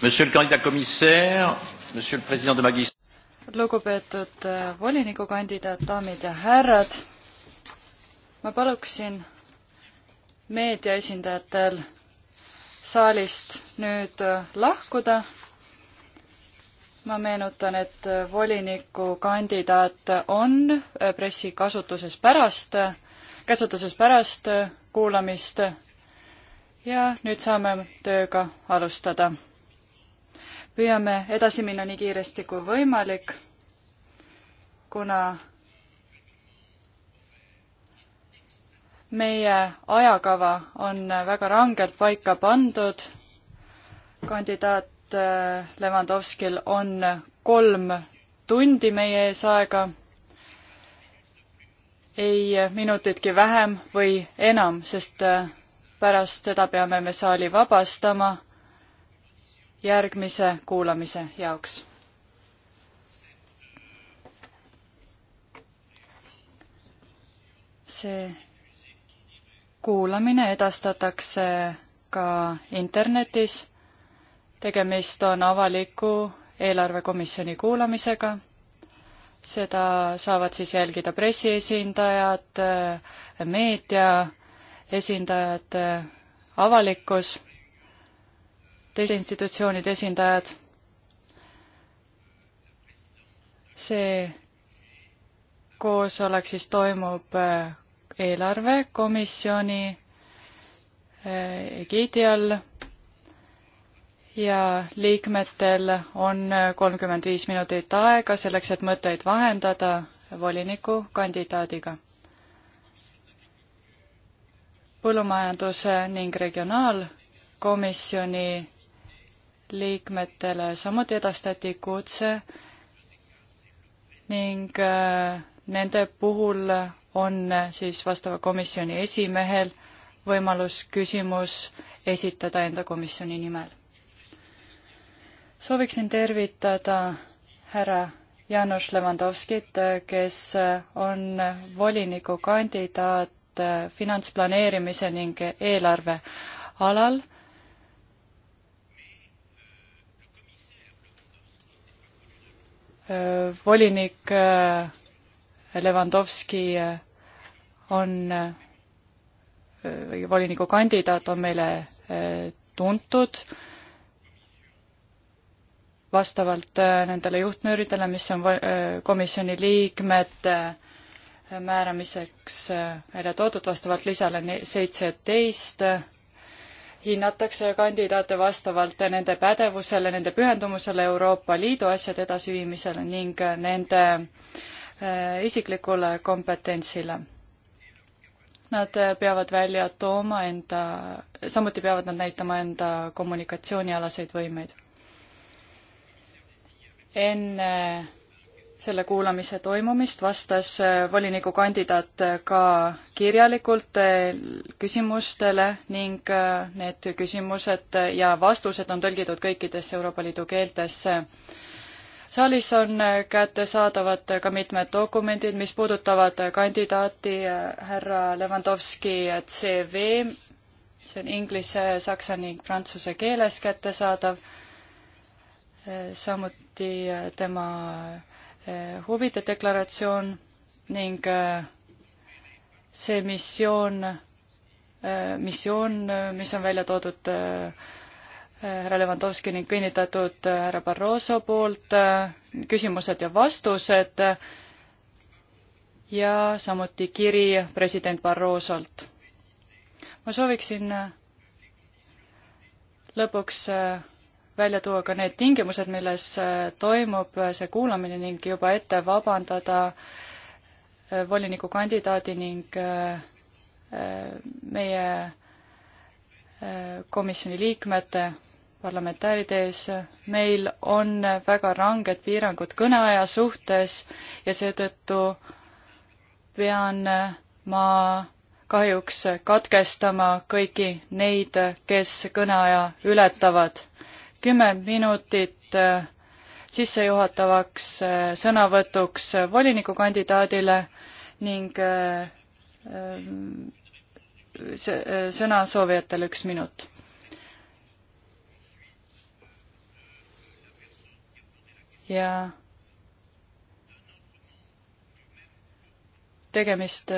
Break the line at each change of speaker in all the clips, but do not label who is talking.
Monsieur le candidat commissaire, monsieur le président de Magis-.
lugupeetud äh, volinikukandidaat, daamid ja härrad. ma paluksin meedia esindajatel saalist nüüd äh, lahkuda. ma meenutan, et äh, volinikukandidaat on pressi kasutuses pärast, käsutuses pärast kuulamist. ja nüüd saame tööga alustada püüame edasi minna nii kiiresti kui võimalik, kuna meie ajakava on väga rangelt paika pandud. kandidaat äh, Levandovskil on kolm tundi meie ees aega, ei minutitki vähem või enam, sest äh, pärast seda peame me saali vabastama järgmise kuulamise jaoks. see kuulamine edastatakse ka internetis. tegemist on avaliku eelarvekomisjoni kuulamisega. seda saavad siis jälgida pressiesindajad, meedia esindajad, avalikkus teiste institutsioonide esindajad. see koosolek siis toimub äh, eelarvekomisjoni äh, egiidi all ja liikmetel on äh, kolmkümmend viis minutit aega selleks, et mõtteid vahendada volinikukandidaadiga. põllumajanduse ning regionaalkomisjoni liikmetele samuti edastati kutse ning äh, nende puhul on siis vastava komisjoni esimehel võimalus küsimus esitada enda komisjoni nimel. sooviksin tervitada härra Janusz Lewandowskit, kes on volinikukandidaat finantsplaneerimise ning eelarve alal volinik äh, Levandovski äh, on, äh, või volinikukandidaat on meile tuntud vastavalt nendele juhtnööridele, mis on komisjoni liikmete määramiseks välja toodud, vastavalt lisale seitseteist hinnatakse kandidaate vastavalt nende pädevusele, nende pühendumusele Euroopa Liidu asjade edasiviimisele ning nende äh, isiklikule kompetentsile. Nad peavad välja tooma enda, samuti peavad nad näitama enda kommunikatsioonialaseid võimeid. enne selle kuulamise toimumist, vastas äh, volinikukandidaat äh, ka kirjalikult äh, küsimustele ning need küsimused ja vastused on tõlgitud kõikidesse Euroopa Liidu keeltesse. saalis on kättesaadavad ka mitmed dokumendid, mis puudutavad kandidaati härra Levandovski CV, see on inglise, saksa ning prantsuse keeles kättesaadav, samuti tema Eh, huvide deklaratsioon ning eh, see missioon, eh, missioon, mis on välja toodud härra Levanovski ning kinnitatud härra Barroso poolt, küsimused ja vastused ja samuti kiri president Barrosolt. ma sooviksin lõpuks välja tuua ka need tingimused, milles äh, toimub äh, see kuulamine ning juba ette vabandada äh, volinikukandidaadi ning meie komisjoni liikmete, parlamentääride ees. meil on väga ranged piirangud kõneaja suhtes ja seetõttu pean ma kahjuks katkestama kõiki neid, kes kõneaja ületavad kümme minutit äh, sissejuhatavaks äh, sõnavõtuks äh, volinikukandidaadile ning sõna soovijatel üks minut. ja tegemist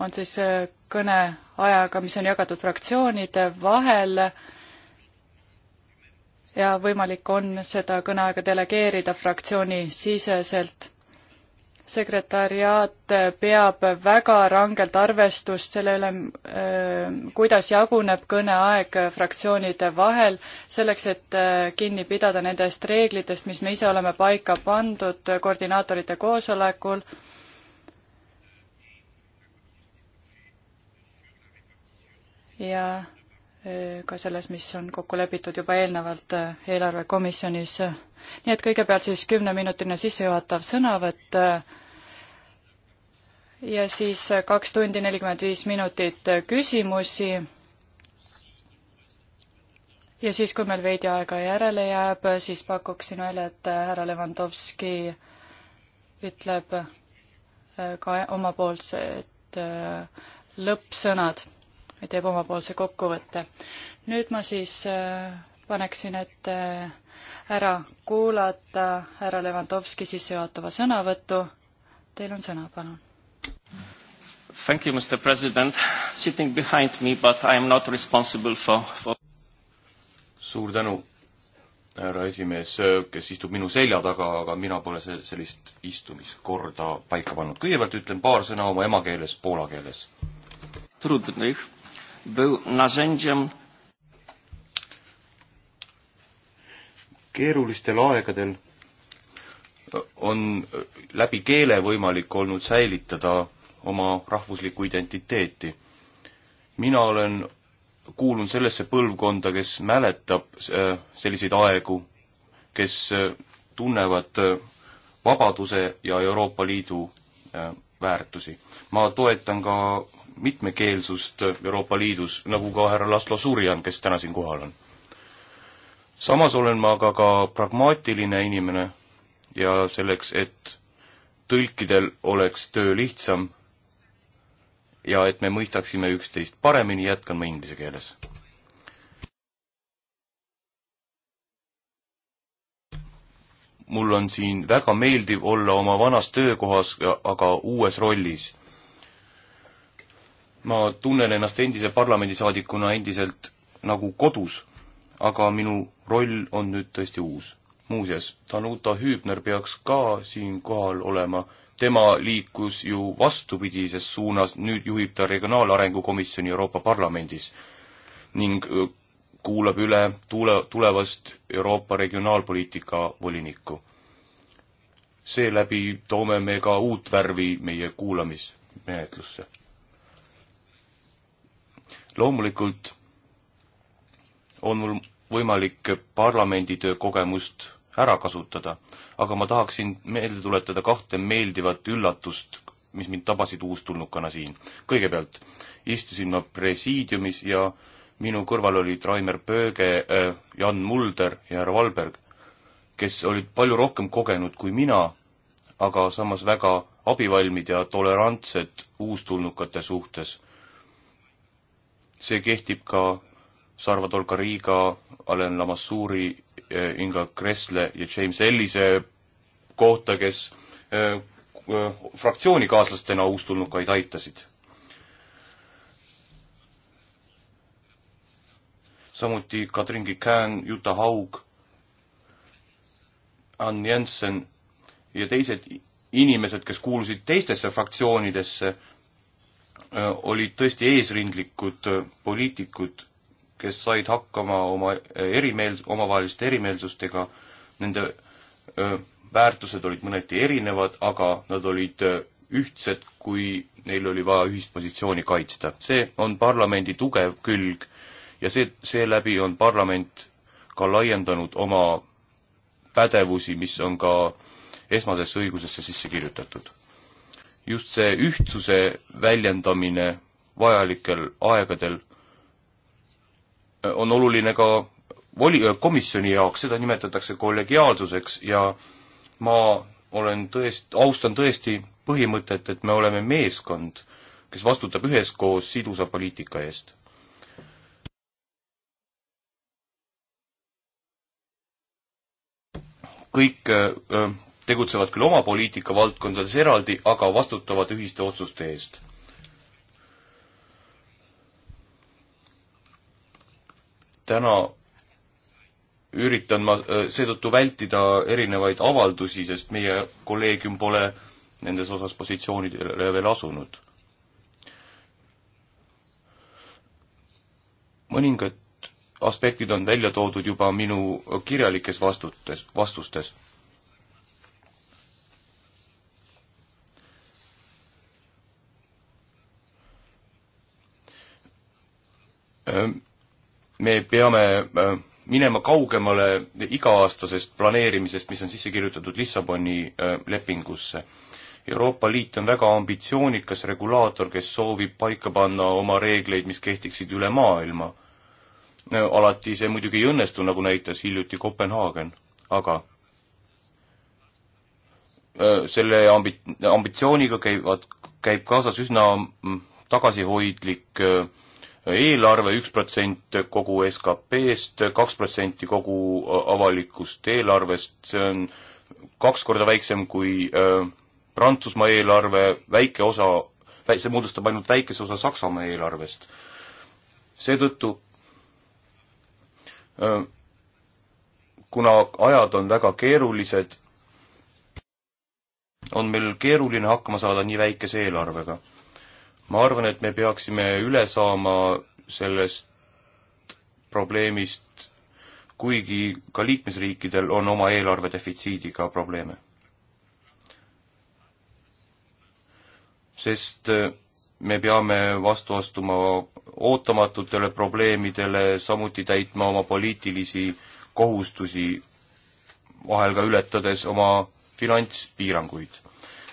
on siis kõneajaga, mis on jagatud fraktsioonide vahel ja võimalik on seda kõneaega delegeerida fraktsioonisiseselt. sekretäriaat peab väga rangelt arvestust selle üle, äh, kuidas jaguneb kõneaeg fraktsioonide vahel, selleks et äh, kinni pidada nendest reeglitest, mis me ise oleme paika pandud koordinaatorite koosolekul ja Äh, ka selles, mis on kokku lepitud juba eelnevalt äh, eelarvekomisjonis. nii et kõigepealt siis kümneminutine sissejuhatav sõnavõtt äh, ja siis kaks tundi nelikümmend viis minutit küsimusi. ja siis, kui meil veidi aega järele jääb, siis pakuksin välja, et härra Levanovski ütleb ka omapoolsed lõppsõnad teeb omapoolse kokkuvõtte. nüüd ma siis äh, paneksin ette äh, ära kuulata härra Levanovski sissejuhatava sõnavõttu. Teil on sõna, palun.
Thank you, Mr President,
sitting behind me, but I am not responsible for, for suur tänu, härra esimees, äh, kes istub minu selja taga, aga mina pole se-, sellist istumiskorda paika pannud. kõigepealt ütlen paar sõna oma emakeeles, poola keeles. Trudnych był narzędziem keerulistel aegadel on läbi keele võimalik olnud säilitada oma rahvuslikku identiteeti. mina olen, kuulun sellesse põlvkonda, kes mäletab äh, selliseid aegu, kes äh, tunnevad äh, vabaduse ja Euroopa Liidu väärtusi. ma toetan ka mitmekeelsust Euroopa Liidus, nagu ka härra Laslo Surjan, kes täna siin kohal on. samas olen ma aga ka pragmaatiline inimene ja selleks, et tõlkidel oleks töö lihtsam ja et me mõistaksime üksteist paremini, jätkan ma inglise keeles. mul on siin väga meeldiv olla oma vanas töökohas, aga uues rollis ma tunnen ennast endise parlamendisaadikuna endiselt nagu kodus, aga minu roll on nüüd tõesti uus. muuseas, Danuta Hübner peaks ka siin kohal olema, tema liikus ju vastupidises suunas, nüüd juhib ta Regionaalarengu Komisjoni Euroopa Parlamendis ning kuulab üle tule, tulevast Euroopa regionaalpoliitika volinikku. seeläbi toome me ka uut värvi meie kuulamismenetlusse loomulikult on mul võimalik parlamenditöö kogemust ära kasutada, aga ma tahaksin meelde tuletada kahte meeldivat üllatust, mis mind tabasid uustulnukana siin. kõigepealt istusin ma presiidiumis ja minu kõrval olid Rainer Pööge, äh, Jan Mulder ja härra Valberg, kes olid palju rohkem kogenud kui mina, aga samas väga abivalmid ja tolerantsed uustulnukate suhtes see kehtib ka Salvador Carriga, Alen Lamassuri, eh, Inga Kressle ja James Ellise kohta, kes eh, eh, fraktsioonikaaslastena uustulnukaid aitasid. samuti Katrin Kikään, Juta Haug, Ann Jensen ja teised inimesed, kes kuulusid teistesse fraktsioonidesse, Äh, olid tõesti eesrindlikud äh, poliitikud, kes said hakkama oma äh, erimeel-, omavaheliste erimeelsustega, nende väärtused olid mõneti erinevad, aga nad olid ühtsed, kui neil oli vaja ühist positsiooni kaitsta. see on parlamendi tugev külg ja see, seeläbi on parlament ka laiendanud oma pädevusi, mis on ka esmasesse õigusesse sisse kirjutatud just see ühtsuse väljendamine vajalikel aegadel äh, on oluline ka voli-, äh, komisjoni jaoks, seda nimetatakse kollegiaalsuseks ja ma olen tõest-, austan tõesti põhimõtet, et me oleme meeskond, kes vastutab üheskoos sidusa poliitika eest kõik öö, äh, tegutsevad küll oma poliitikavaldkondades eraldi, aga vastutavad ühiste otsuste eest. täna üritan ma äh, seetõttu vältida erinevaid avaldusi, sest meie kolleegium pole nendes osas positsioonidele veel asunud. mõningad aspektid on välja toodud juba minu kirjalikes vastutes, vastustes Äh, me peame äh, minema kaugemale iga-aastasest planeerimisest, mis on sisse kirjutatud Lissaboni äh, lepingusse. Euroopa Liit on väga ambitsioonikas regulaator, kes soovib paika panna oma reegleid, mis kehtiksid üle maailma. alati see muidugi ei õnnestu, nagu näitas hiljuti Kopenhaagen, aga selle ambi-, ambitsiooniga käivad, käib kaasas üsna mm, tagasihoidlik äh, eelarve, üks protsent kogu SKP-st, kaks protsenti kogu äh, avalikust eelarvest, see on kaks korda väiksem kui äh, Prantsusmaa eelarve, väike osa, see moodustab ainult väikese osa Saksamaa eelarvest. seetõttu äh, kuna ajad on väga keerulised, on meil keeruline hakkama saada nii väikese eelarvega ma arvan, et me peaksime üle saama sellest probleemist, kuigi ka liikmesriikidel on oma eelarve defitsiidiga probleeme. sest äh, me peame vastu astuma ootamatutele probleemidele, samuti täitma oma poliitilisi kohustusi, vahel ka ületades oma finantspiiranguid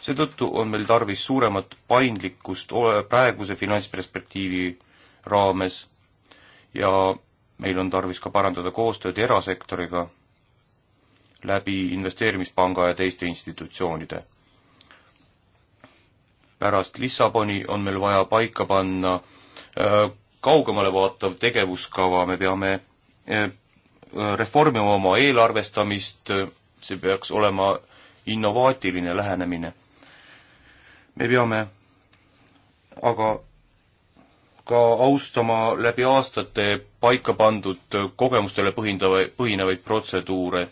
seetõttu on meil tarvis suuremat paindlikkust praeguse finantsperspektiivi raames ja meil on tarvis ka parandada koostööd erasektoriga läbi investeerimispanga ja teiste institutsioonide. pärast Lissaboni on meil vaja paika panna äh, kaugemale vaatav tegevuskava, me peame äh, reformima oma eelarvestamist, see peaks olema innovaatiline lähenemine me peame aga ka austama läbi aastate paika pandud kogemustele põhindava, põhinevaid protseduure.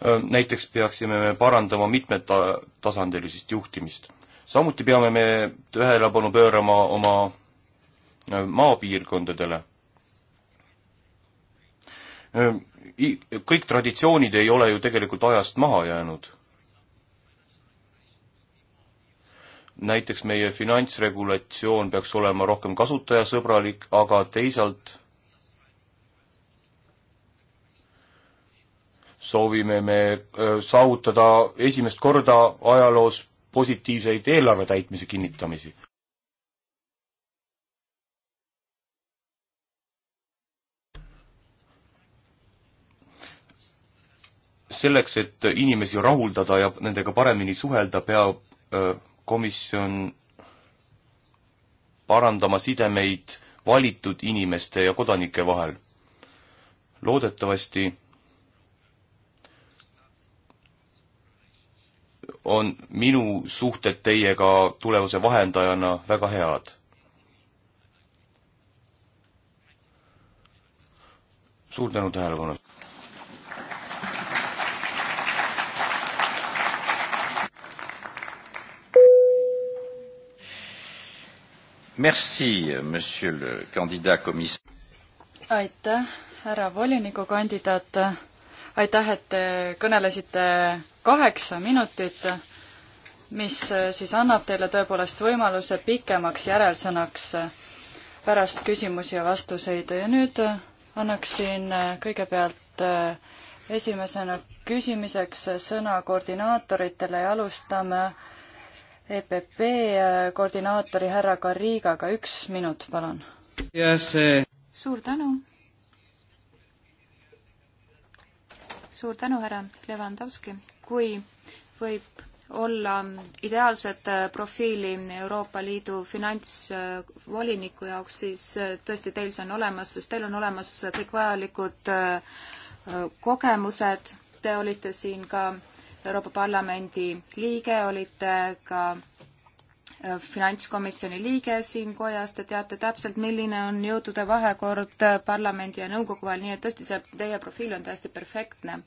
Äh, näiteks peaksime me parandama mitmetasandilisest juhtimist. samuti peame me tähelepanu pöörama oma äh, maapiirkondadele kõik traditsioonid ei ole ju tegelikult ajast maha jäänud. näiteks meie finantsregulatsioon peaks olema rohkem kasutajasõbralik, aga teisalt soovime me saavutada esimest korda ajaloos positiivseid eelarve täitmise kinnitamisi. selleks, et inimesi rahuldada ja nendega paremini suhelda, peab komisjon parandama sidemeid valitud inimeste ja kodanike vahel. loodetavasti on minu suhted teiega tulevase vahendajana väga head. suur tänu tähelepanu eest! Merci, monsieur le candidat komis-.
aitäh, härra volinikukandidaat. aitäh, et te kõnelesite kaheksa minutit, mis siis annab teile tõepoolest võimaluse pikemaks järelsõnaks pärast küsimusi ja vastuseid ja nüüd annaksin kõigepealt esimesena küsimiseks sõna koordinaatoritele ja alustame EPP äh, koordinaatori härra Karigaga, üks minut, palun.
Eh.
suur tänu.
suur tänu, härra Levanovski, kui võib olla ideaalset äh, profiili Euroopa Liidu finantsvoliniku jaoks, siis äh, tõesti teil see on olemas, sest teil on olemas kõik vajalikud kogemused, te olite siin ka Euroopa Parlamendi liige, olite ka äh, finantskomisjoni liige siin kojas, te teate täpselt, milline on jõudude vahekord äh, parlamendi ja nõukogu vahel, nii et tõesti, see teie profiil on täiesti perfektne.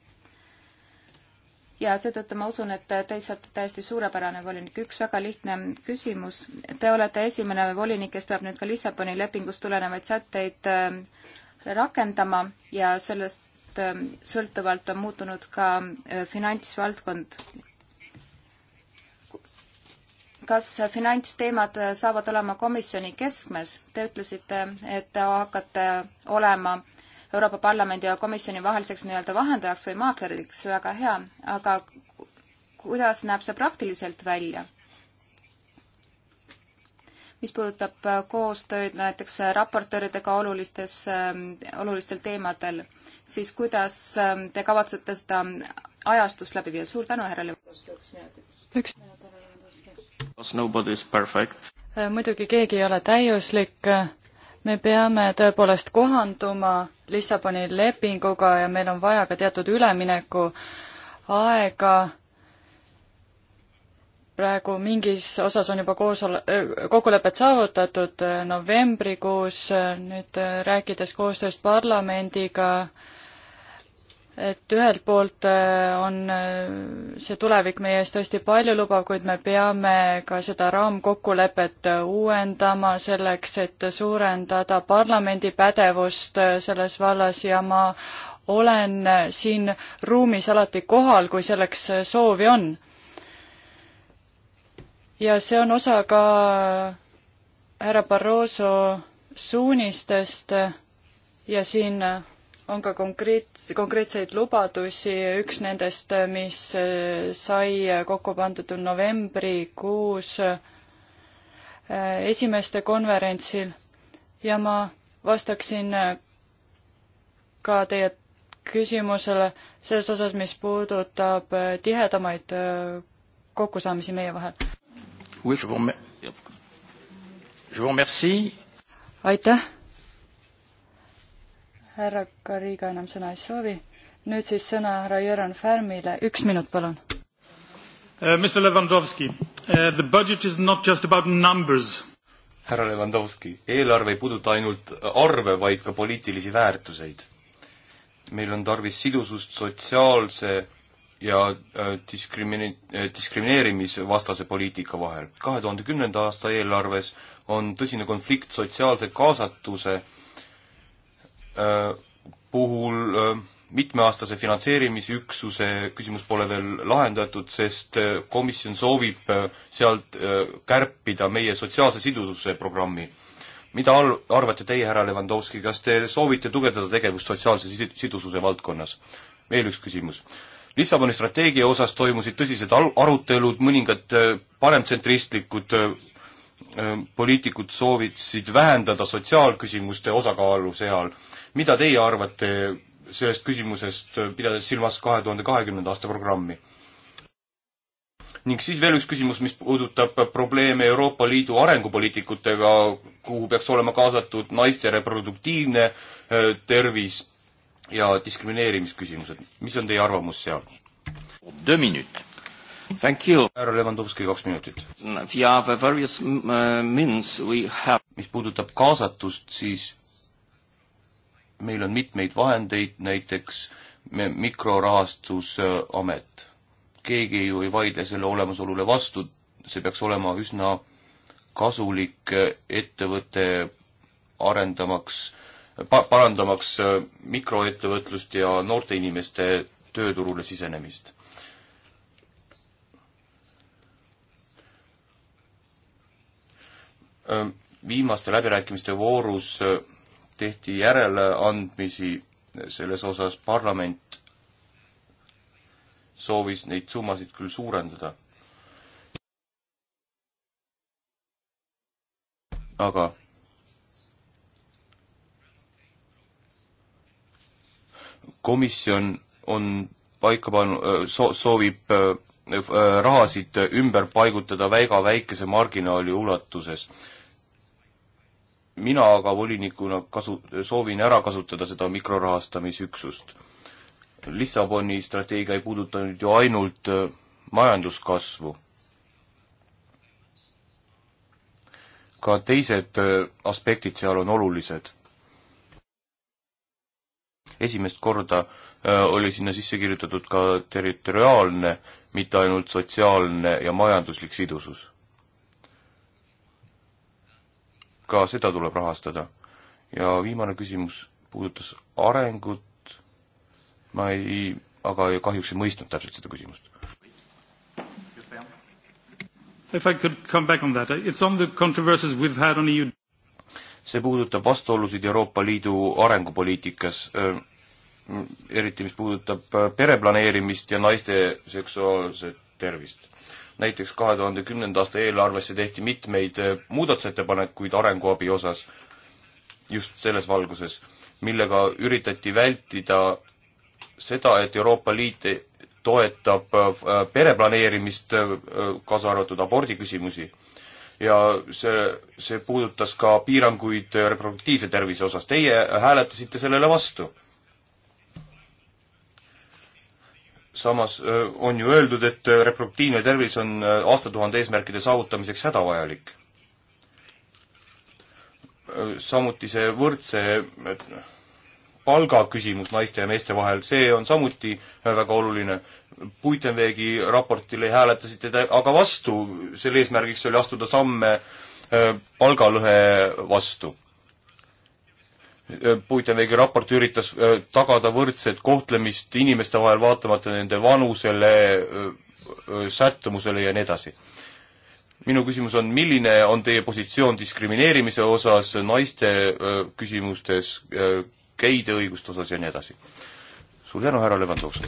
ja seetõttu ma usun, et teist saab täiesti suurepärane volinik. üks väga lihtne küsimus. Te olete esimene volinik, kes peab nüüd ka Lissaboni lepingust tulenevaid sätteid äh, rakendama ja sellest Ähm, sõltuvalt on muutunud ka äh, finantsvaldkond. kas finantsteemad äh, saavad olema komisjoni keskmes? Te ütlesite, et te hakkate olema Euroopa Parlamendi ja komisjoni vaheliseks nii-öelda vahendajaks või maakleriks, väga hea, aga kuidas näeb see praktiliselt välja? mis puudutab äh, koostööd näiteks äh, raportööridega olulistes, ähm, olulistel teemadel, siis kuidas ähm, te kavatsete seda ähm, ajastust läbi viia? suur tänu, härra Lev-. üks minut.
muidugi keegi ei ole täiuslik, me peame tõepoolest kohanduma Lissaboni lepinguga ja meil on vaja ka teatud üleminekuaega praegu mingis osas on juba koosole-, kokkulepped saavutatud novembrikuus, nüüd rääkides koostööst parlamendiga, et ühelt poolt on see tulevik meie ees tõesti paljulubav, kuid me peame ka seda raamkokkulepet uuendama selleks, et suurendada parlamendi pädevust selles vallas ja ma olen siin ruumis alati kohal, kui selleks soovi on ja see on osa ka härra Barroso suunistest ja siin on ka konkreets-, konkreetseid lubadusi, üks nendest, mis sai kokku pandud novembrikuus esimeste konverentsil ja ma vastaksin ka teie küsimusele selles osas, mis puudutab tihedamaid kokkusaamisi meie vahel aitäh. härra Kariga enam sõna ei soovi. nüüd siis sõna härra Jüran Färmile, üks minut, palun.
Uh, Mr Levandovski uh,, the budget is not just about numbers. härra Levandovski, eelarve ei puuduta ainult arve, vaid ka poliitilisi väärtuseid. meil on tarvis sidusust sotsiaalse ja äh, diskrimine-, äh, diskrimineerimisvastase poliitika vahel. kahe tuhande kümnenda aasta eelarves on tõsine konflikt sotsiaalse kaasatuse äh, puhul mitmeaastase finantseerimisüksuse küsimus pole veel lahendatud, sest komisjon soovib sealt kärpida meie sotsiaalse sidususe programmi. mida al-, arvate teie, härra Levandovski, kas te soovite tugevdada tegevust sotsiaalse sidususe valdkonnas? veel üks küsimus Lissaboni strateegia osas toimusid tõsised arutelud, mõningad äh, paremtsentristlikud äh, äh, poliitikud soovitasid vähendada sotsiaalküsimuste osakaalu seal. mida teie arvate sellest küsimusest, pidades silmas kahe tuhande kahekümnenda aasta programmi? ning siis veel üks küsimus, mis puudutab probleeme Euroopa Liidu arengupoliitikutega, kuhu peaks olema kaasatud naiste reproduktiivne tervis, ja diskrimineerimisküsimused, mis on teie arvamus seal? Deux minutes. Thank you. härra Levandovski, kaks minutit. Yeah, the various uh, means we have. mis puudutab kaasatust, siis meil on mitmeid vahendeid, näiteks me mikrorahastusamet. Äh, keegi ju ei vaidle selle olemasolule vastu, see peaks olema üsna kasulik äh, ettevõte arendamaks pa-, parandamaks äh, mikroettevõtlust ja noorte inimeste tööturule sisenemist. Äh, viimaste läbirääkimiste voorus äh, tehti järeleandmisi selles osas, parlament soovis neid summasid küll suurendada. aga komisjon on paika pannud, äh, so-, soovib äh, äh, rahasid ümber paigutada väga väikese marginaali ulatuses. mina aga volinikuna kasu-, soovin ära kasutada seda mikrorahastamisüksust. Lissaboni strateegia ei puudutanud ju ainult majanduskasvu. ka teised aspektid seal on olulised esimest korda äh, oli sinna sisse kirjutatud ka territoriaalne, mitte ainult sotsiaalne ja majanduslik sidusus. ka seda tuleb rahastada. ja viimane küsimus puudutas arengut, ma ei, aga kahjuks ei mõistnud täpselt seda küsimust.
If I could come back on that, it's on
the controversies we've had on EU see puudutab vastuolusid Euroopa Liidu arengupoliitikas, eriti mis puudutab pereplaneerimist ja naiste seksuaalset tervist. näiteks kahe tuhande kümnenda aasta eelarvesse tehti mitmeid muudatusettepanekuid arenguabi osas just selles valguses, millega üritati vältida seda, et Euroopa Liit toetab pereplaneerimist, kaasa arvatud abordiküsimusi ja see, see puudutas ka piiranguid reproduktiivse tervise osas. Teie hääletasite sellele vastu. samas on ju öeldud, et reproduktiivne tervis on aastatuhande eesmärkide saavutamiseks hädavajalik. samuti see võrdse palgaküsimus naiste ja meeste vahel, see on samuti väga oluline. Puitenveegi raportile hääletasite te aga vastu, selle eesmärgiks oli astuda samme äh, palgalõhe vastu. Äh, Puitenveegi raport üritas äh, tagada võrdset kohtlemist inimeste vahel, vaatamata nende vanusele, sättumusele ja nii edasi. minu küsimus on, milline on teie positsioon diskrimineerimise osas, naiste küsimustes, geide õiguste osas ja nii edasi? suur tänu, härra Levandovski!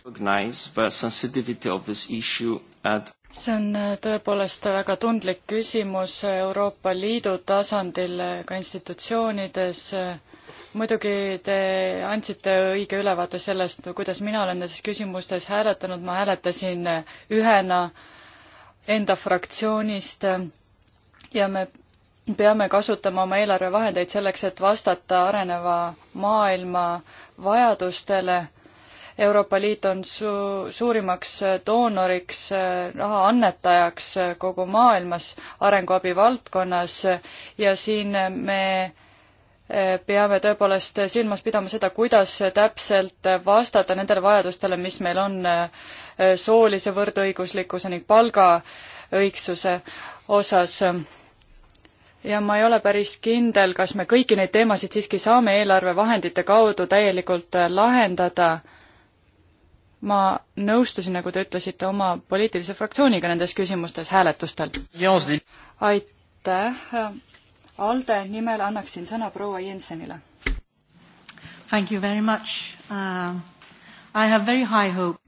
see on äh, tõepoolest väga tundlik küsimus äh, Euroopa Liidu tasandil äh, ka institutsioonides. muidugi te andsite õige ülevaate sellest, kuidas mina olen nendes küsimustes hääletanud, ma hääletasin ühena enda fraktsioonist ja me peame kasutama oma eelarvevahendeid selleks, et vastata areneva maailma vajadustele Euroopa Liit on su-, suurimaks äh, doonoriks, äh, raha annetajaks äh, kogu maailmas arenguabi valdkonnas ja siin me peame tõepoolest silmas pidama seda, kuidas täpselt vastata nendele vajadustele, mis meil on soolise võrdõiguslikkuse ning palgaõigsuse osas ja ma ei ole päris kindel, kas me kõiki neid teemasid siiski saame eelarvevahendite kaudu täielikult lahendada ma nõustusin, nagu te ütlesite, oma poliitilise fraktsiooniga nendes küsimustes hääletustel. aitäh, ALDE nimel annaksin sõna proua Jensenile. Thank you very much uh,. I have very high hope.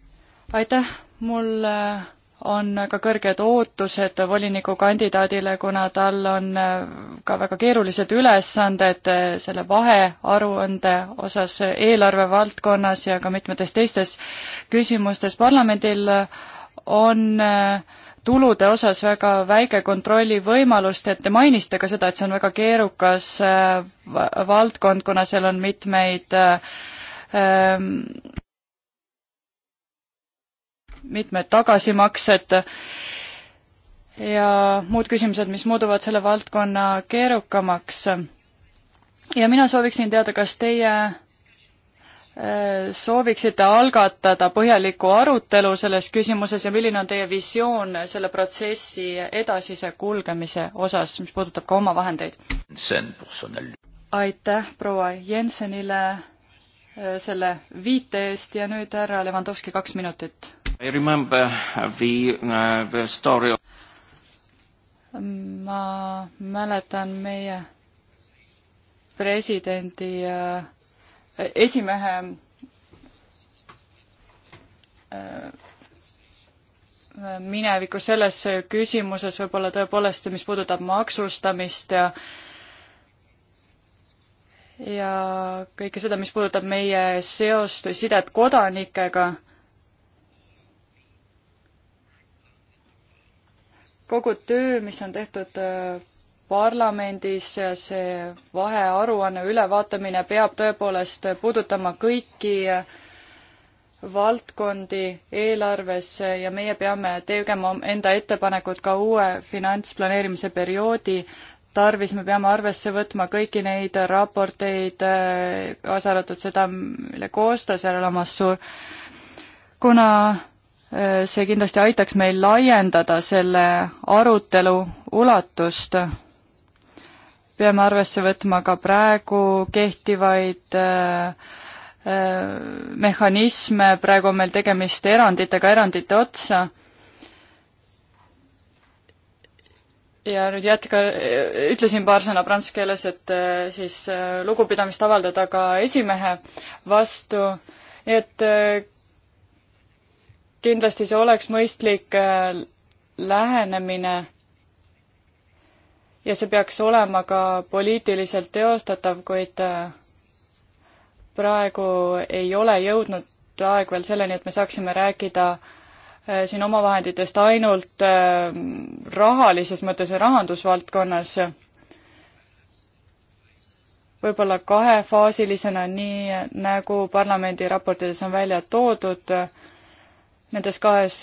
aitäh, mul uh, on ka kõrged ootused volinikukandidaadile, kuna tal on äh, ka väga keerulised ülesanded äh, selle vahearuande osas eelarve valdkonnas ja ka mitmetes teistes küsimustes. parlamendil on äh, tulude osas väga väike kontrollivõimalust, et te mainisite ka seda, et see on väga keerukas valdkond, kuna seal on mitmeid ähm, mitmed tagasimaksed ja muud küsimused, mis muutuvad selle valdkonna keerukamaks. ja mina sooviksin teada, kas teie äh, sooviksite algatada põhjaliku arutelu selles küsimuses ja milline on teie visioon selle protsessi edasise kulgemise osas, mis puudutab ka omavahendeid? aitäh proua Jensenile Äh, selle viite eest ja nüüd härra Levanovski, kaks minutit.
I remember the uh,, the story of
ma mäletan meie presidendi äh, esimehe äh, minevikus selles küsimuses võib-olla tõepoolest, mis puudutab maksustamist ja äh, ja kõike seda, mis puudutab meie seost või sidet kodanikega. kogu töö, mis on tehtud äh, parlamendis ja see vahearuanne, ülevaatamine peab tõepoolest puudutama kõiki äh, valdkondi eelarves ja meie peame tegema enda ettepanekud ka uue finantsplaneerimise perioodi tarvis, me peame arvesse võtma kõiki neid raporteid, kaasa äh, arvatud seda, mille koostas härra Lamassoor, kuna äh, see kindlasti aitaks meil laiendada selle arutelu ulatust, peame arvesse võtma ka praegu kehtivaid äh, mehhanisme, praegu on meil tegemist eranditega erandite otsa ja nüüd jätka, ütlesin paar sõna prantsuse keeles, et äh, siis äh, lugupidamist avaldada ka esimehe vastu, nii et äh, kindlasti see oleks mõistlik lähenemine ja see peaks olema ka poliitiliselt teostatav, kuid praegu ei ole jõudnud aeg veel selleni, et me saaksime rääkida äh, Äh, siin omavahenditest ainult äh, rahalises mõttes ja rahandusvaldkonnas võib-olla kahefaasilisena, nii nagu parlamendi raportides on välja toodud, nendes kahes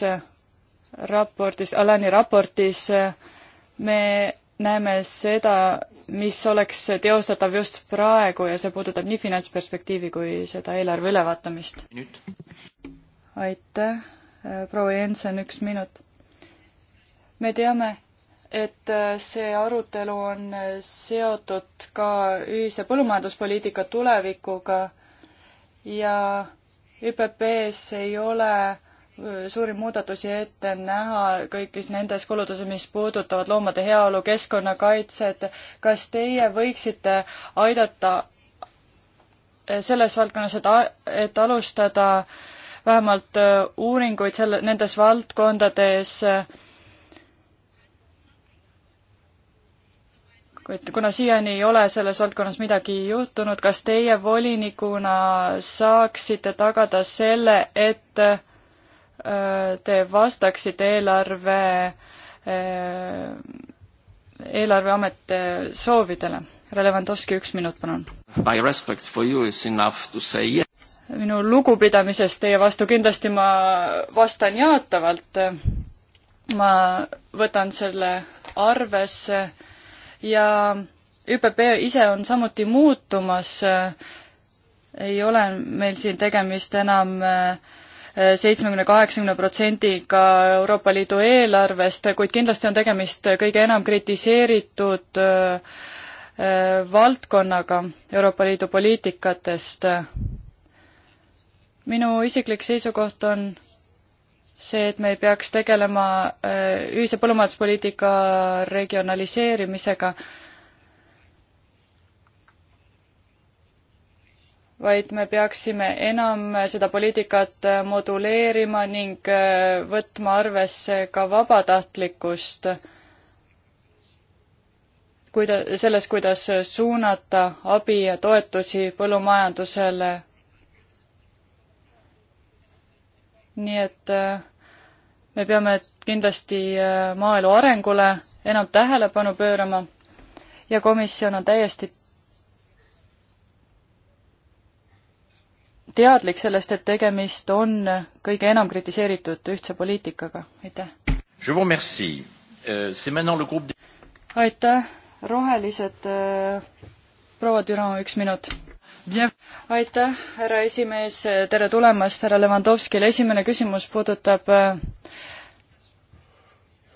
raportis, Alani raportis me näeme seda, mis oleks teostatav just praegu ja see puudutab nii finantsperspektiivi kui seda eelarve ülevaatamist. aitäh Äh, proua Jensen, üks minut. me teame, et äh, see arutelu on äh, seotud ka ühise põllumajanduspoliitika tulevikuga ja ÜPP-s ei ole suuri muudatusi ette näha kõigis nendes kulutuses, mis puudutavad loomade heaolu, keskkonnakaitset. kas teie võiksite aidata selles valdkonnas, et, et alustada äh, vähemalt äh, uuringuid selle, nendes valdkondades, äh, kuid kuna siiani ei ole selles valdkonnas midagi juhtunud, kas teie volinikuna saaksite tagada selle, et äh, te vastaksite eelarve, eelarveameti soovidele? Relevandovski, üks minut, palun.
My respect for you is enough to say yes
minu lugupidamisest teie vastu, kindlasti ma vastan jaatavalt. ma võtan selle arvesse ja ÜPP ise on samuti muutumas. ei ole meil siin tegemist enam eh, seitsmekümne, kaheksakümne protsendiga Euroopa Liidu eelarvest, kuid kindlasti on tegemist kõige enam kritiseeritud eh, valdkonnaga Euroopa Liidu poliitikatest minu isiklik seisukoht on see, et me ei peaks tegelema äh, ühise põllumajanduspoliitika regionaliseerimisega, vaid me peaksime enam seda poliitikat äh, moduleerima ning äh, võtma arvesse ka vabatahtlikkust, kuida-, selles, kuidas suunata abi ja toetusi põllumajandusele nii et äh, me peame kindlasti äh, maaelu arengule enam tähelepanu pöörama ja komisjon on täiesti teadlik sellest, et tegemist on kõige enam kritiseeritud ühtse poliitikaga, aitäh!
Euh,
aitäh, rohelised, äh, proua Düran, üks minut aitäh, härra esimees, tere tulemast härra Levanovskile, esimene küsimus puudutab äh,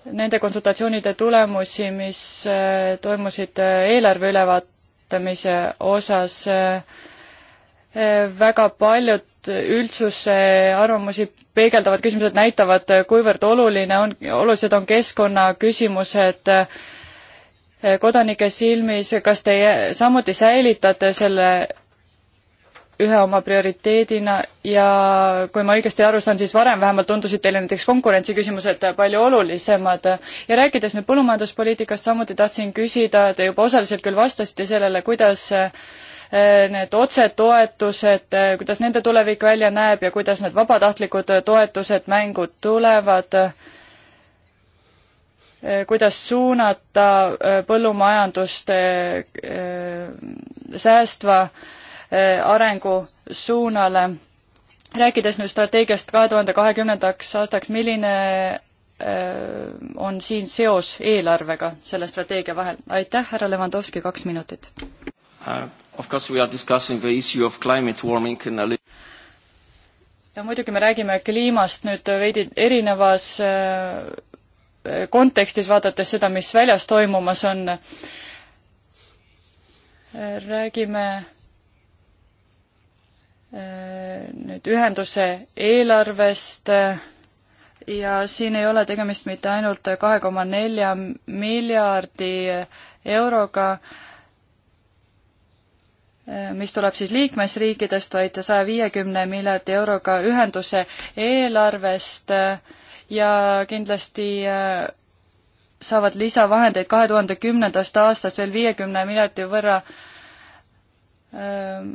nende konsultatsioonide tulemusi, mis äh, toimusid äh, eelarve ülevaatamise osas. väga paljud üldsuse arvamusi peegeldavad küsimused näitavad, kuivõrd oluline on, olulised on keskkonnaküsimused kodanike silmis, kas te samuti säilitate selle ühe oma prioriteedina ja kui ma õigesti aru saan, siis varem vähemalt tundusid teile näiteks konkurentsiküsimused palju olulisemad. ja rääkides nüüd põllumajanduspoliitikast, samuti tahtsin küsida, te juba osaliselt küll vastasite sellele, kuidas eh, need otsetoetused, eh, kuidas nende tulevik välja näeb ja kuidas need vabatahtlikud toetused mängu tulevad, eh, kuidas suunata põllumajandust säästva äh, Äh, arengu suunale. rääkides nüüd strateegiast kahe tuhande kahekümnendaks aastaks, milline äh, on siin seos eelarvega selle strateegia vahel? aitäh, härra Levanovski, kaks minutit
uh,. Of course we are discussing the issue of climate warming in a little
ja muidugi me räägime kliimast nüüd veidi erinevas äh, kontekstis, vaadates seda, mis väljas toimumas on. räägime nüüd ühenduse eelarvest ja siin ei ole tegemist mitte ainult kahe koma nelja miljardi euroga, mis tuleb siis liikmesriikidest, vaid saja viiekümne miljardi euroga ühenduse eelarvest ja kindlasti äh, saavad lisavahendeid kahe tuhande kümnendast aastast veel viiekümne miljardi võrra ähm,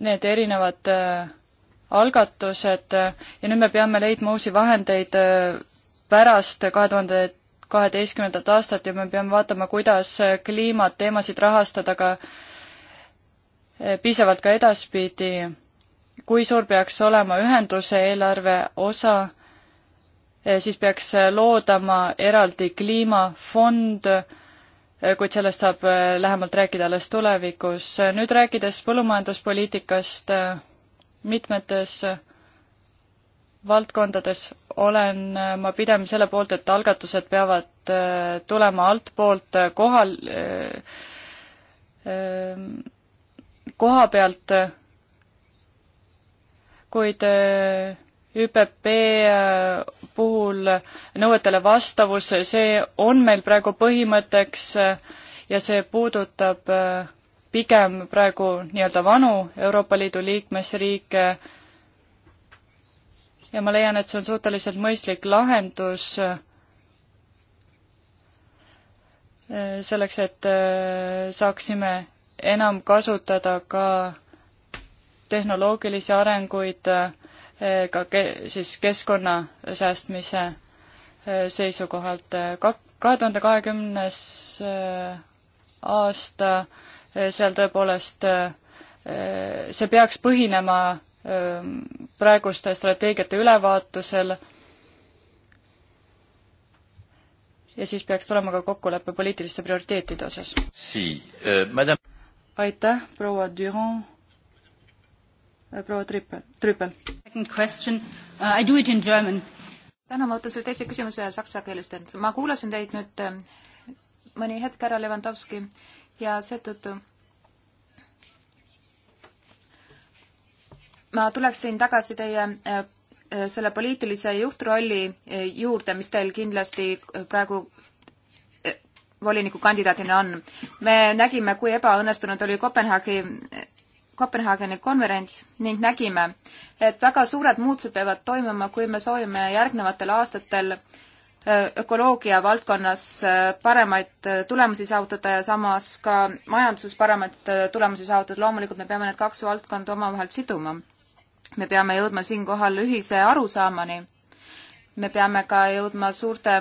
need erinevad äh, algatused äh, ja nüüd me peame leidma uusi vahendeid äh, pärast kahe tuhande kaheteistkümnendat aastat ja me peame vaatama, kuidas kliimateemasid rahastada ka piisavalt ka edaspidi. kui suur peaks olema ühenduse eelarve osa, siis peaks loodama eraldi kliimafond, kuid sellest saab äh, lähemalt rääkida alles tulevikus. nüüd rääkides põllumajanduspoliitikast, äh, mitmetes äh, valdkondades olen ma pigem selle poolt, et algatused peavad tulema altpoolt kohal, koha pealt, kuid ÜPP äh, puhul nõuetele vastavus, see on meil praegu põhimõtteks äh, ja see puudutab äh, pigem praegu nii-öelda vanu Euroopa Liidu liikmesriike ja ma leian, et see on suhteliselt mõistlik lahendus selleks, et saaksime enam kasutada ka tehnoloogilisi arenguid äh, Eh, ka ke-, siis keskkonna säästmise eh, seisukohalt. Eh, Kak-, kahe tuhande kahekümnes aasta seal tõepoolest, see peaks põhinema praeguste strateegiate ülevaatusel ja siis peaks tulema ka kokkulepe poliitiliste prioriteetide osas. Madame... aitäh, proua Durand, proua Trüppel, Trüppel second question uh,. I do it in german.
tänan, ma võtan selle teise küsimuse saksa keeles teinud. ma kuulasin teid nüüd äh, mõni hetk ära, Levanovski, ja seetõttu ma tuleksin tagasi teie äh, äh, selle poliitilise juhtrolli juurde, mis teil kindlasti praegu volinikukandidaadina on. me nägime, kui ebaõnnestunud oli Kopenhaagi Kopenhaageni konverents ning nägime, et väga suured muutused peavad toimuma, kui me soovime järgnevatel aastatel äh, ökoloogia valdkonnas äh, paremaid äh, tulemusi saavutada ja samas ka majanduses paremaid tulemusi saavutada, loomulikult me peame need kaks valdkonda omavahel siduma. me peame jõudma siinkohal ühise arusaamani. me peame ka jõudma suurte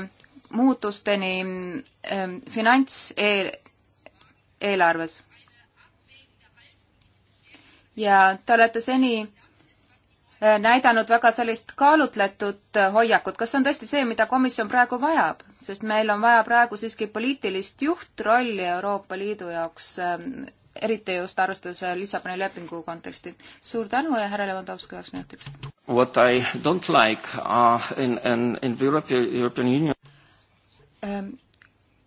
muutusteni ähm, finants e eelarves ja te olete seni äh, näidanud väga sellist kaalutletud äh, hoiakut. kas see on tõesti see, mida komisjon praegu vajab? sest meil on vaja praegu siiski poliitilist juhtrolli Euroopa Liidu jaoks, äh, eriti just arvestades Lissaboni lepingu konteksti. suur tänu ja härra Levanovski üheks minutiks.
What I don't like uh, in, in, in the European Union
um,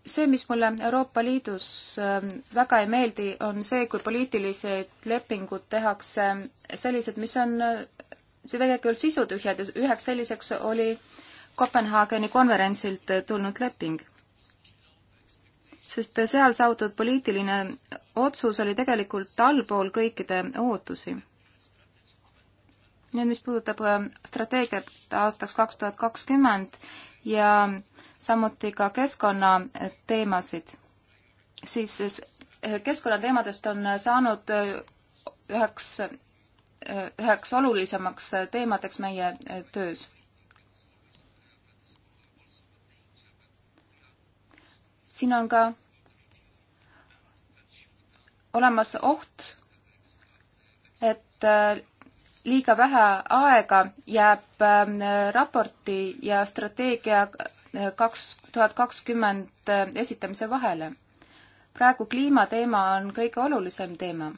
see, mis mulle Euroopa Liidus ähm, väga ei meeldi, on see, kui poliitilised lepingud tehakse äh, sellised, mis on äh, see tegelikult sisutühjad ja üheks selliseks oli Kopenhaageni konverentsilt äh, tulnud leping. sest seal saavutatud poliitiline otsus oli tegelikult allpool kõikide ootusi. nii et mis puudutab strateegiat aastaks kaks tuhat kakskümmend, ja samuti ka keskkonnateemasid, siis keskkonnateemadest on saanud üheks, üheks olulisemaks teemadeks meie töös. siin on ka olemas oht, et liiga vähe aega jääb ähm, raporti ja strateegia äh, kaks tuhat kakskümmend äh, esitamise vahele. praegu kliimateema on kõige olulisem teema.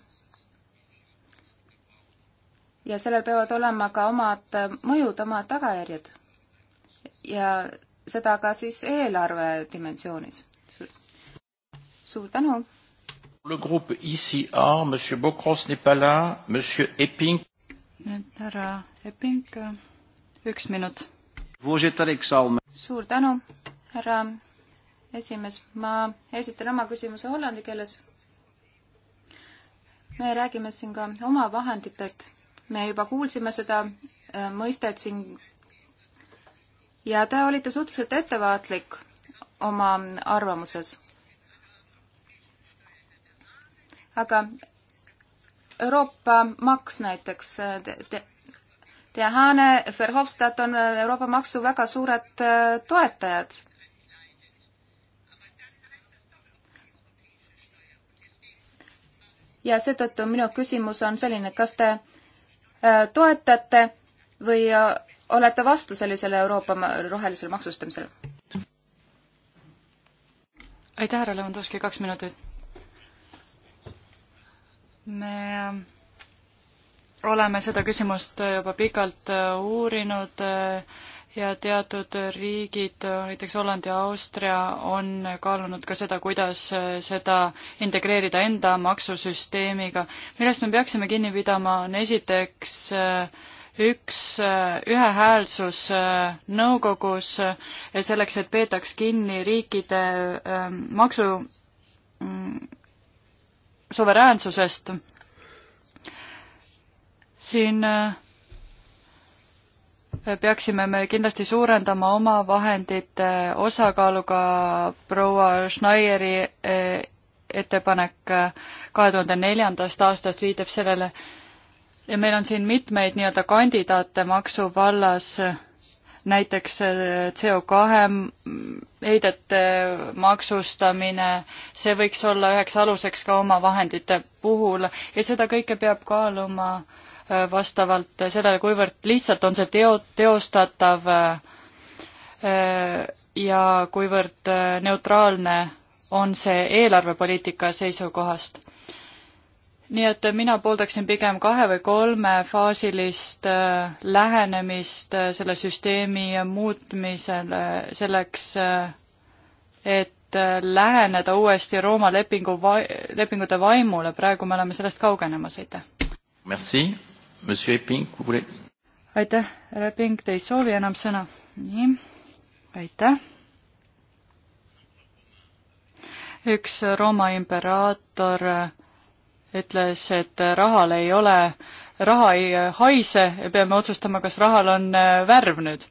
ja sellel peavad olema ka omad äh, mõjud, omad tagajärjed. ja seda ka siis eelarve dimensioonis. suur tänu!
Le groupe ICA, M. Bocros n'est pas là, M. Epping
nüüd härra Epping, üks minut. suur tänu, härra esimees, ma esitan oma küsimuse hollandi keeles. me räägime siin ka omavahenditest. me juba kuulsime seda äh, mõistet siin ja te olite suhteliselt ettevaatlik oma arvamuses. aga Euroopa maks näiteks te, te, Tea Hääne, Verhofstadt on Euroopa maksu väga suured äh, toetajad. ja seetõttu minu küsimus on selline, kas te äh, toetate või äh, olete vastu sellisele Euroopa rohelisele maksustamisele?
aitäh, härra Levandovski, kaks minutit me oleme seda küsimust juba pikalt äh, uurinud äh, ja teatud riigid, äh, näiteks Holland ja Austria, on kaalunud ka seda, kuidas seda integreerida enda maksusüsteemiga. millest me peaksime kinni pidama, on esiteks üks ühehäälsus nõukogus selleks, et peetaks kinni riikide maksu mm, suveräänsusest. siin äh, peaksime me kindlasti suurendama oma vahendite osakaalu ka proua Schneieri äh, ettepanek äh, kahe tuhande neljandast aastast viitab sellele ja meil on siin mitmeid nii-öelda kandidaate maksu vallas näiteks äh, CO2 heidete maksustamine, see võiks olla üheks aluseks ka omavahendite puhul ja seda kõike peab kaaluma äh, vastavalt sellele, kuivõrd lihtsalt on see teo, teostatav äh, ja kuivõrd neutraalne on see eelarvepoliitika seisukohast nii et mina pooldaksin pigem kahe- või kolmefaasilist äh, lähenemist äh, selle süsteemi äh, muutmisele selleks, et läheneda uuesti Rooma lepingu va-, lepingute vaimule, praegu me oleme sellest kaugenemas, aitäh.
Merci, monsieur Epping, vous voulez?
aitäh, härra Epping, te ei soovi enam sõna? nii, aitäh. üks Rooma imperaator ütles, et rahal ei ole, raha ei haise ja peame otsustama, kas rahal on äh, värv nüüd.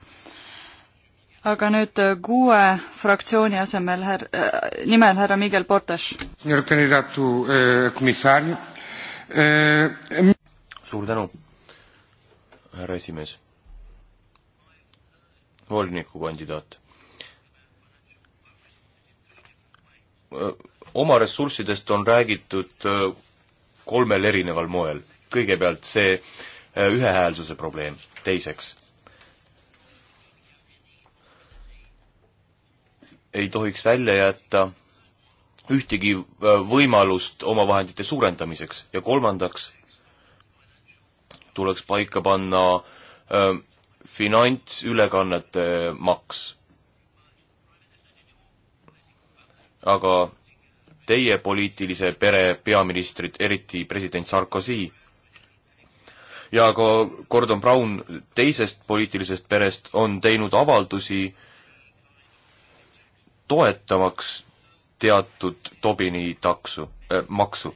aga nüüd äh, kuue fraktsiooni asemel här-, äh, nimel härra Miguel Portas.
suur tänu, härra esimees. volinikukandidaat oma ressurssidest on räägitud kolmel erineval moel. kõigepealt see äh, ühehäälsuse probleem, teiseks ei tohiks välja jätta ühtegi äh, võimalust omavahendite suurendamiseks ja kolmandaks tuleks paika panna äh, finantsülekannete maks. aga teie poliitilise pere peaministrid, eriti president Sarkozy ja ka Gordon Brown teisest poliitilisest perest on teinud avaldusi toetamaks teatud Tobini taksu äh,, maksu.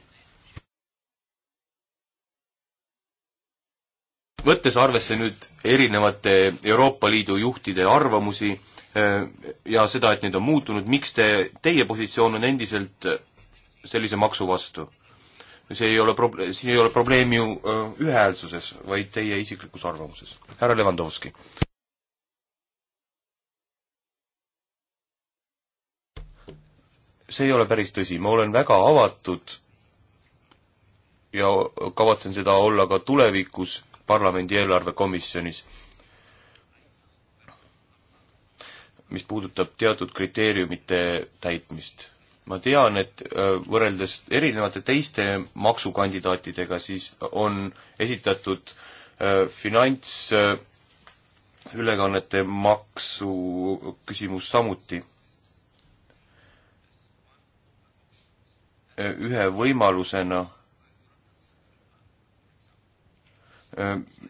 võttes arvesse nüüd erinevate Euroopa Liidu juhtide arvamusi, Äh, ja seda, et need on muutunud, miks te, teie positsioon on endiselt äh, sellise maksu vastu? see ei ole prob-, siin ei ole probleem ju äh, ühehäälsuses, vaid teie isiklikus arvamuses. härra Levandovski. see ei ole päris tõsi, ma olen väga avatud ja kavatsen seda olla ka tulevikus parlamendi eelarvekomisjonis mis puudutab teatud kriteeriumite täitmist. ma tean, et äh, võrreldes erinevate teiste maksukandidaatidega, siis on esitatud äh, finantsülekannete äh, maksu küsimus samuti ühe võimalusena,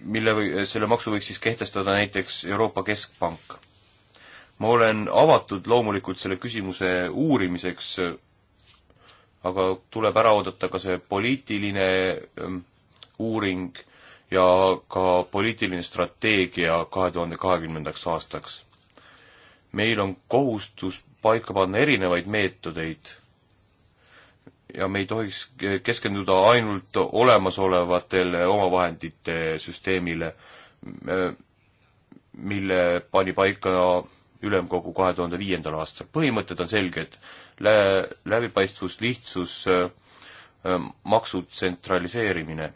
mille või selle maksu võiks siis kehtestada näiteks Euroopa Keskpank ma olen avatud loomulikult selle küsimuse uurimiseks, aga tuleb ära oodata ka see poliitiline ähm, uuring ja ka poliitiline strateegia kahe tuhande kahekümnendaks aastaks. meil on kohustus paika panna erinevaid meetodeid ja me ei tohiks keskenduda ainult olemasolevatele omavahendite süsteemile, äh, mille pani paika ülemkogu kahe tuhande viiendal aastal. põhimõtted on selged Lä, läbipaistvus, lihtsus, äh, äh, maksud, tsentraliseerimine,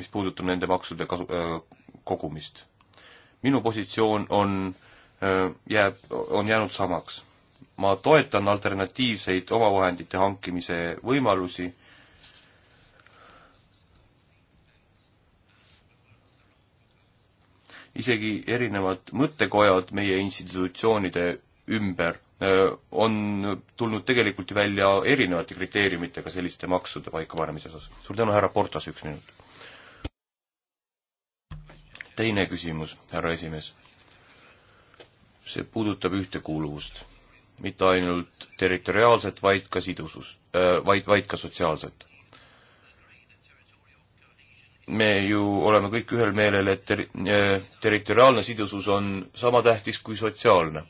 mis puudutab nende maksude kasu äh,, kogumist. minu positsioon on äh,, jääb, on jäänud samaks. ma toetan alternatiivseid omavahendite hankimise võimalusi isegi erinevad mõttekojad meie institutsioonide ümber äh, on tulnud tegelikult ju välja erinevate kriteeriumitega selliste maksude paikapanemise osas. suur tänu, härra Portas, üks minut. teine küsimus, härra esimees. see puudutab ühtekuuluvust. mitte ainult territoriaalset, vaid ka sidusust äh,, vaid, vaid ka sotsiaalset me ju oleme kõik ühel meelel, et ter-, äh, territoriaalne sidusus on sama tähtis kui sotsiaalne.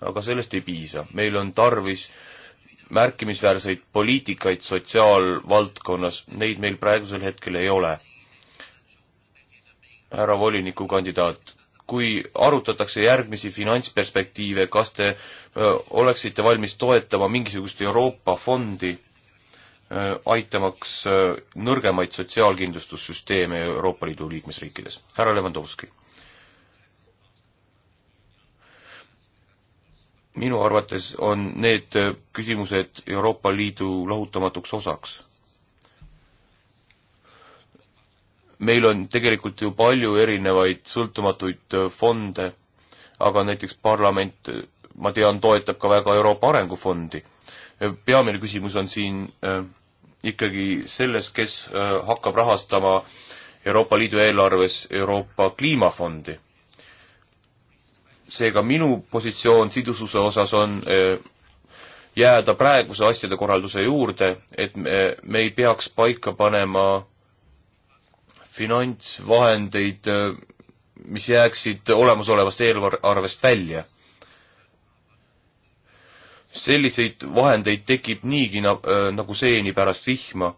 aga sellest ei piisa, meil on tarvis märkimisväärseid poliitikaid sotsiaalvaldkonnas, neid meil praegusel hetkel ei ole. härra volinikukandidaat, kui arutatakse järgmisi finantsperspektiive, kas te öö, äh, oleksite valmis toetama mingisugust Euroopa fondi Äh, aitamaks äh, nõrgemaid sotsiaalkindlustussüsteeme Euroopa Liidu liikmesriikides. härra Levandovski. minu arvates on need äh, küsimused Euroopa Liidu lahutamatuks osaks. meil on tegelikult ju palju erinevaid sõltumatuid fonde, aga näiteks parlament, ma tean, toetab ka väga Euroopa Arengufondi peamine küsimus on siin äh, ikkagi selles, kes äh, hakkab rahastama Euroopa Liidu eelarves Euroopa Kliimafondi. seega minu positsioon sidususe osas on äh, jääda praeguse asjade korralduse juurde, et me, me ei peaks paika panema finantsvahendeid, mis jääksid olemasolevast eelarvest välja selliseid vahendeid tekib niigi na-, nagu seeni pärast vihma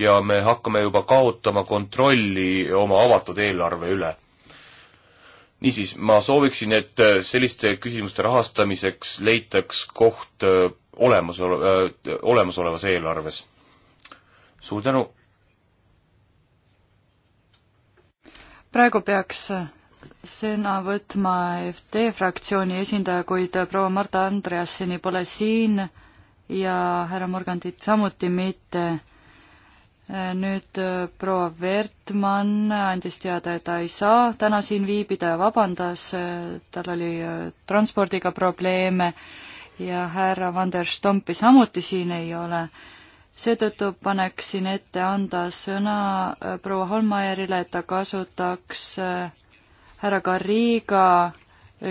ja me hakkame juba kaotama kontrolli oma avatud eelarve üle. niisiis, ma sooviksin, et selliste küsimuste rahastamiseks leitaks koht olemasole-, olemasolevas eelarves. suur tänu!
praegu peaks sõna võtma FD fraktsiooni esindaja, kuid proua Marta Andreasseni pole siin ja härra Morgandit samuti mitte. nüüd äh, proua Wertmann andis teada, et ta ei saa täna siin viibida ja vabandas, äh, tal oli äh, transpordiga probleeme ja härra Van der Stompi samuti siin ei ole. seetõttu paneksin ette anda sõna proua Holmajärile, et ta kasutaks äh, härra Garriga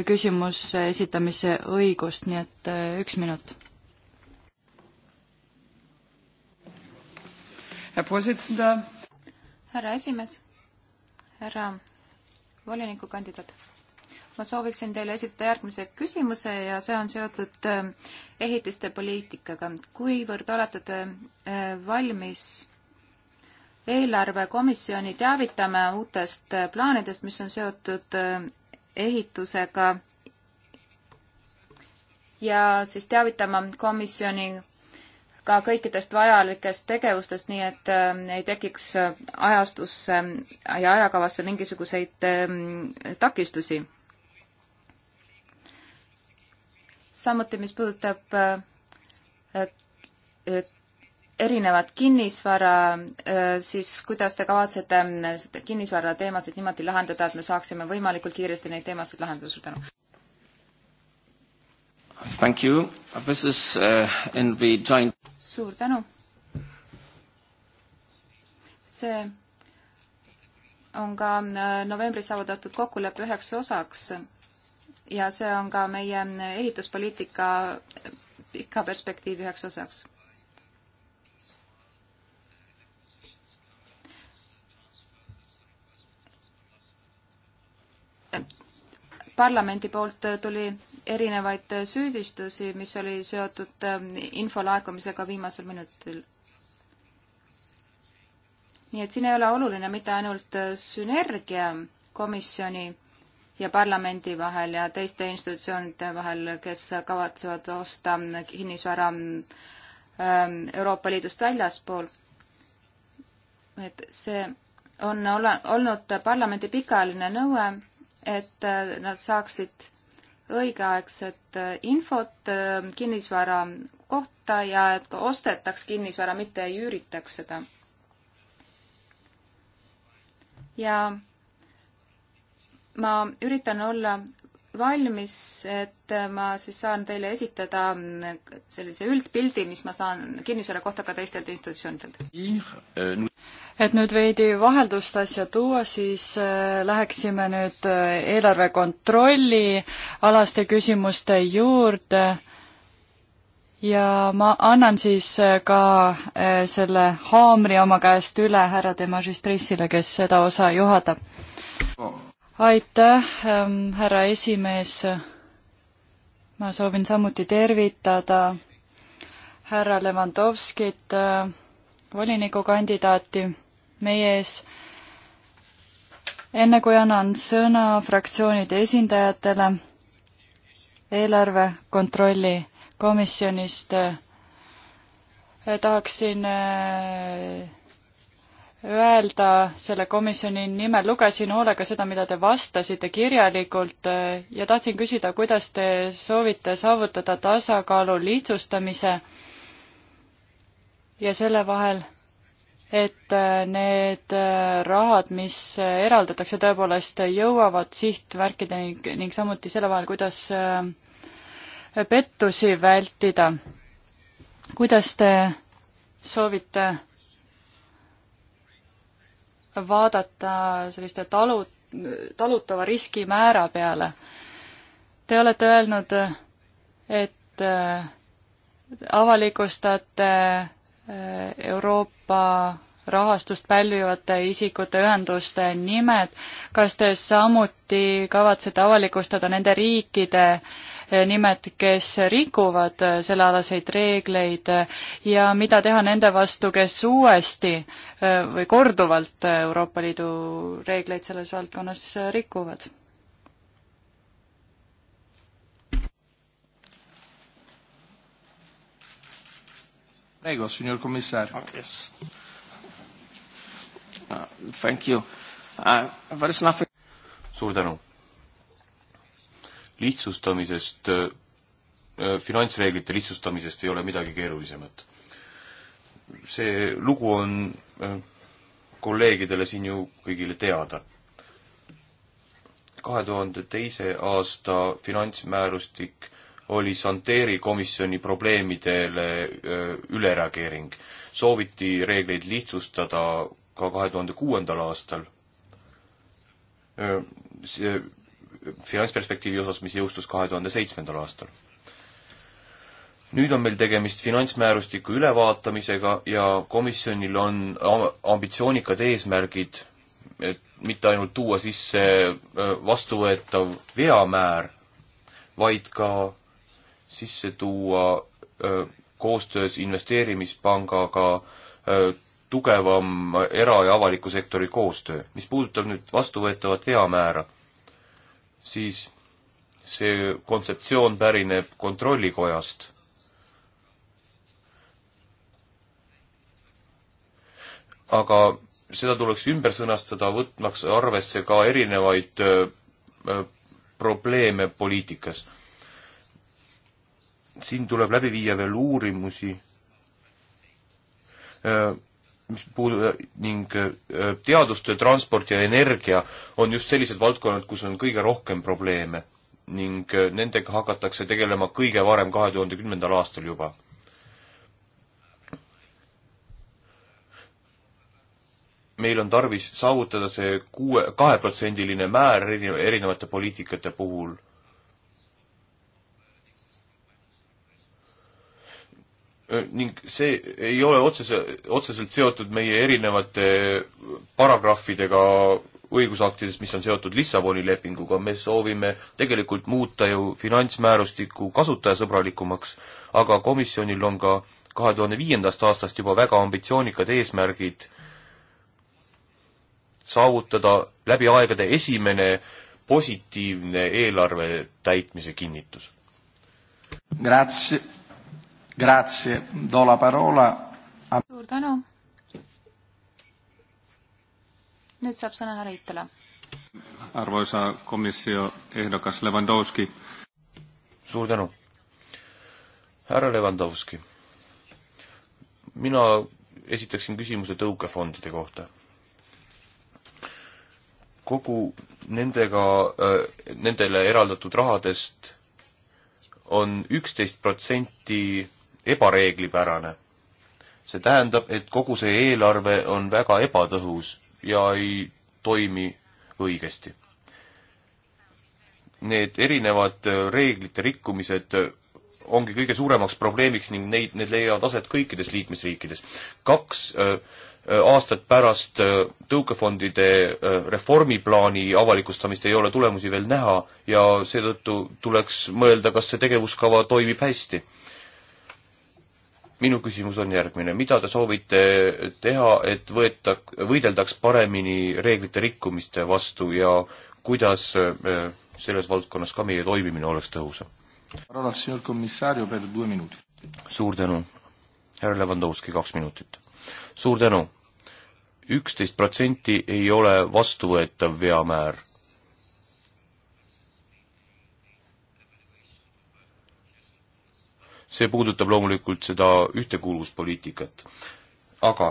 küsimuse esitamise õigust, nii et äh, üks minut.
härra esimees, härra volinikukandidaat, ma sooviksin teile esitada järgmise küsimuse ja see on seotud äh, ehitiste poliitikaga. kuivõrd olete te äh, valmis eelarvekomisjoni teavitame uutest plaanidest, mis on seotud äh, ehitusega ja siis teavitama komisjoni ka kõikidest vajalikest tegevustest, nii et äh, ei tekiks äh, ajastusse ja ajakavasse mingisuguseid takistusi. samuti, mis puudutab erinevat kinnisvara, äh, siis kuidas te kavatsete mm, kinnisvara teemasid niimoodi lahendada, et me saaksime võimalikult kiiresti neid teemasid lahendada, suur tänu!
Thank you, this is uh, in the joint
suur tänu! see on ka mm, novembris saavutatud kokkuleppe üheks osaks ja see on ka meie mm, ehituspoliitika pika perspektiivi üheks osaks parlamendi poolt tuli erinevaid süüdistusi, mis oli seotud ähm, info laekumisega viimasel minutil. nii et siin ei ole oluline mitte ainult äh, sünergia komisjoni ja parlamendi vahel ja teiste institutsioonide vahel, kes kavatsevad osta kinnisvara ähm, Euroopa Liidust väljaspool. et see on ole-, olnud parlamendi pikaajaline nõue et äh, nad saaksid õigeaegset äh, infot äh, kinnisvara kohta ja et ostetaks kinnisvara, mitte ei üüritaks seda. ja ma üritan olla valmis, et ma siis saan teile esitada sellise üldpildi, mis ma saan kinnisvara kohta ka teistelt institutsioonidelt.
et nüüd veidi vaheldust asja tuua, siis äh, läheksime nüüd äh, eelarve kontrolli alaste küsimuste juurde ja ma annan siis äh, ka selle haamri oma käest üle härra de Magistrissile, kes seda osa juhatab oh aitäh, ähm, härra esimees. ma soovin samuti tervitada härra Levandovskit, äh, volinikukandidaati meie ees. enne kui annan sõna fraktsioonide esindajatele eelarve kontrolli komisjonist, äh, tahaksin äh, öelda selle komisjoni nimel, lugesin hoolega seda, mida te vastasite kirjalikult eh, ja tahtsin küsida, kuidas te soovite saavutada tasakaalu lihtsustamise ja selle vahel, et eh, need eh, rahad, mis eraldatakse, tõepoolest jõuavad sihtmärkideni ning, ning samuti selle vahel, kuidas pettusi vältida. kuidas te soovite vaadata selliste talu, talutava riskimäära peale. Te olete öelnud, et äh, avalikustate äh, Euroopa rahastust pälvivate isikute ühenduste nimed, kas te samuti kavatsete avalikustada nende riikide äh, Eh, nimed, kes rikuvad eh, sellealaseid reegleid eh, ja mida teha nende vastu, kes uuesti või korduvalt Euroopa Liidu reegleid selles valdkonnas rikuvad?
Prego, signor commissario. Oh, yes.
Uh, thank you. Uh, there is nothing... Suur tänu lihtsustamisest, äh, äh, finantsreeglite lihtsustamisest ei ole midagi keerulisemat. see lugu on äh, kolleegidele siin ju kõigile teada. kahe tuhande teise aasta finantsmäärustik oli Santeri komisjoni probleemidele ülereageering. sooviti reegleid lihtsustada ka kahe tuhande kuuendal aastal see finantsperspektiivi osas, mis jõustus kahe tuhande seitsmendal aastal. nüüd on meil tegemist finantsmäärustiku ülevaatamisega ja komisjonil on ambitsioonikad eesmärgid, et mitte ainult tuua sisse vastuvõetav veamäär, vaid ka sisse tuua koostöös investeerimispangaga tugevam era- ja avaliku sektori koostöö. mis puudutab nüüd vastuvõetavat veamäära, siis see kontseptsioon pärineb Kontrollikojast. aga seda tuleks ümber sõnastada, võtmaks arvesse ka erinevaid äh, äh, probleeme poliitikas. siin tuleb läbi viia veel uurimusi äh, mis puudu- ning äh, teadustöö, transport ja energia on just sellised valdkonnad, kus on kõige rohkem probleeme ning äh, nendega hakatakse tegelema kõige varem, kahe tuhande kümnendal aastal juba. meil on tarvis saavutada see kuue, kaheprotsendiline määr erinevate poliitikate puhul ning see ei ole otsese, otseselt seotud meie erinevate paragrahvidega õigusaktides, mis on seotud Lissaboni lepinguga, me soovime tegelikult muuta ju finantsmäärustikku kasutajasõbralikumaks, aga komisjonil on ka kahe tuhande viiendast aastast juba väga ambitsioonikad eesmärgid saavutada läbi aegade esimene positiivne eelarve täitmise kinnitus.
Grazie Grazie, do la parola.
suur tänu. nüüd saab sõna härra Ittala.
Arvoisa komissio ehdokas Lewandowski. suur tänu. härra Lewandowski, mina esitaksin küsimuse tõukefondide kohta. kogu nendega, äh, nendele eraldatud rahadest on üksteist protsenti ebareeglipärane. see tähendab, et kogu see eelarve on väga ebatõhus ja ei toimi õigesti. Need erinevad reeglite rikkumised ongi kõige suuremaks probleemiks ning neid, need leiavad aset kõikides liikmesriikides. kaks äh, äh aastat pärast äh, tõukefondide äh, reformiplaani avalikustamist ei ole tulemusi veel näha ja seetõttu tuleks mõelda, kas see tegevuskava toimib hästi minu küsimus on järgmine, mida te soovite teha, et võeta, võideldaks paremini reeglite rikkumiste vastu ja kuidas äh, selles valdkonnas ka meie toimimine oleks tõhusam? suur tänu, härra Levandovski, kaks minutit. suur tänu, üksteist protsenti ei ole vastuvõetav veamäär see puudutab loomulikult seda ühtekuuluvuspoliitikat, aga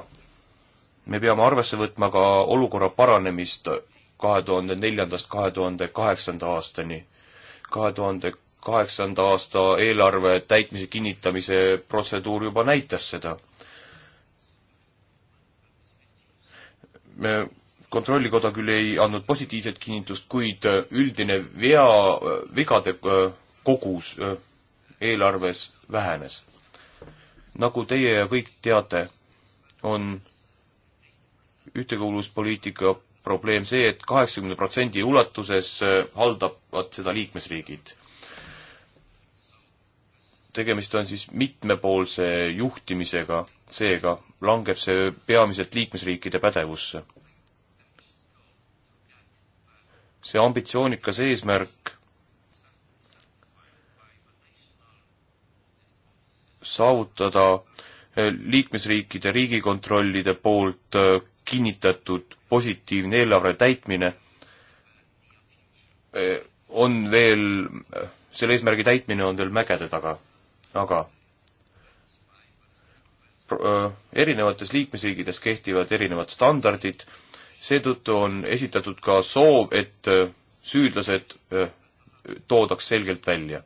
me peame arvesse võtma ka olukorra paranemist kahe tuhande neljandast kahe tuhande kaheksanda aastani. kahe tuhande kaheksanda aasta eelarve täitmise kinnitamise protseduur juba näitas seda. me, kontrollikoda küll ei andnud positiivset kinnitust, kuid üldine vea, vigade kogus eelarves vähenes. nagu teie ja kõik teate, on ühtekuuluvuspoliitika probleem see et, et kaheksakümne protsendi ulatuses äh, haldavad seda liikmesriigid. tegemist on siis mitmepoolse juhtimisega, seega langeb see peamiselt liikmesriikide pädevusse. see ambitsioonikas eesmärk saavutada eh, liikmesriikide riigikontrollide poolt eh, kinnitatud positiivne eelarve täitmine eh, on veel, selle eesmärgi täitmine on veel mägede taga, aga erinevates liikmesriigides kehtivad erinevad standardid, seetõttu on esitatud ka soov, et süüdlased toodaks selgelt välja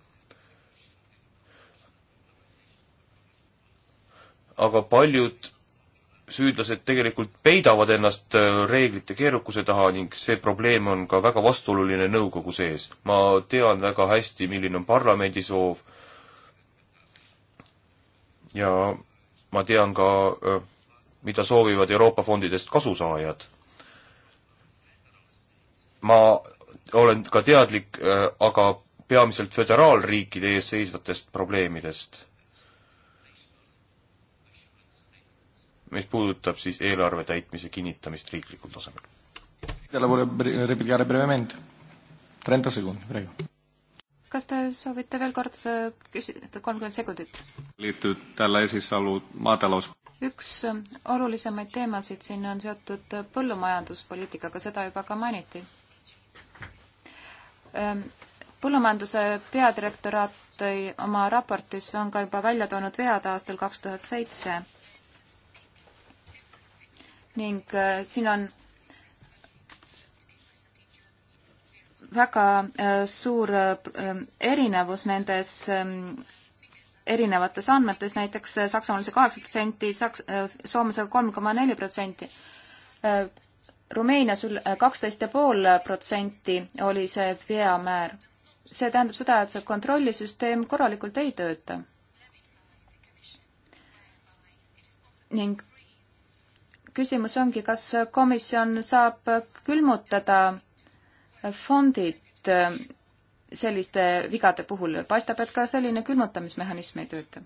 aga paljud süüdlased tegelikult peidavad ennast äh, reeglite keerukuse taha ning see probleem on ka väga vastuoluline nõukogu sees. ma tean väga hästi, milline on parlamendi soov ja ma tean ka, äh, mida soovivad Euroopa fondidest kasusaajad. ma olen ka teadlik, äh, aga peamiselt föderaalriikide ees seisvatest probleemidest mis puudutab siis eelarve täitmise kinnitamist riiklikul tasemel.
kas te soovite veel kord äh, küsida, kolmkümmend sekundit?
liitud tällä esisalu maatalous.
üks äh, olulisemaid teemasid siin on seotud äh, põllumajanduspoliitikaga, seda juba ka mainiti. Ähm, põllumajanduse peadirektoraat oma raportis on ka juba välja toonud vead aastal kaks tuhat seitse ning äh, siin on väga äh, suur äh, erinevus nendes ähm, erinevates andmetes, näiteks Saksamaal see kaheksa protsenti, Saks-, Soomes on kolm koma neli protsenti. Rumeenias kaksteist ja pool protsenti oli see veamäär. see tähendab seda, et see kontrollisüsteem korralikult ei tööta. ning küsimus ongi, kas komisjon saab külmutada fondid äh, selliste vigade puhul, paistab, et ka selline külmutamismehhanism ei tööta.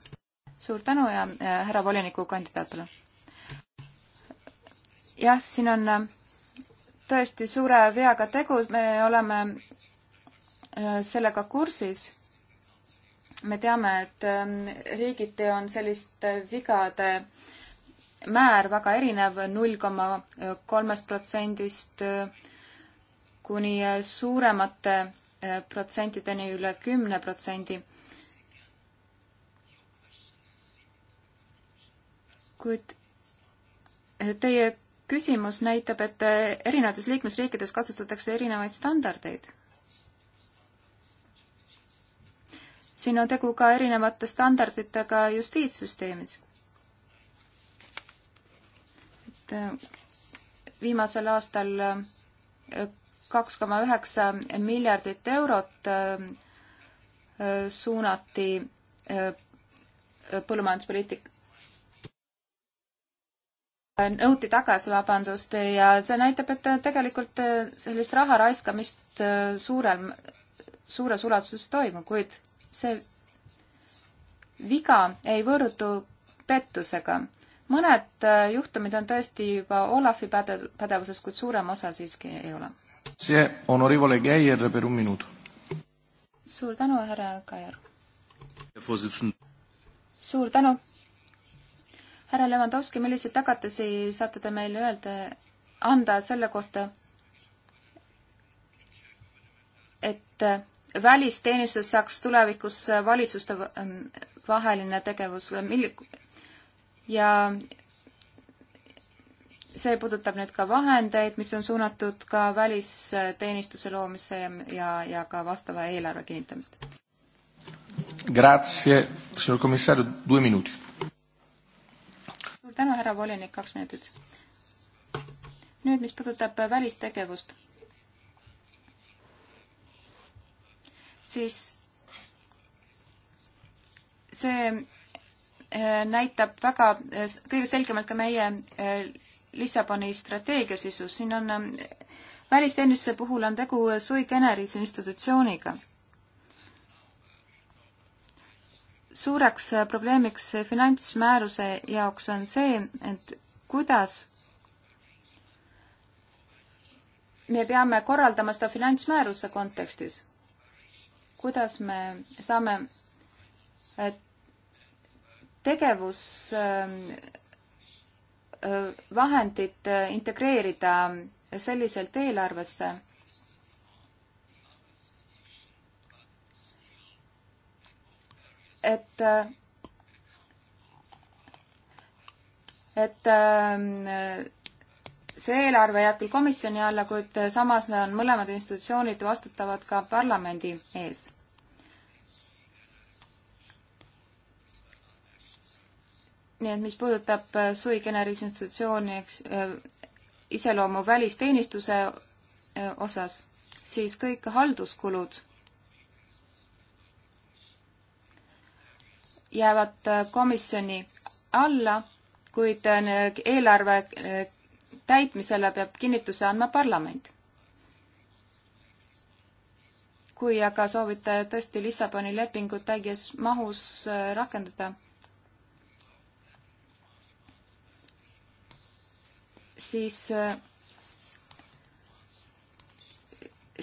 suur tänu ja äh, härra volinikukandidaatile. jah, siin on äh, tõesti suure veaga tegu, me oleme sellega kursis. me teame, et riigiti on selliste vigade äh, määr väga erinev, null koma kolmest protsendist äh, kuni äh, suuremate äh, protsentideni üle kümne protsendi. kuid teie küsimus näitab, et erinevates liikmesriikides kasutatakse erinevaid standardeid. siin on tegu ka erinevate standarditega justiitssüsteemis et äh, viimasel aastal äh, kaks koma üheksa miljardit eurot äh, suunati põllumajanduspoliitika nõuti tagasi, vabandust, ja see näitab, et tegelikult sellist raha raiskamist suurel, suures ulatuses toimub, kuid see viga ei võrdu pettusega mõned äh, juhtumid on tõesti juba Olafi päde-, pädevuses, kuid suurem osa siiski ei ole.
see honorivole Geier per un
minut.
suur tänu, härra Geier. suur tänu. härra Levanovski, milliseid tagatisi saate te meile öelda, anda selle kohta, et äh, välisteenistus saaks tulevikus äh, valitsuste ähm, vaheline tegevus, mil-, ja see puudutab nüüd ka vahendeid, mis on suunatud ka välisteenistuse loomisse ja, ja, ja ka vastava eelarve kinnitamist.
Grazie, signor commissario, due minuti.
suur tänu, härra volinik, kaks minutit. nüüd, mis puudutab välistegevust, siis see Äh, näitab väga, äh, kõige selgemalt ka meie äh, Lissaboni strateegia sisu. siin on ähm, välisteenistuse puhul on tegu sui generis institutsiooniga. suureks probleemiks finantsmääruse jaoks on see, et kuidas me peame korraldama seda finantsmääruse kontekstis. kuidas me saame tegevusvahendid ähm, äh, äh, integreerida selliselt eelarvesse, et, äh, et see eelarve jääb küll komisjoni alla, kuid samas on mõlemad institutsioonid vastutavad ka parlamendi ees nii et mis puudutab äh, sui generis institutsiooni, eks äh,, iseloomu välisteenistuse äh, osas, siis kõik halduskulud jäävad äh, komisjoni alla, kuid äh, eelarve täitmisele peab kinnituse andma parlament. kui aga soovite tõesti Lissaboni lepingut täies mahus rakendada siis äh,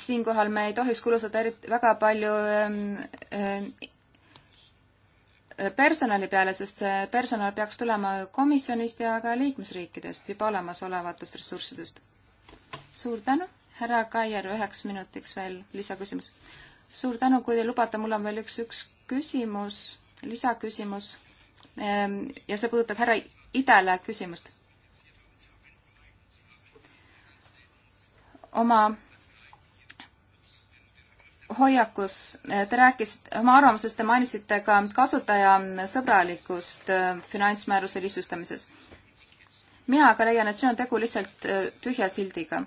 siinkohal me ei tohiks kulutada eriti väga palju ähm, äh, äh, personali peale, sest see personal peaks tulema komisjonist ja ka liikmesriikidest juba olemasolevatest ressurssidest. suur tänu, härra Kaier, üheks minutiks veel lisaküsimus. suur tänu, kui te lubate, mul on veel üks, üks küsimus, lisaküsimus. Ähm, ja see puudutab härra Idele küsimust oma hoiakus, te rääkisite, oma arvamuses te mainisite ka kasutajasõbralikkust äh, finantsmääruse lihtsustamises. mina aga leian, et siin on tegu lihtsalt äh, tühja sildiga.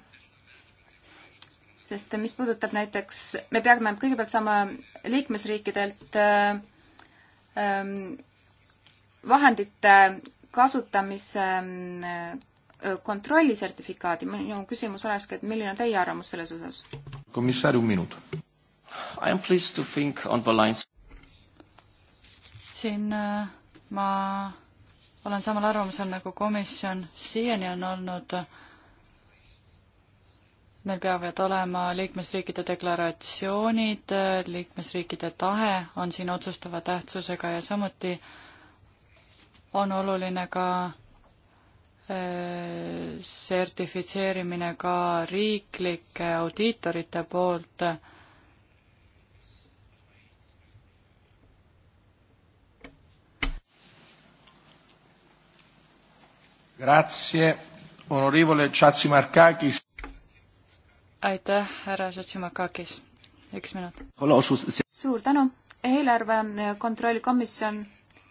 sest mis puudutab näiteks, me peame kõigepealt saama liikmesriikidelt äh, ähm, vahendite kasutamise kontrollisertifikaadi, minu küsimus olekski, et milline on teie arvamus selles osas?
komissar, un minut. I am pleased to think on the lines.
siin äh,
ma olen samal arvamusel nagu komisjon siiani on olnud. meil peavad olema liikmesriikide deklaratsioonid, liikmesriikide tahe on siin otsustava tähtsusega ja samuti on oluline ka sertifitseerimine ka riiklike audiitorite poolt
Grazie. Onorevole Chatsimarkakis.
aitäh, härra Chatsimarkakis. üks minut. suur tänu. eelarve kontrollkomisjon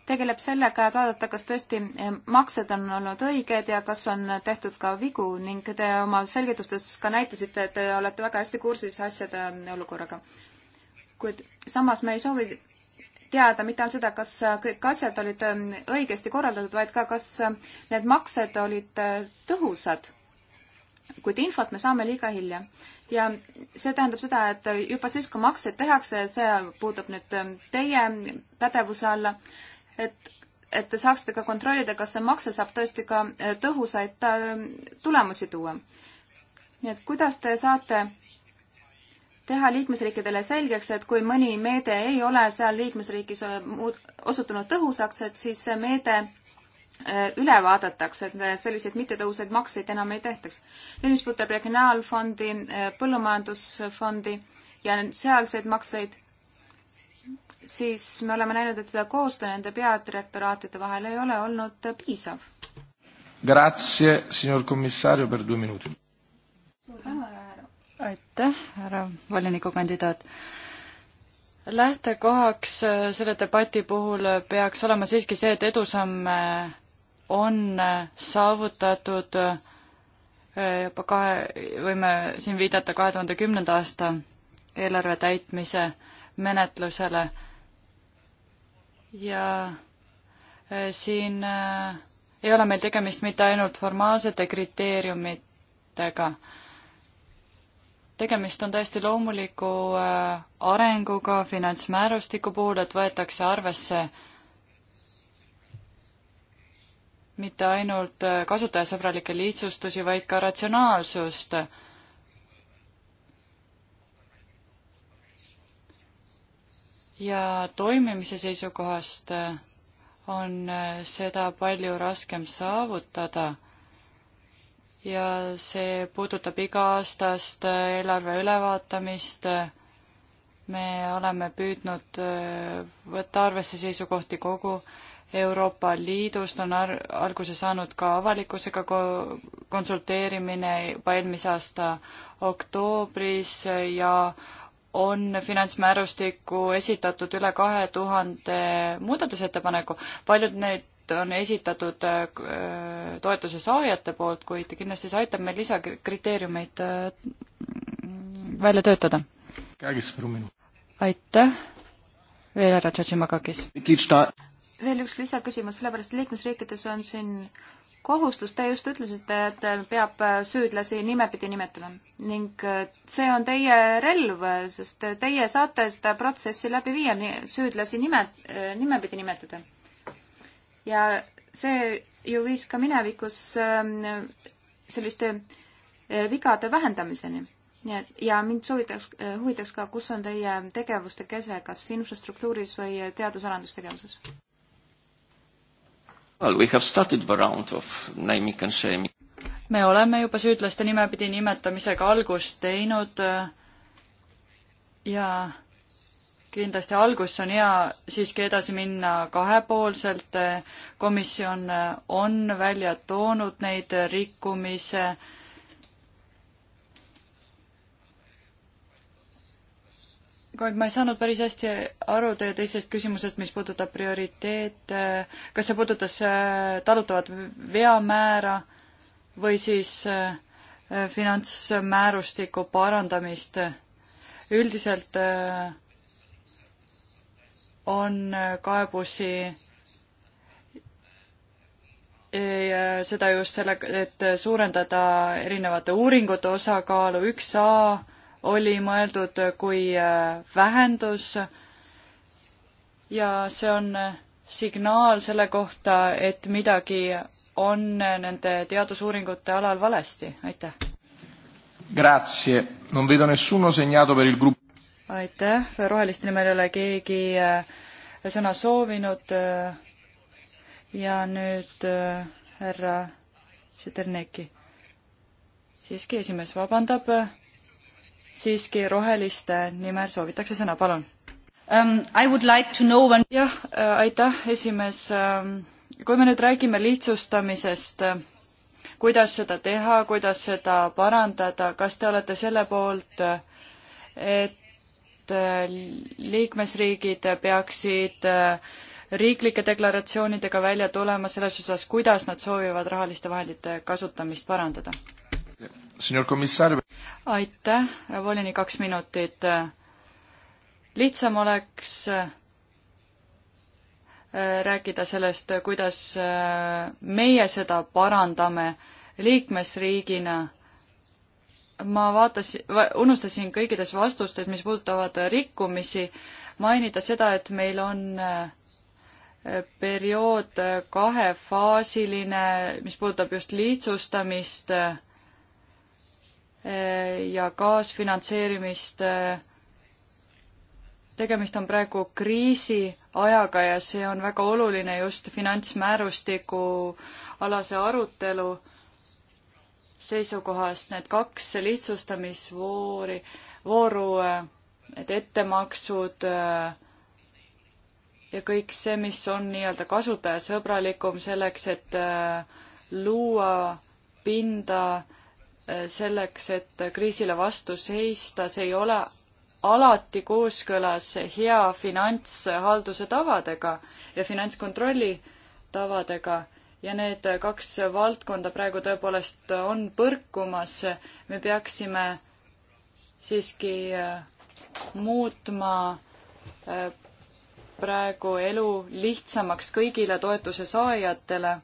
tegeleb sellega, et vaadata, kas tõesti eh, maksed on olnud õiged ja kas on tehtud ka vigu ning te oma selgitustes ka näitasite, et te olete väga hästi kursis asjade olukorraga. kuid samas me ei soovi teada mitte ainult seda, kas kõik asjad olid eh, õigesti korraldatud, vaid ka, kas need maksed olid eh, tõhusad. kuid infot me saame liiga hilja ja see tähendab seda, et juba siis, kui makseid tehakse, see puutub nüüd teie pädevuse alla et, et te saaksite ka kontrollida, kas see makse saab tõesti ka eh, tõhusaid äh, tulemusi tuua. nii et kuidas te saate teha liikmesriikidele selgeks, et kui mõni meede ei ole seal liikmesriigis äh, osutunud tõhusaks, et siis see meede äh, üle vaadatakse, et selliseid mittetõhusaid makseid enam ei tehtaks. nüüd, mis puudutab regionaalfondi, põllumajandusfondi ja sealseid makseid siis me oleme näinud, et seda koostöö nende peadirektoraatide vahel ei ole olnud piisav.
Grazie, signor commissario, per due minuti.
aitäh, härra volinikukandidaat.
lähtekohaks äh, selle debati puhul äh, peaks olema siiski see, et edusamme äh, on saavutatud juba kahe, võime siin viidata kahe tuhande kümnenda aasta eelarve täitmise menetlusele. ja äh, siin äh, ei ole meil tegemist mitte ainult formaalsete kriteeriumitega, tegemist on täiesti loomuliku äh, arenguga finantsmäärustiku puhul, et võetakse arvesse mitte ainult kasutajasõbralikke lihtsustusi, vaid ka ratsionaalsust ja toimimise seisukohast äh, on äh, seda palju raskem saavutada ja see puudutab iga-aastast äh, eelarve ülevaatamist. me oleme püüdnud võtta arvesse seisukohti kogu Euroopa Liidust, on ar-, alguse saanud ka avalikkusega ko-, konsulteerimine juba eelmise aasta oktoobris ja on finantsmäärustikku esitatud üle kahe tuhande muudatusettepaneku, paljud need on esitatud äh, toetuse saajate poolt, kuid kindlasti see aitab meil lisakriteeriumeid äh, välja töötada. aitäh, veel härra Tšotšimakakis.
veel üks lisaküsimus, sellepärast liikmesriikides on siin kohustus, te just ütlesite, et peab süüdlasi nimepidi nimetama ning äh, see on teie relv, sest teie saate seda protsessi läbi viia, süüdlasi nime, äh, nimepidi nimetada. ja see ju viis ka minevikus ähm, selliste äh, vigade vähendamiseni. nii et ja mind soovitaks, huvitaks ka, kus on teie tegevuste kese, kas infrastruktuuris või teadus-arendustegevuses?
Well, we have started the round of naming and shaming. me
oleme juba süüdlaste nimepidi nimetamisega algust teinud äh, ja kindlasti algus on hea siiski edasi minna kahepoolselt. komisjon äh, on välja toonud neid rikkumise äh, kuid ma ei saanud päris hästi aru teie teisest küsimusest, mis puudutab prioriteete, kas see puudutas äh, talutavat veamäära või siis äh, äh, finantsmäärustiku parandamist. üldiselt on kaebusi seda just sellega, et suurendada erinevate uuringute osakaalu, üks A oli mõeldud kui äh, vähendus ja see on äh, signaal selle kohta, et midagi on äh, nende teadusuuringute alal valesti, aitäh.
Grazie, non vedo nessuno segnato per il gruppo.
aitäh, roheliste nimel ei ole keegi sõna soovinud. ja nüüd härra Šeterneki. siiski esimees vabandab siiski Roheliste nimel soovitakse sõna, palun um,. I would like to know when jah äh,, aitäh, esimees ähm,. kui me nüüd räägime lihtsustamisest äh,, kuidas seda teha, kuidas seda parandada, kas te olete selle poolt, äh, et äh, liikmesriigid peaksid äh, riiklike deklaratsioonidega välja tulema selles osas, kuidas nad soovivad rahaliste vahendite kasutamist parandada? aitäh, volini kaks minutit. lihtsam oleks äh, rääkida sellest, kuidas äh, meie seda parandame liikmesriigina. ma vaatasin, unustasin kõikides vastustes, mis puudutavad rikkumisi, mainida seda, et meil on äh, periood kahefaasiline, mis puudutab just lihtsustamist Eh, ja kaasfinantseerimist. Eh, tegemist on praegu kriisiajaga ja see on väga oluline just finantsmäärustiku alase arutelu seisukohast. Need kaks lihtsustamisvoori, vooru, et eh, ettemaksud ja kõik see, mis on nii-öelda kasutajasõbralikum selleks, et luua pinda selleks, et kriisile vastu seista, see ei ole alati kooskõlas hea finantshalduse tavadega ja finantskontrolli tavadega ja need kaks valdkonda praegu tõepoolest on põrkumas. me peaksime siiski äh, muutma äh, praegu elu lihtsamaks kõigile toetuse saajatele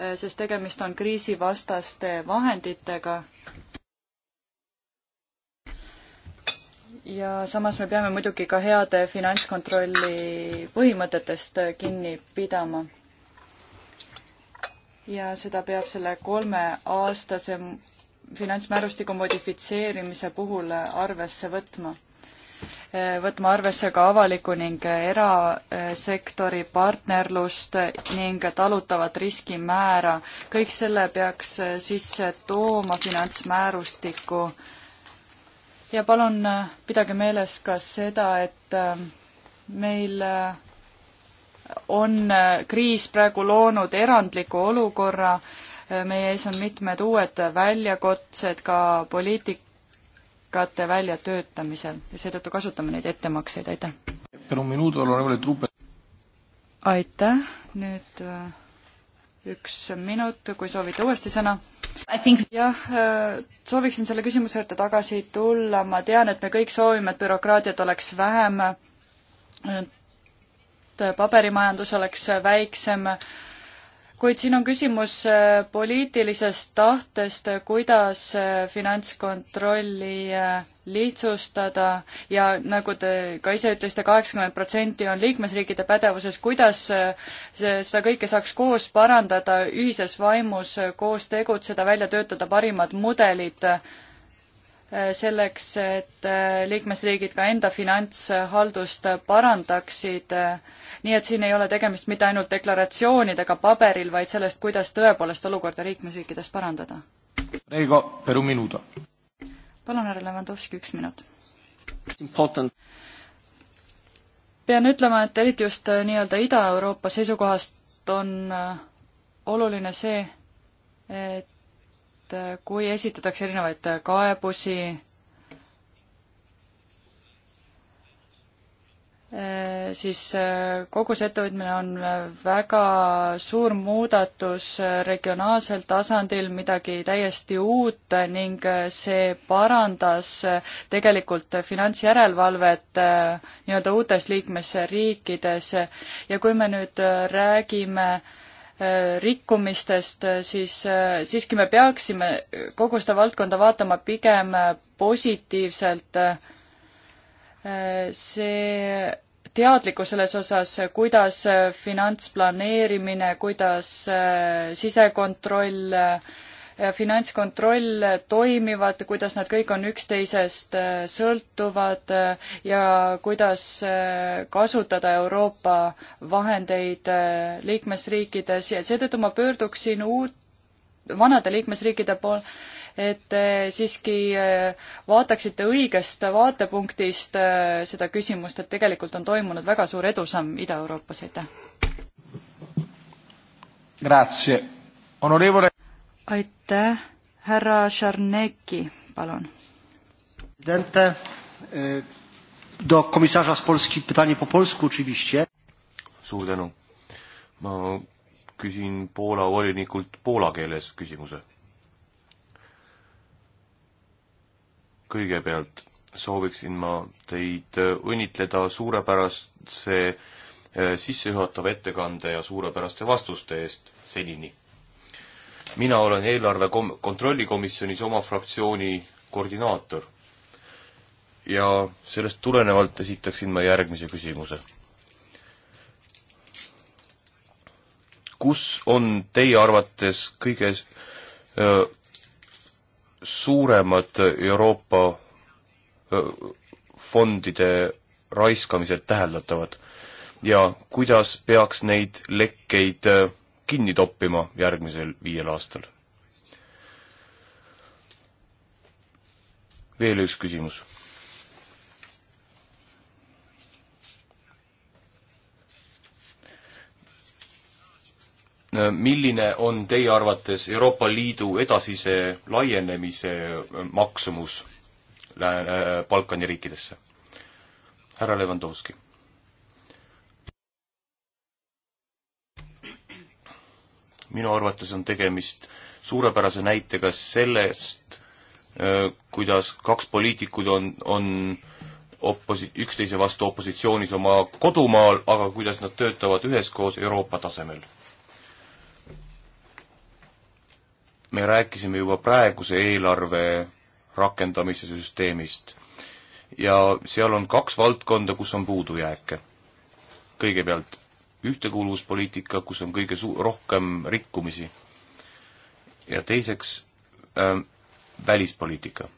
Äh, sest tegemist on kriisivastaste vahenditega. ja samas me peame muidugi ka heade finantskontrolli põhimõtetest kinni pidama. ja seda peab selle kolmeaastase finantsmäärustiku modifitseerimise puhul arvesse võtma võtma arvesse ka avaliku ning erasektori partnerlust ning talutavat riskimäära. kõik selle peaks sisse tooma finantsmäärustikku. ja palun pidage meeles ka seda, et ähm, meil äh, on äh, kriis praegu loonud erandliku olukorra, äh, meie ees on mitmed uued väljakutsed ka poliitik-, poliitikate väljatöötamisel ja seetõttu kasutame neid ettemakseid, aitäh! aitäh, nüüd äh, üks minut, kui soovite uuesti sõna. jah, äh, sooviksin selle küsimuse juurde tagasi tulla, ma tean, et me kõik soovime, et bürokraatiat oleks vähem, et äh, paberimajandus oleks väiksem, kuid siin on küsimus äh, poliitilisest tahtest, äh, kuidas äh, finantskontrolli lihtsustada ja nagu te ka ise ütlesite, kaheksakümmend protsenti on liikmesriikide pädevuses, kuidas seda kõike saaks koos parandada, ühises vaimus koos tegutseda, välja töötada parimad mudelid selleks, et liikmesriigid ka enda finantshaldust parandaksid nii et siin ei ole tegemist mitte ainult deklaratsioonidega paberil, vaid sellest, kuidas tõepoolest olukorda liikmesriikides parandada.
Reigo Peru Minuto.
palun, härra Levanovski, üks minut. Important pean ütlema, et eriti just äh, nii-öelda Ida-Euroopa seisukohast on äh, oluline see, et äh, kui esitatakse erinevaid kaebusi Äh, siis äh, kogu see ettevõtmine on äh, väga suur muudatus regionaalsel tasandil, midagi täiesti uut ning see parandas tegelikult finantsjärelevalvet nii-öelda uutes liikmesriikides ja kui me nüüd räägime rikkumistest, siis siiski me peaksime kogu seda valdkonda vaatama pigem positiivselt see teadlikkus selles osas, kuidas finantsplaneerimine, kuidas äh, sisekontroll, äh, finantskontroll toimivad, kuidas nad kõik on üksteisest äh, sõltuvad ja kuidas kasutada Euroopa vahendeid liikmesriikides ja seetõttu ma pöörduksin uut, vanade liikmesriikide poole et te eh, siiski eh, vaataksite õigest vaatepunktist eh, seda küsimust, et tegelikult on toimunud väga suur edusamm Ida-Euroopas, aitäh! Onorevole... aitäh, härra Šarneki, palun!
do komisarza z Polski pytanie po polsku oczywiście. Suur tänu. Ma küsin Poola volinikult poola keeles küsimuse. kõigepealt sooviksin ma teid äh, õnnitleda suurepärase äh, sissejuhatava ettekande ja suurepäraste vastuste eest senini. mina olen eelarve kom-, kontrollikomisjonis oma fraktsiooni koordinaator ja sellest tulenevalt esitaksin ma järgmise küsimuse. kus on teie arvates kõige äh, suuremad Euroopa fondide raiskamised täheldatavad ja kuidas peaks neid lekkeid kinni toppima järgmisel viiel aastal? veel üks küsimus Äh, milline on teie arvates Euroopa Liidu edasise laienemise äh, maksumus Lääne, äh, Balkani riikidesse? härra Levandovski. minu arvates on tegemist suurepärase näitega sellest, kuidas kaks poliitikud on, on oposi-, üksteise vastu opositsioonis oma kodumaal, aga kuidas nad töötavad üheskoos Euroopa tasemel me rääkisime juba praeguse eelarve rakendamise süsteemist ja seal on kaks valdkonda, kus on puudujääke. kõigepealt ühtekuuluvuspoliitika, kus on kõige su-, rohkem rikkumisi ja teiseks äh, välispoliitika.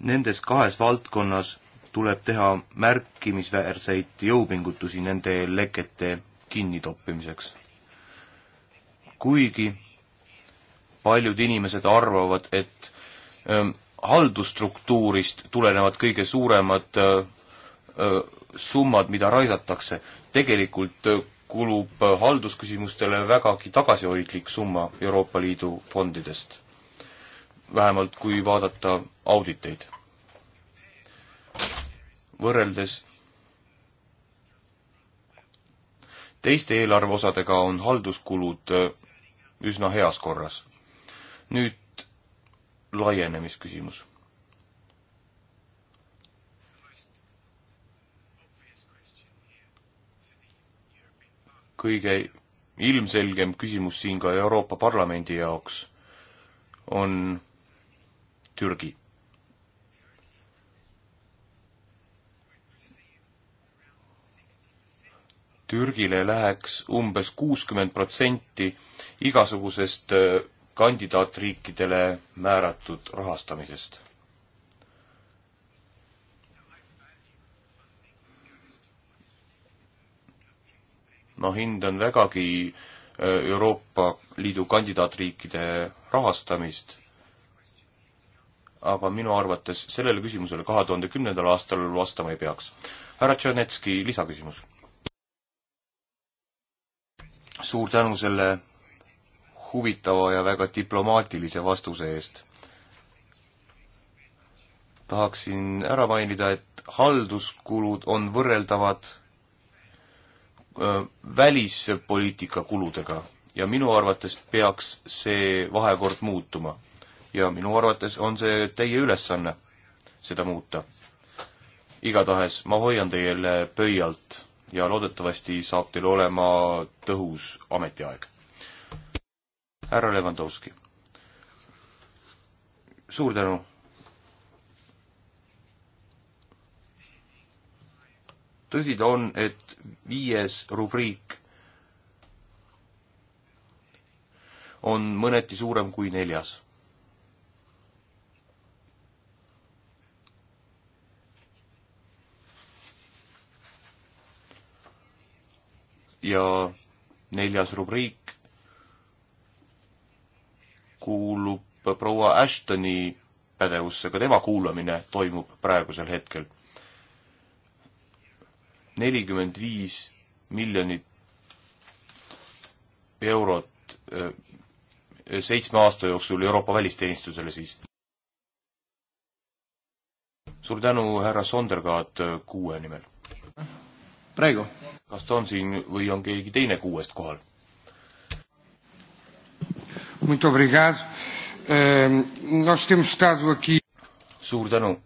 Nendes kahes valdkonnas tuleb teha märkimisväärseid jõupingutusi nende lekete kinnitoppimiseks kuigi paljud inimesed arvavad, et ähm, haldusstruktuurist tulenevad kõige suuremad äh, äh, summad, mida raisatakse. tegelikult äh, kulub äh, haldusküsimustele vägagi tagasihoidlik summa Euroopa Liidu fondidest. vähemalt kui vaadata auditeid. võrreldes teiste eelarveosadega on halduskulud äh, üsna heas korras. nüüd laienemisküsimus. kõige ilmselgem küsimus siin ka Euroopa Parlamendi jaoks on Türgi Türgile läheks umbes kuuskümmend protsenti igasugusest äh, kandidaatriikidele määratud rahastamisest. ma hindan vägagi äh, Euroopa Liidu kandidaatriikide rahastamist, aga minu arvates sellele küsimusele kahe tuhande kümnendal aastal vastama ei peaks. härra Tšernetski, lisaküsimus suur tänu selle huvitava ja väga diplomaatilise vastuse eest. tahaksin ära mainida, et halduskulud on võrreldavad välispoliitika kuludega ja minu arvates peaks see vahekord muutuma. ja minu arvates on see teie ülesanne seda muuta. igatahes ma hoian teile pöialt ja loodetavasti saab teil olema tõhus ametiaeg. härra Levanovski, suur tänu! tõsi ta on, et viies rubriik on mõneti suurem kui neljas ja neljas rubriik kuulub proua Ashtoni pädevusse, ka tema kuulamine toimub praegusel hetkel. nelikümmend viis miljonit eurot eh, seitsme aasta jooksul Euroopa välisteenistusele siis. suur tänu, härra Sondergaard, kuue nimel praegu. kas ta on siin või on keegi teine kuuest kohal? Muito obrigado. Uh, nós temos estado aqui. Suur tänu,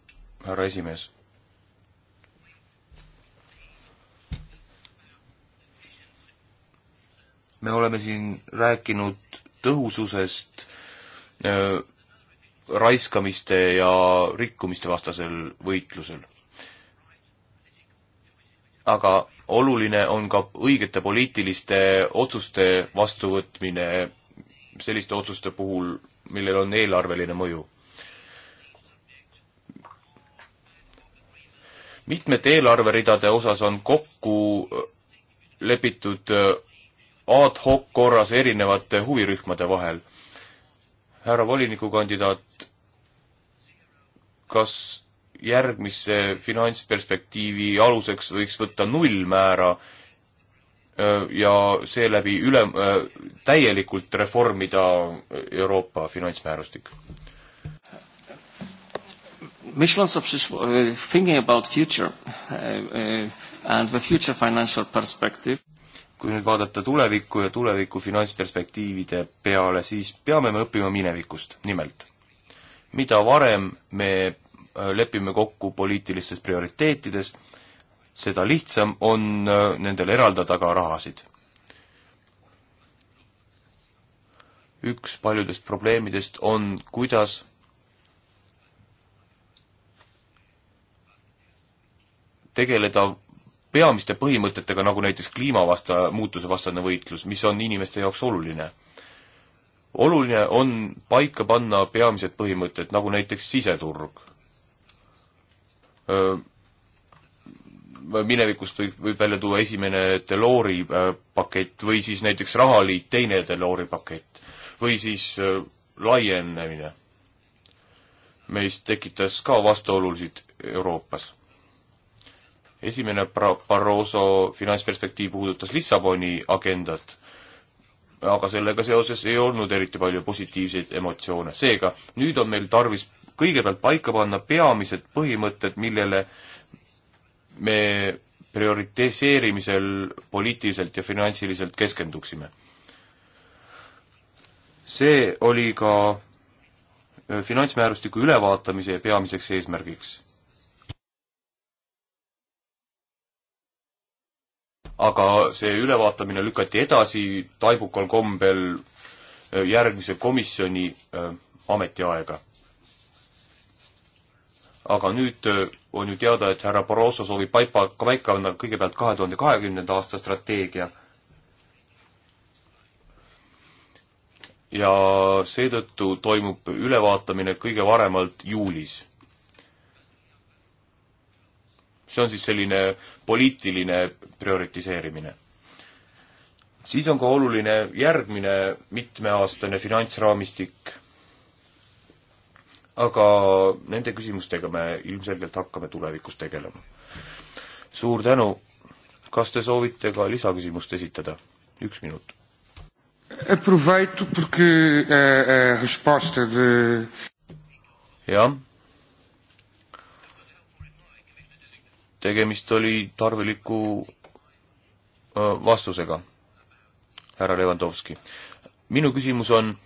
härra esimees. me oleme siin rääkinud tõhususest äh, raiskamiste ja rikkumiste vastasel võitlusel aga oluline on ka õigete poliitiliste otsuste vastuvõtmine selliste otsuste puhul, millel on eelarveline mõju. mitmete eelarveridade osas on kokku lepitud ad hoc korras erinevate huvirühmade vahel. härra volinikukandidaat, kas järgmise finantsperspektiivi aluseks võiks võtta nullmäära ja seeläbi üle, täielikult reformida Euroopa finantsmäärustik?
Myśląc o przyszłości, e, thinking about future e, e, and the future financial
perspective, kui nüüd vaadata tulevikku ja tuleviku finantsperspektiivide peale, siis peame me õppima minevikust, nimelt. mida varem me Äh, lepime kokku poliitilistes prioriteetides, seda lihtsam on äh, nendel eraldada ka rahasid. üks paljudest probleemidest on, kuidas tegeleda peamiste põhimõtetega, nagu näiteks kliimavasta, muutusevastane võitlus, mis on inimeste jaoks oluline. oluline on paika panna peamised põhimõtted, nagu näiteks siseturg minevikust võib, võib välja tuua esimene Delori pakett või siis näiteks Rahaliit, teine Delori pakett või siis laienemine, meis tekitas ka vastuolulisid Euroopas. esimene pra-, Barroso finantsperspektiiv puudutas Lissaboni agendat, aga sellega seoses ei olnud eriti palju positiivseid emotsioone. seega nüüd on meil tarvis kõigepealt paika panna peamised põhimõtted, millele me prioritiseerimisel poliitiliselt ja finantsiliselt keskenduksime. see oli ka äh, finantsmäärustiku ülevaatamise peamiseks eesmärgiks. aga see ülevaatamine lükati edasi taibukal kombel äh, järgmise komisjoni äh, ametiaega aga nüüd äh, on ju teada, et härra Barroso soovib paipa, paika panna kõigepealt kahe tuhande kahekümnenda aasta strateegia. ja seetõttu toimub ülevaatamine kõige varemalt juulis. see on siis selline poliitiline prioritiseerimine. siis on ka oluline järgmine mitmeaastane finantsraamistik aga nende küsimustega me ilmselgelt hakkame tulevikus tegelema. suur tänu, kas te soovite ka lisaküsimust esitada? üks minut. Aproveito porque a, eh, eh, a resposta de... jah. tegemist oli tarviliku eh, vastusega, härra Levanovski. minu küsimus on äh,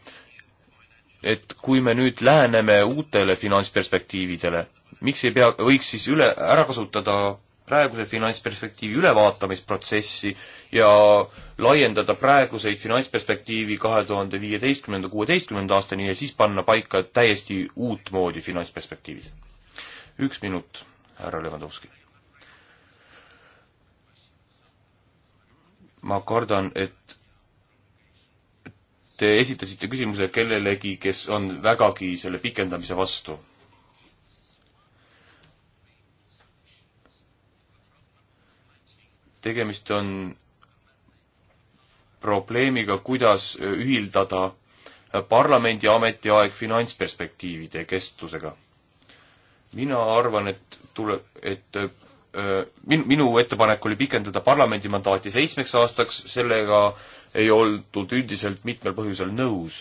et kui me nüüd läheneme uutele finantsperspektiividele, miks ei pea, võiks siis üle, ära kasutada praeguse finantsperspektiivi ülevaatamisprotsessi ja laiendada praeguseid finantsperspektiivi kahe tuhande viieteistkümnenda, kuueteistkümnenda aastani ja siis panna paika täiesti uutmoodi finantsperspektiivid. üks minut, härra Levandovski. ma kardan, et Te esitasite küsimuse kellelegi, kes on vägagi selle pikendamise vastu. tegemist on probleemiga, kuidas ühildada parlamendi ametiaeg finantsperspektiivide kestusega. mina arvan, et tule, et min-, minu ettepanek oli pikendada parlamendi mandaati seitsmeks aastaks, sellega ei oldud üldiselt mitmel põhjusel nõus.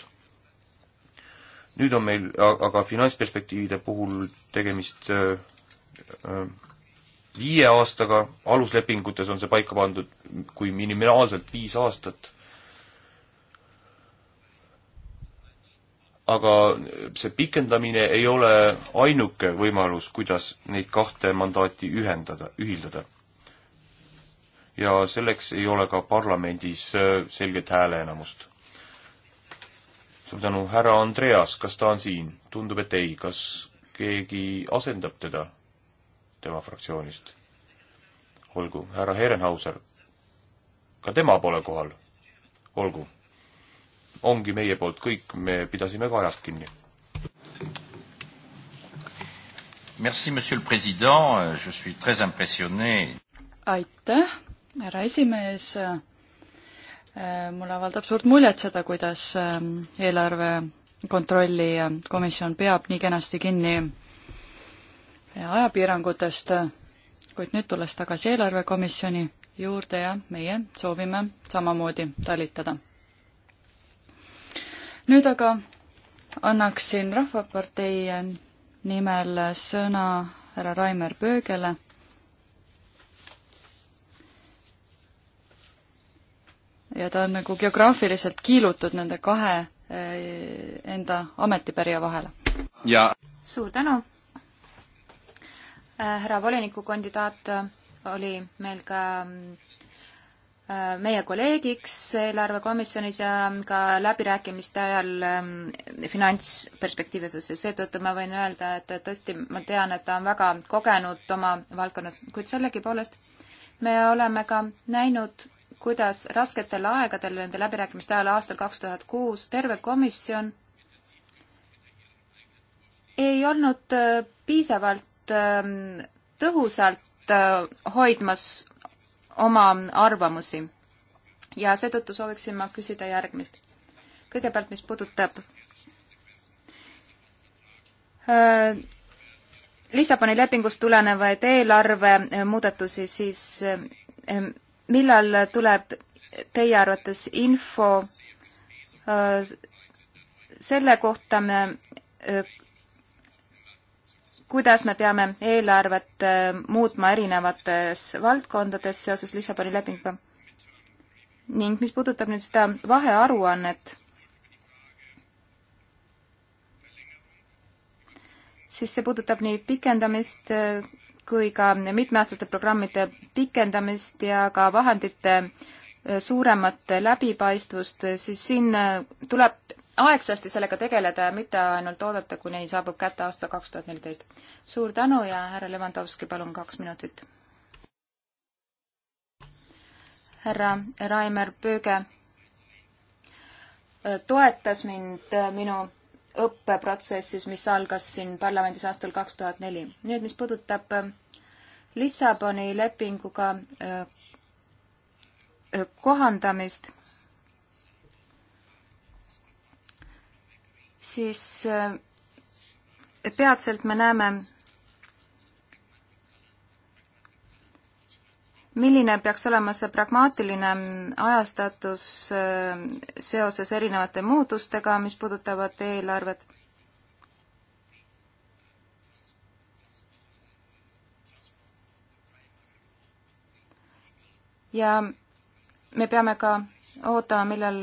nüüd on meil aga finantsperspektiivide puhul tegemist viie aastaga, aluslepingutes on see paika pandud kui minimaalselt viis aastat aga see pikendamine ei ole ainuke võimalus, kuidas neid kahte mandaati ühendada, ühildada. ja selleks ei ole ka parlamendis äh, selget hääleenamust. suur tänu, härra Andreas, kas ta on siin? tundub, et ei, kas keegi asendab teda tema fraktsioonist? olgu, härra Herenhauser, ka tema pole kohal. olgu ongi meie poolt kõik, me pidasime ka ajast kinni. Merci, monsieur le president, je suis très impressionné.
aitäh, härra esimees. mulle avaldab suurt muljet seda, kuidas ähm, eelarve kontrolli ähm, komisjon peab nii kenasti kinni ajapiirangutest, kuid nüüd tulles tagasi eelarvekomisjoni juurde ja meie soovime samamoodi talitada nüüd aga annaksin Rahvapartei nimel sõna härra Raimer Pöögele. ja ta on nagu geograafiliselt kiilutud nende kahe
eh, enda ametipärija vahele. ja suur tänu! Eh, härra volinikukandidaat oli meil ka mm, meie kolleegiks eelarvekomisjonis ja ka läbirääkimiste ajal ähm, finantsperspektiivis ja seetõttu ma võin öelda, et tõesti ma tean, et ta on väga kogenud oma valdkonnas, kuid sellegipoolest me oleme ka näinud, kuidas rasketel aegadel nende läbirääkimiste ajal aastal kaks tuhat kuus terve komisjon ei olnud äh, piisavalt ähm, tõhusalt äh, hoidmas oma arvamusi. ja seetõttu sooviksin ma küsida järgmist. kõigepealt, mis puudutab Lissaboni lepingust tulenevaid eelarve muudatusi, siis millal tuleb teie arvates info selle kohta, kuidas me peame eelarvet äh, muutma erinevates valdkondades seoses Lissaboni lepinguga. ning mis puudutab nüüd seda vahearuannet, siis see puudutab nii pikendamist äh, kui ka mitmeaastate programmide pikendamist ja ka vahendite äh, suuremat läbipaistvust, siis siin tuleb aegsasti sellega tegeleda ja mitte ainult oodata, kuni saabub kätte aasta kaks tuhat neliteist. suur tänu ja härra Levanovski, palun kaks minutit. härra Raimer Pööge äh, toetas mind äh, minu õppeprotsessis, mis algas siin parlamendis aastal kaks tuhat neli. nüüd, mis puudutab äh, Lissaboni lepinguga kohandamist siis äh, peatselt me näeme, milline peaks olema see pragmaatiline ajastatus äh, seoses erinevate muutustega, mis puudutavad eelarvet? ja me peame ka ootama, millal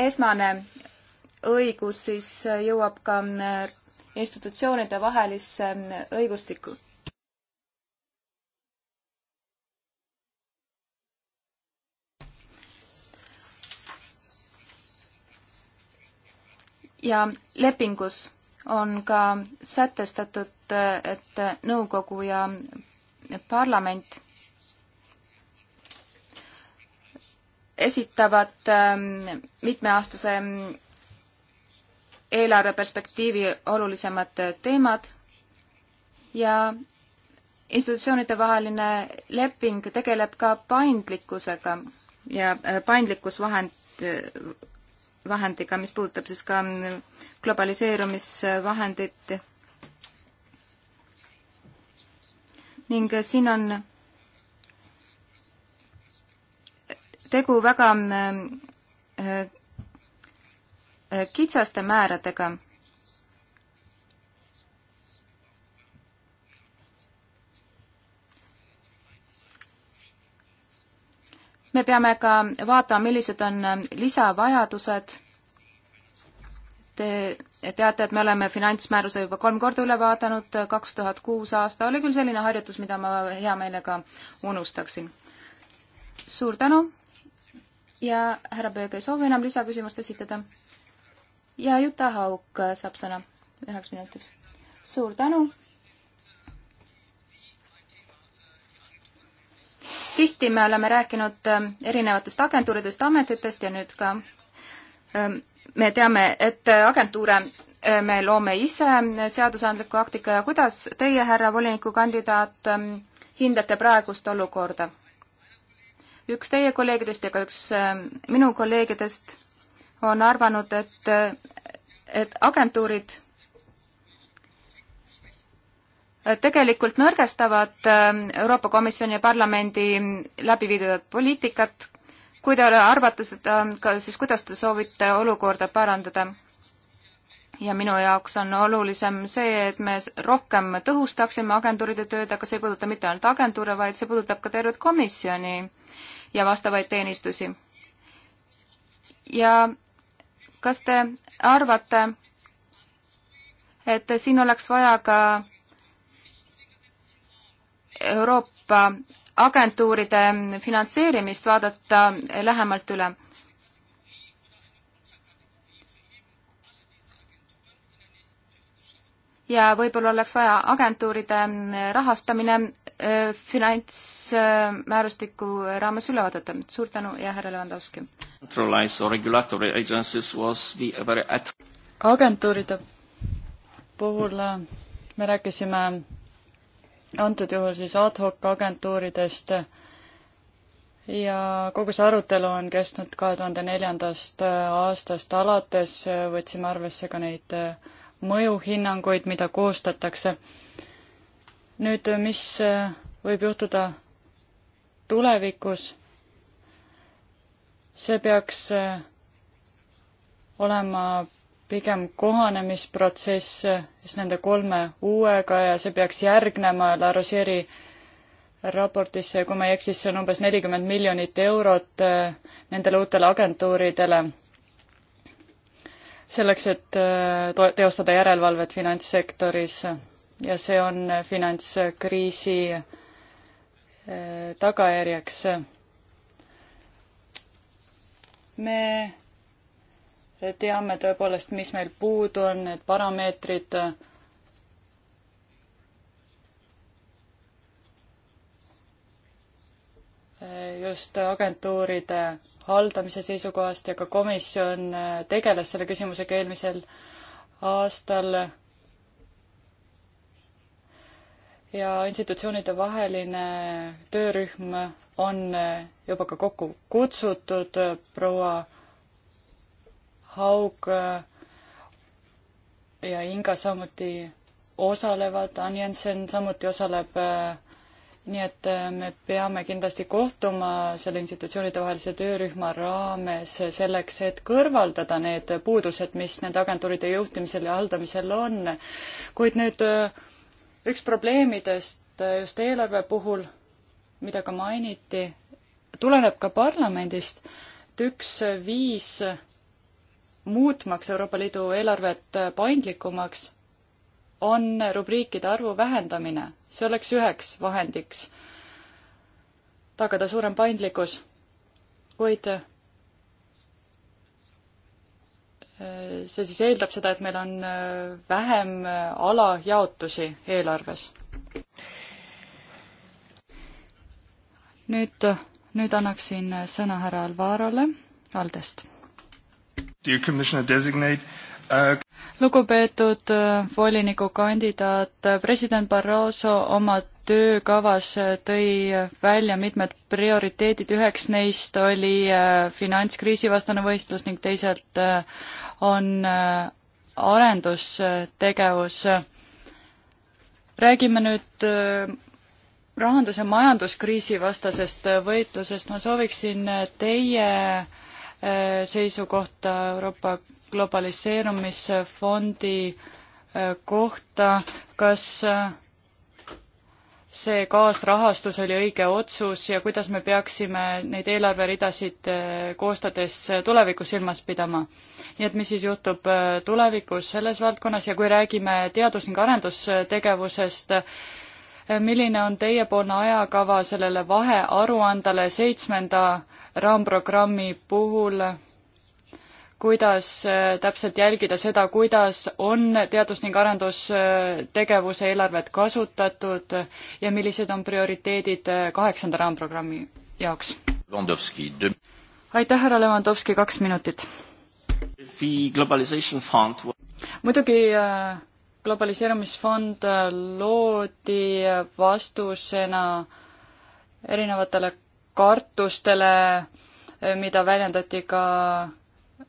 esmane õigus siis jõuab ka äh, institutsioonide vahelisse äh, õigustikku. ja lepingus on ka sätestatud, äh, et nõukogu ja parlament esitavad ähm, mitmeaastase eelarveperspektiivi olulisemad teemad ja institutsioonide vaheline leping tegeleb ka paindlikkusega ja äh, paindlikkusvahend, vahendiga, mis puudutab siis ka mm, globaliseerumisvahendit. ning äh, siin on tegu väga äh, äh, kitsaste määradega. me peame ka vaatama, millised on äh, lisavajadused. Te teate, et me oleme finantsmääruse juba kolm korda üle vaadanud, kaks tuhat kuus aasta oli küll selline harjutus, mida ma hea meelega unustaksin. suur tänu ja härra Pöög ei soovi enam lisaküsimust esitada. ja Juta Hauk saab sõna üheks minutiks. suur tänu. tihti me oleme rääkinud ähm, erinevatest agentuuridest, ametitest ja nüüd ka ähm, me teame, et äh, agentuure äh, me loome ise seadusandliku aktika ja kuidas teie, härra volinikukandidaat, ähm, hindate praegust olukorda? üks teie kolleegidest ja ka üks ähm, minu kolleegidest on arvanud, et, äh, et agentuurid äh, tegelikult nõrgestavad ähm, Euroopa Komisjoni ja parlamendi läbiviidavat poliitikat. kui te arvate seda, siis kuidas te soovite olukorda parandada? ja minu jaoks on olulisem see, et me rohkem tõhustaksime agentuuride tööd, aga see ei puuduta mitte ainult agentuure, vaid see puudutab ka tervet komisjoni ja vastavaid teenistusi. ja kas te arvate, et siin oleks vaja ka Euroopa agentuuride finantseerimist vaadata lähemalt üle? ja võib-olla oleks vaja agentuuride rahastamine Äh, finantsmäärustiku äh, raames üle vaadata. suur tänu ja härra Levandovski! agentuuride
puhul äh, me rääkisime antud juhul siis ad hoc agentuuridest ja kogu see arutelu on kestnud kahe tuhande neljandast aastast alates, võtsime arvesse ka neid mõjuhinnanguid, mida koostatakse nüüd, mis äh, võib juhtuda tulevikus, see peaks äh, olema pigem kohanemisprotsess äh, siis nende kolme uuega ja see peaks järgnema La Rosieri raportisse, kui ma ei eksi, see on umbes nelikümmend miljonit eurot nendele uutele agentuuridele, selleks et teostada järelevalvet finantssektoris ja see on finantskriisi eh, tagajärjeks. me teame tõepoolest, mis meil puudu on, need parameetrid. Eh, just agentuuride haldamise seisukohast ja ka komisjon eh, tegeles selle küsimusega eelmisel aastal ja institutsioonide vaheline töörühm on juba ka kokku kutsutud, proua Haug ja Inga samuti osalevad, Anjensen samuti osaleb, nii et me peame kindlasti kohtuma selle institutsioonide vahelise töörühma raames selleks, et kõrvaldada need puudused, mis nende agentuuride juhtimisel ja haldamisel on. kuid nüüd üks probleemidest just eelarve puhul, mida ka mainiti, tuleneb ka parlamendist, et üks viis muutmaks Euroopa Liidu eelarvet paindlikumaks on rubriikide arvu vähendamine. see oleks üheks vahendiks tagada suurem paindlikkus. kuid see siis eeldab seda, et meil on äh, vähem äh, alajaotusi eelarves. nüüd, äh, nüüd annaksin sõna härra Alvarole Aldest. Uh, lugupeetud volinikukandidaat, president Barroso oma töökavas tõi välja mitmed prioriteedid, üheks neist oli finantskriisivastane võistlus ning teisalt on äh, arendustegevus. räägime nüüd äh, rahandus- ja majanduskriisi vastasest äh, võitlusest, ma sooviksin teie seisukohta Euroopa globaliseerumisfondi kohta, kas äh, see kaasrahastus oli õige otsus ja kuidas me peaksime neid eelarveridasid äh, koostades äh, tulevikus silmas pidama. nii et mis siis juhtub äh, tulevikus selles valdkonnas ja kui räägime teadus- ning arendustegevusest, milline on teiepoolne ajakava sellele vahearuandele seitsmenda raamprogrammi puhul kuidas äh, täpselt jälgida seda, kuidas on teadus- ning arendustegevuse eelarvet kasutatud ja millised on prioriteedid äh, kaheksanda raamprogrammi jaoks? aitäh, härra Levandovski, kaks minutit. muidugi äh, globaliseerumisfond loodi vastusena erinevatele kartustele, mida väljendati ka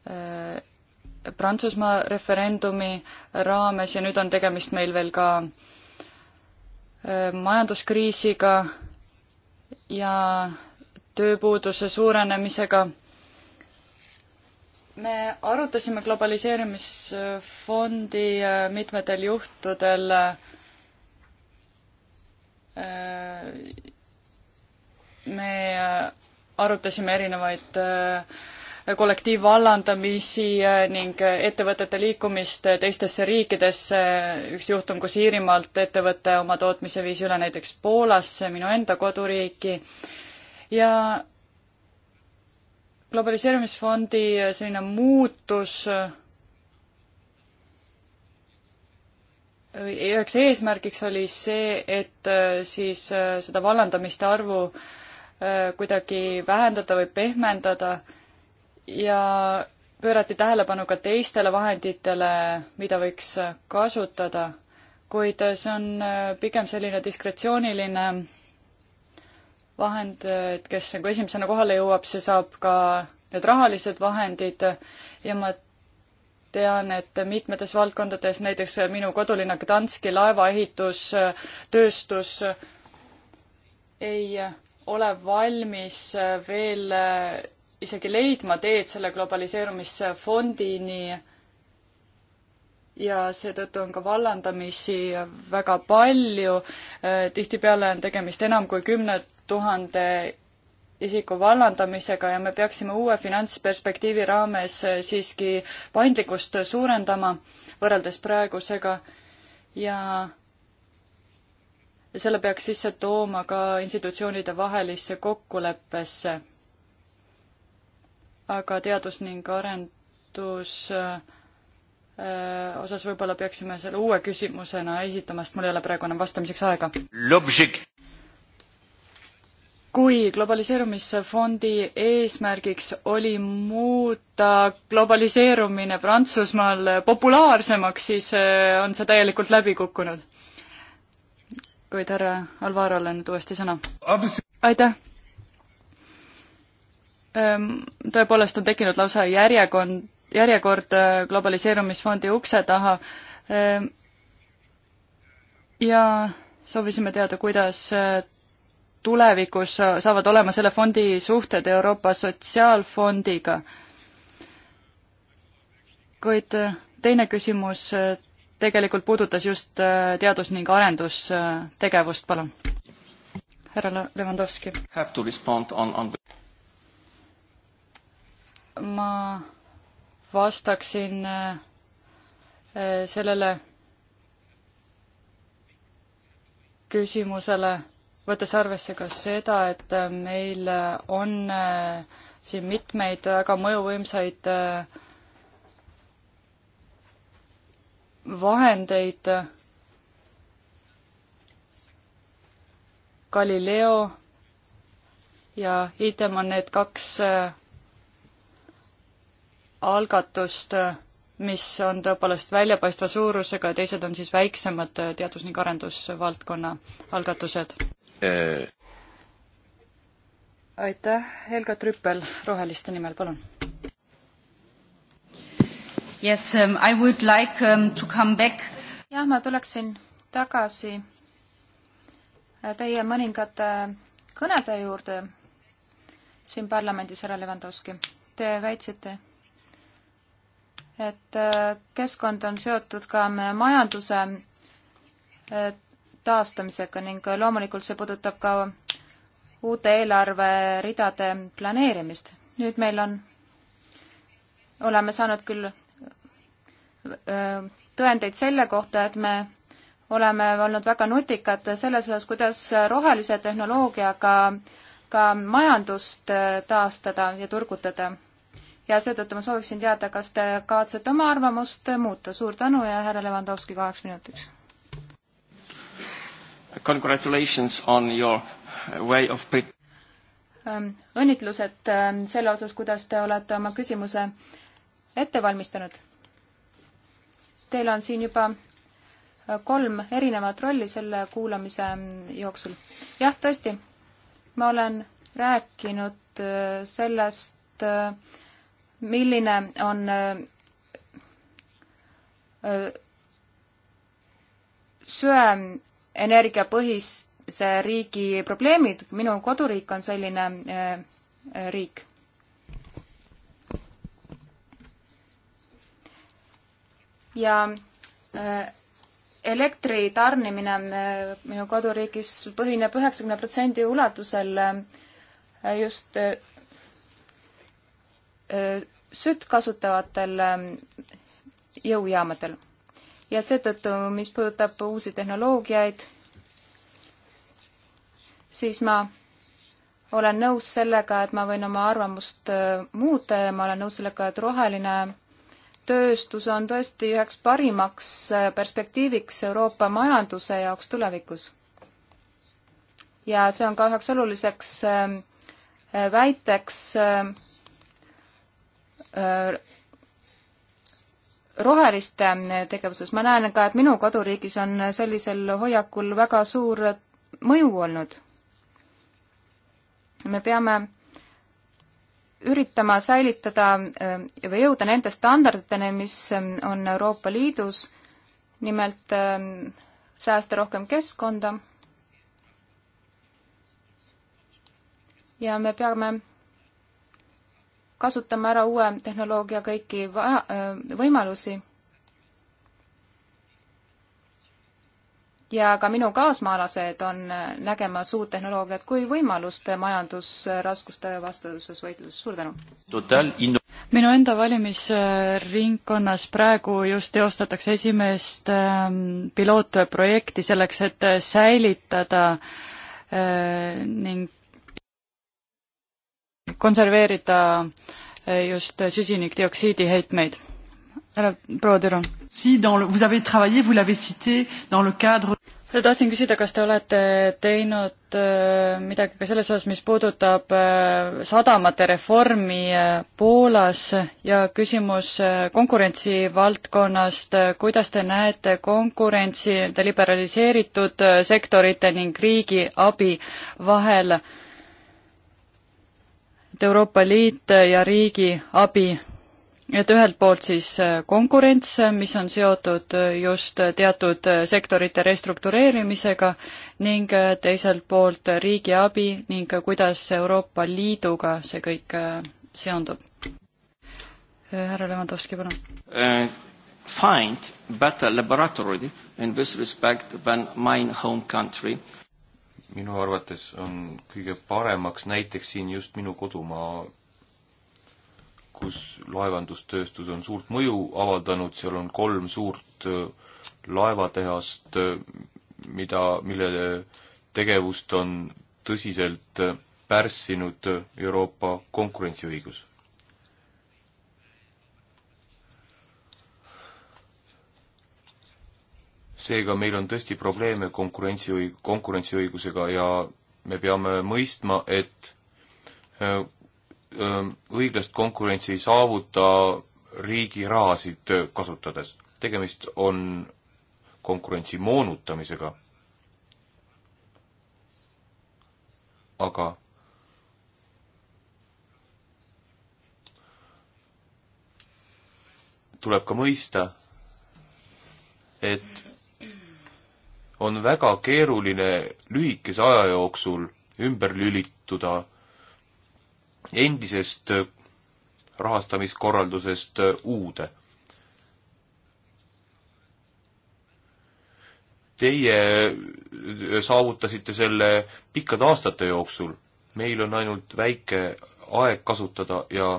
Äh, Prantsusmaa referendumi raames ja nüüd on tegemist meil veel ka äh, majanduskriisiga ja tööpuuduse suurenemisega. me arutasime globaliseerimisfondi äh, mitmetel juhtudel me arutasime erinevaid äh, kollektiivvallandamisi eh, ning eh, ettevõtete liikumist eh, teistesse riikidesse. üks juhtum, kus Iirimaalt ettevõte oma tootmise viis üle näiteks Poolasse, minu enda koduriiki. ja globaliseerumisfondi selline muutus üheks eesmärgiks oli see, et siis seda vallandamiste arvu kuidagi vähendada või pehmendada ja pöörati tähelepanu ka teistele vahenditele, mida võiks kasutada, kuid see on äh, pigem selline diskretsiooniline vahend, et kes nagu esimesena kohale jõuab, see saab ka need rahalised vahendid ja ma tean, et mitmetes valdkondades, näiteks minu kodulinna Gdanski laevaehitustööstus ei ole valmis veel isegi leidma teed selle globaliseerumisfondini ja seetõttu on ka vallandamisi väga palju. Äh, tihtipeale on tegemist enam kui kümne tuhande isiku vallandamisega ja me peaksime uue finantsperspektiivi raames äh, siiski paindlikkust suurendama võrreldes praegusega ja selle peaks sisse tooma ka institutsioonide vahelisse kokkuleppesse aga teadus ning arendus äh, osas võib-olla peaksime selle uue küsimusena esitama, sest mul ei ole praegu enam vastamiseks aega. kui globaliseerumisfondi eesmärgiks oli muuta globaliseerumine Prantsusmaal populaarsemaks, siis äh, on see täielikult läbi kukkunud. kuid härra Alvarole nüüd uuesti sõna. aitäh! tõepoolest on tekkinud lausa järjekond, järjekord äh, globaliseerumisfondi ukse taha. ja soovisime teada, kuidas äh, tulevikus äh, saavad olema selle fondi suhted Euroopa Sotsiaalfondiga. kuid teine küsimus tegelikult puudutas just teadus- ning arendustegevust, palun. härra Levandovski ma vastaksin eh, sellele küsimusele, võttes arvesse ka seda, et eh, meil on eh, siin mitmeid väga mõjuvõimsaid vahendeid. Galileo ja ITEM on need kaks algatust, mis on tõepoolest väljapaistva suurusega ja teised on siis väiksemad teadus- ning arendusvaldkonna algatused? aitäh, Helga Trüppel Roheliste nimel, palun.
Yes um,, I would like um, to come back. jah, ma tuleksin tagasi teie mõningate kõnede juurde siin parlamendis, härra Levandovski. Te väitsite, et äh, keskkond on seotud ka majanduse äh, taastamisega ning loomulikult see puudutab ka uute eelarveridade planeerimist. nüüd meil on, oleme saanud küll äh, tõendeid selle kohta, et me oleme olnud väga nutikad selles osas, kuidas rohelise tehnoloogiaga ka majandust taastada ja turgutada ja seetõttu ma sooviksin teada, kas te kavatsete oma arvamust muuta. suur tänu ja härra Levandovski kaheks minutiks.
Congratulations on your way of pre-.
Ähm, õnnitlused ähm, selle osas, kuidas te olete oma küsimuse ette valmistanud. Teil on siin juba äh, kolm erinevat rolli selle kuulamise ähm, jooksul. jah, tõesti, ma olen rääkinud äh, sellest äh, milline on äh, äh, söeenergiapõhise riigi probleemid, minu koduriik on selline äh, riik. ja elektri tarnimine minu koduriigis põhineb üheksakümne protsendi ulatusel just sütt kasutavatel ähm, jõujaamadel. ja seetõttu, mis puudutab uusi tehnoloogiaid, siis ma olen nõus sellega, et ma võin oma arvamust äh, muuta ja ma olen nõus sellega, et roheline tööstus on tõesti üheks parimaks äh, perspektiiviks Euroopa majanduse jaoks tulevikus. ja see on ka üheks oluliseks äh, väiteks roheliste äh, tegevuses, ma näen ka, et minu koduriigis on äh, sellisel hoiakul väga suur äh, mõju olnud. me peame üritama säilitada või jõuda nende standarditeni, mis on Euroopa Liidus, nimelt säästa rohkem keskkonda ja me peame kasutama ära uue tehnoloogia kõiki äh, võimalusi. ja ka minu kaasmaalased on äh, nägemas uut tehnoloogiat kui võimalust majandusraskuste vastuses võitluses. suur tänu!
minu enda valimisringkonnas praegu just teostatakse esimest ähm, pilootprojekti selleks, et äh, säilitada ning konserveerida eh, just eh, süsinikdioksiidi heitmeid. härra proua Türo. tahtsin küsida, kas te olete teinud eh, midagi ka selles osas, mis puudutab sadamate reformi Poolas ja küsimus konkurentsi valdkonnast, kuidas te näete konkurentsi nende liberaliseeritud sektorite ning riigi abi vahel et Euroopa Liit ja riigi abi, et ühelt poolt siis äh, konkurents, mis on seotud äh, just äh, teatud sektorite restruktureerimisega ning teiselt poolt riigi abi ning kuidas Euroopa Liiduga see kõik seondub. härra Levandovski, palun
uh,. Find better laboratory in this
respect than mine home country uh, minu arvates on kõige paremaks näiteks siin just minu kodumaa, kus laevandustööstus on suurt mõju avaldanud, seal on kolm suurt äh, laevatehast, äh, mida, mille tegevust on tõsiselt äh, pärssinud Euroopa konkurentsiõigus seega meil on tõesti probleeme konkurentsiõig-, konkurentsiõigusega ja me peame mõistma, et äh, äh, õiglast konkurentsi ei saavuta riigi rahasid äh, kasutades. tegemist on konkurentsi moonutamisega. aga tuleb ka mõista, et on väga keeruline lühikese aja jooksul ümber lülituda endisest rahastamiskorraldusest uude. Teie saavutasite selle pikkade aastate jooksul, meil on ainult väike aeg kasutada ja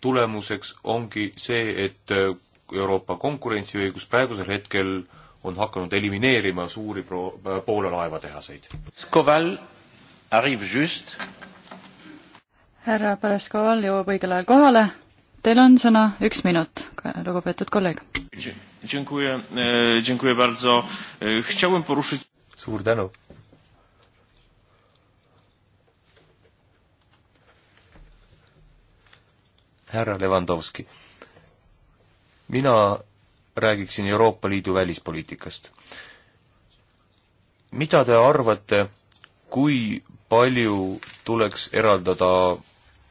tulemuseks ongi see, et äh, Euroopa konkurentsiõigus praegusel hetkel on hakanud elimineerima suuri pro-, äh, Poola laevatehaseid. Skoval arrive just.
härra Paraskoval jõuab õigel ajal kohale. Teil on sõna üks minut, lugupeetud kolleeg.
E, e, suur tänu härra Levandovski, mina räägiksin Euroopa Liidu välispoliitikast. mida te arvate, kui palju tuleks eraldada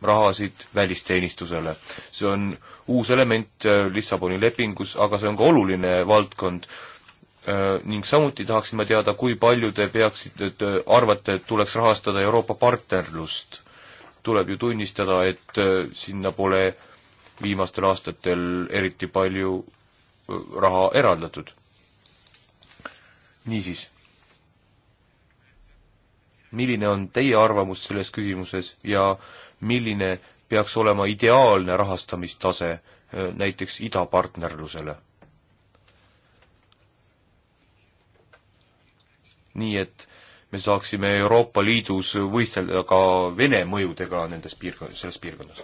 rahasid välisteenistusele? see on uus element äh, Lissaboni lepingus, aga see on ka oluline valdkond äh, ning samuti tahaksin ma teada, kui palju te peaksite, arvate, et tuleks rahastada Euroopa partnerlust? tuleb ju tunnistada, et äh, sinna pole viimastel aastatel eriti palju äh, raha eraldatud. niisiis, milline on teie arvamus selles küsimuses ja milline peaks olema ideaalne rahastamistase äh, näiteks idapartnerlusele? nii et me saaksime Euroopa Liidus võistelda ka Vene mõjudega nendes piirkon-, selles piirkonnas.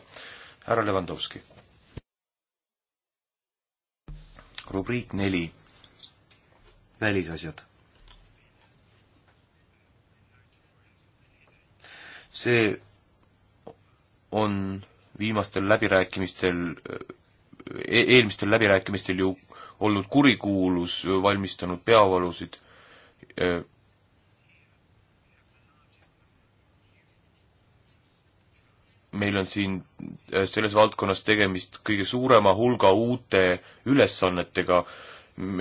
härra Levandovski. rubriik neli, välisasjad. see on viimastel läbirääkimistel e, eelmistel läbirääkimistel ju olnud kurikuulus, valmistanud peavalusid e meil on siin äh, selles valdkonnas tegemist kõige suurema hulga uute ülesannetega,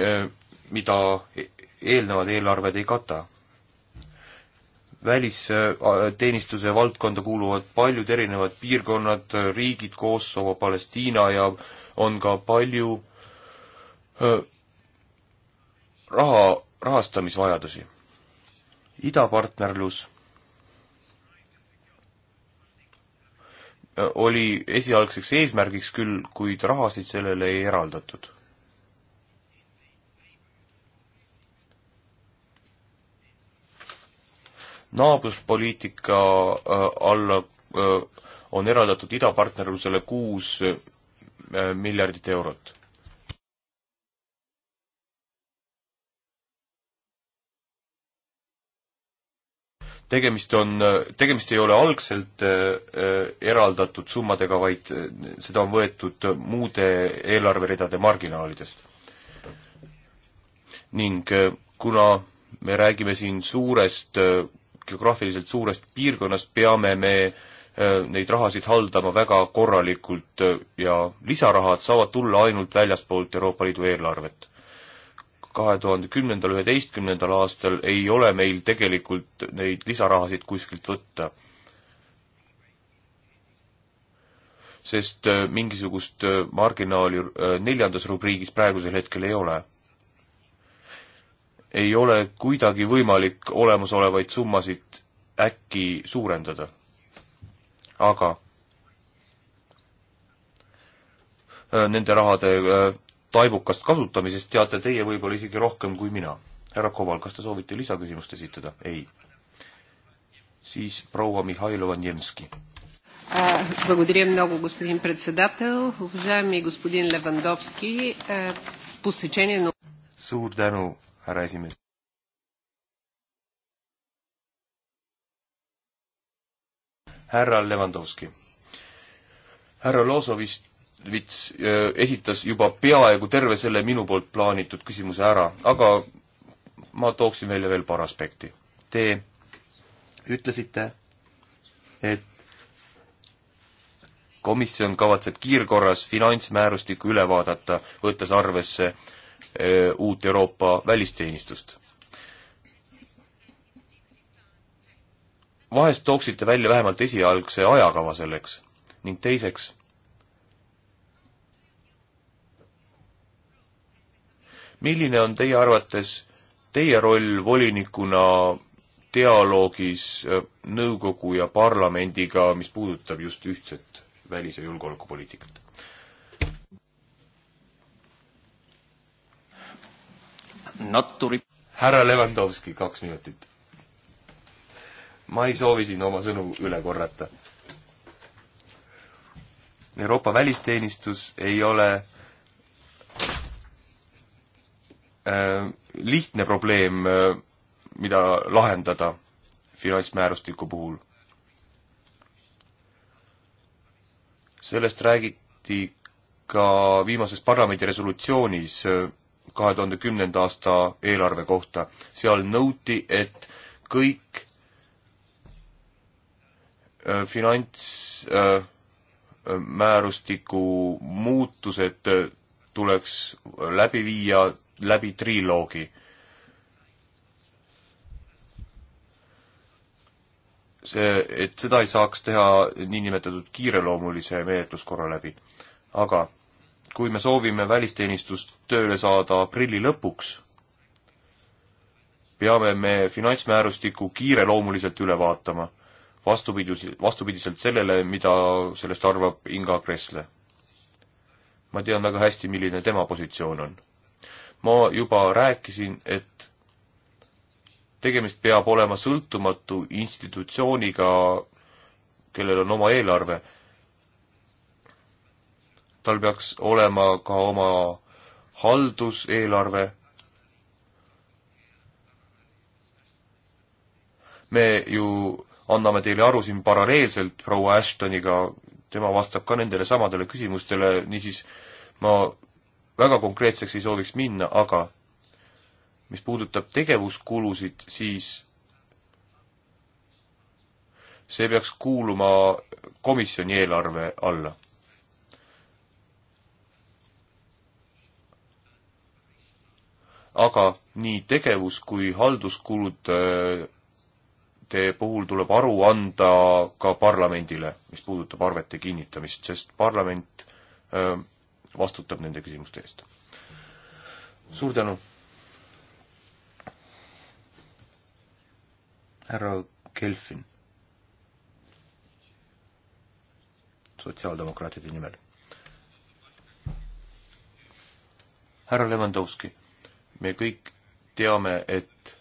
äh, mida e-, eelnevad eelarved ei kata. välisteenistuse äh, valdkonda kuuluvad paljud erinevad piirkonnad, riigid, Kosovo, Palestiina ja on ka palju raha, rahastamisvajadusi. idapartnerlus oli esialgseks eesmärgiks küll, kuid rahasid sellele ei eraldatud. naabruspoliitika äh, alla äh, on eraldatud idapartnerlusele kuus äh, miljardit eurot tegemist on, tegemist ei ole algselt äh, äh, eraldatud summadega, vaid äh, seda on võetud muude eelarveridade marginaalidest. ning kuna me räägime siin suurest, geograafiliselt suurest piirkonnast, peame me neid rahasid haldama väga korralikult ja lisarahad saavad tulla ainult väljaspoolt Euroopa Liidu eelarvet kahe tuhande kümnendal, üheteistkümnendal aastal ei ole meil tegelikult neid lisarahasid kuskilt võtta. sest äh, mingisugust äh, marginaali äh, neljandas rubriigis praegusel hetkel ei ole. ei ole kuidagi võimalik olemasolevaid summasid äkki suurendada. aga nende rahade taibukast kasutamisest teate teie võib-olla isegi rohkem kui mina. härra Koval, kas te soovite lisaküsimust esitada? ei. siis proua Mihhailova Njemski.
Äh, благодаря много, господин председател. Уважаеми господин Левандовски, э, по стечение на...
Suur tänu, härra esimees. härra Levandovski. härra Loosovist Lits äh, esitas juba peaaegu terve selle minu poolt plaanitud küsimuse ära, aga ma tooksin välja veel paar aspekti. Te ütlesite, et komisjon kavatseb kiirkorras finantsmäärustiku üle vaadata, võttes arvesse öö, äh, uut Euroopa välisteenistust. vahest tooksite välja vähemalt esialgse ajakava selleks ning teiseks milline on teie arvates teie roll volinikuna dialoogis äh, nõukogu ja parlamendiga, mis puudutab just ühtset välis- ja julgeolekupoliitikat? Naturi härra Levandovski, kaks minutit. ma ei soovi siin oma sõnu üle korrata. Euroopa välisteenistus ei ole Äh, lihtne probleem, äh, mida lahendada finantsmäärustiku puhul. sellest räägiti ka viimases parlamendi resolutsioonis äh, kahe tuhande kümnenda aasta eelarve kohta. seal nõuti, et kõik finantsmäärustiku muutused tuleks läbi viia läbi triloogi. see, et seda ei saaks teha niinimetatud kiireloomulise menetluskorra läbi. aga kui me soovime välisteenistust tööle saada aprilli lõpuks, peame me finantsmäärustiku kiireloomuliselt üle vaatama, vastupidus, vastupidiselt sellele, mida sellest arvab Inga Kressle. ma tean väga hästi, milline tema positsioon on ma juba rääkisin, et tegemist peab olema sõltumatu institutsiooniga, kellel on oma eelarve. tal peaks olema ka oma halduseelarve. me ju anname teile aru siin paralleelselt proua Ashtoniga, tema vastab ka nendele samadele küsimustele, niisiis ma väga konkreetseks ei sooviks minna, aga mis puudutab tegevuskulusid, siis see peaks kuuluma komisjoni eelarve alla. aga nii tegevus- kui halduskulude puhul tuleb aru anda ka parlamendile, mis puudutab arvete kinnitamist, sest parlament öö, ähm, vastutab nende küsimuste eest. suur tänu! härra Kelfin sotsiaaldemokraatide nimel. härra Lewandowski, me kõik teame, et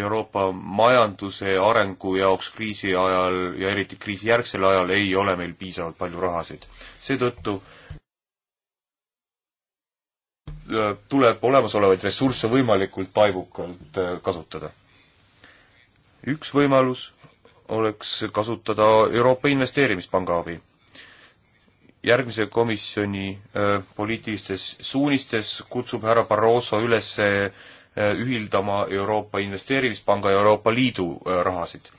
Euroopa majanduse arengu jaoks kriisi ajal ja eriti kriisijärgsel ajal ei ole meil piisavalt palju rahasid. seetõttu tuleb olemasolevaid ressursse võimalikult taibukalt äh, kasutada. üks võimalus oleks kasutada Euroopa Investeerimispanga abi. järgmise komisjoni äh, poliitilistes suunistes kutsub härra Barroso üles äh, ühildama Euroopa Investeerimispanga ja Euroopa Liidu äh, rahasid.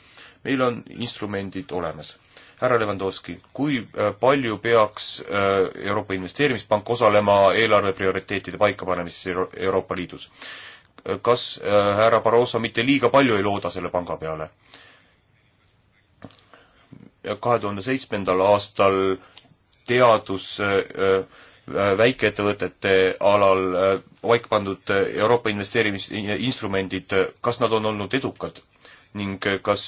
meil on instrumendid olemas härra Levandovski, kui äh, palju peaks äh, Euroopa Investeerimispank osalema eelarve prioriteetide paikapanemises Euro Euroopa Liidus? Äh, kas härra Barroso mitte liiga palju ei looda selle panga peale? kahe tuhande seitsmendal aastal teadus väikeettevõtete alal paika pandud Euroopa investeerimisinstrumendid, kas nad on olnud edukad ning kas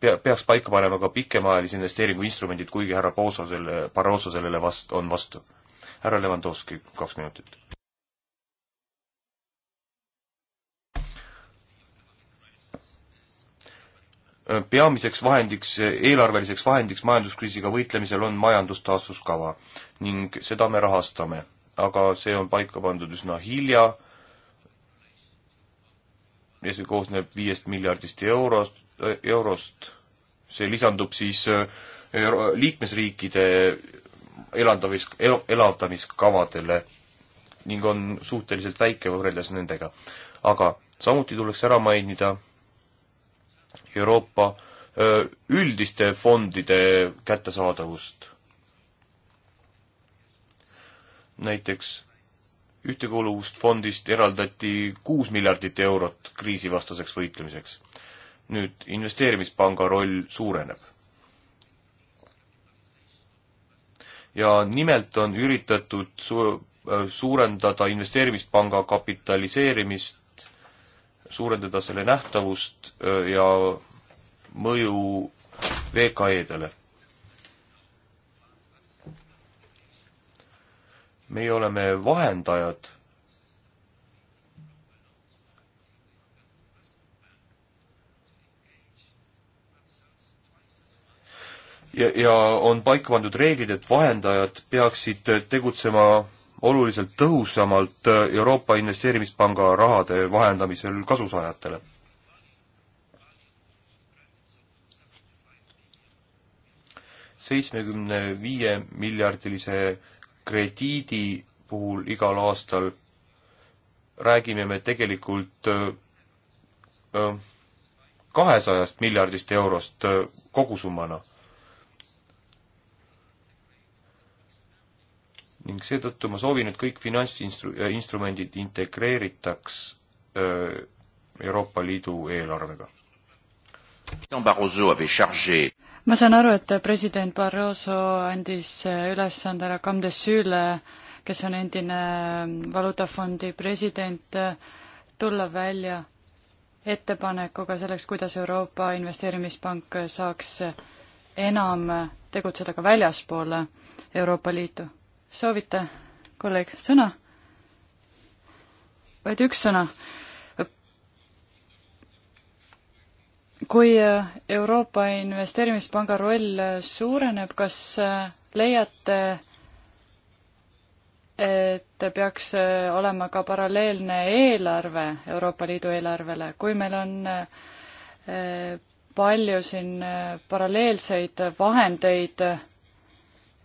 pea, peaks paika panema ka pikemaajalise investeeringu instrumendid, kuigi härra Pooso selle, Barroso sellele vast-, on vastu. härra Levanovski, kaks minutit. peamiseks vahendiks, eelarveliseks vahendiks majanduskriisiga võitlemisel on majandustaastuskava ning seda me rahastame, aga see on paika pandud üsna hilja ja see koosneb viiest miljardist eurost, eurost. see lisandub siis äh, euro-, liikmesriikide elandamis, elavdamiskavadele ning on suhteliselt väike võrreldes nendega. aga samuti tuleks ära mainida Euroopa äh, üldiste fondide kättesaadavust. näiteks ühtekuuluvusfondist eraldati kuus miljardit eurot kriisivastaseks võitlemiseks nüüd investeerimispanga roll suureneb. ja nimelt on üritatud su-, äh, suurendada investeerimispanga kapitaliseerimist, suurendada selle nähtavust äh, ja mõju VKE-dele. meie oleme vahendajad ja, ja on paika pandud reeglid, et vahendajad peaksid tegutsema oluliselt tõhusamalt Euroopa Investeerimispanga rahade vahendamisel kasusaajatele. seitsmekümne viie miljardilise krediidi puhul igal aastal räägime me tegelikult äh, kahesajast miljardist eurost kogusummana ning seetõttu ma soovin, et kõik finantsinstrumendid äh, integreeritaks äh, Euroopa Liidu eelarvega.
ma saan aru, et president Barroso andis äh, ülesande härra Camdesüüle, kes on endine ähm, valuutafondi president, tulla välja ettepanekuga selleks, kuidas Euroopa Investeerimispank saaks enam tegutseda ka väljaspool Euroopa Liitu soovite, kolleeg, sõna? vaid üks sõna. kui äh, Euroopa Investeerimispanga roll äh, suureneb, kas äh, leiate, et peaks olema ka paralleelne eelarve Euroopa Liidu eelarvele, kui meil on palju siin paralleelseid vahendeid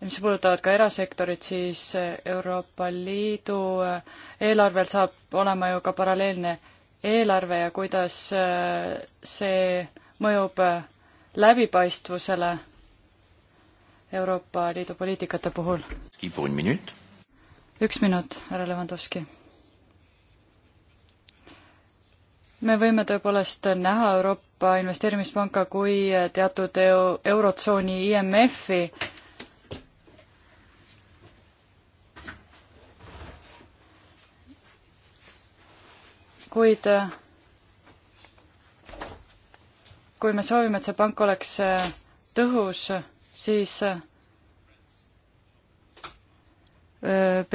mis puudutavad ka erasektorit, siis eh, Euroopa Liidu eh, eelarvel saab olema ju ka paralleelne eelarve ja kuidas eh, see mõjub läbipaistvusele Euroopa Liidu poliitikate puhul. üks minut, härra Levandovski. me võime tõepoolest näha Euroopa Investeerimispanka kui teatud EU, Eurotsooni IMF-i, kuid kui me soovime, et see pank oleks äh, tõhus, siis äh,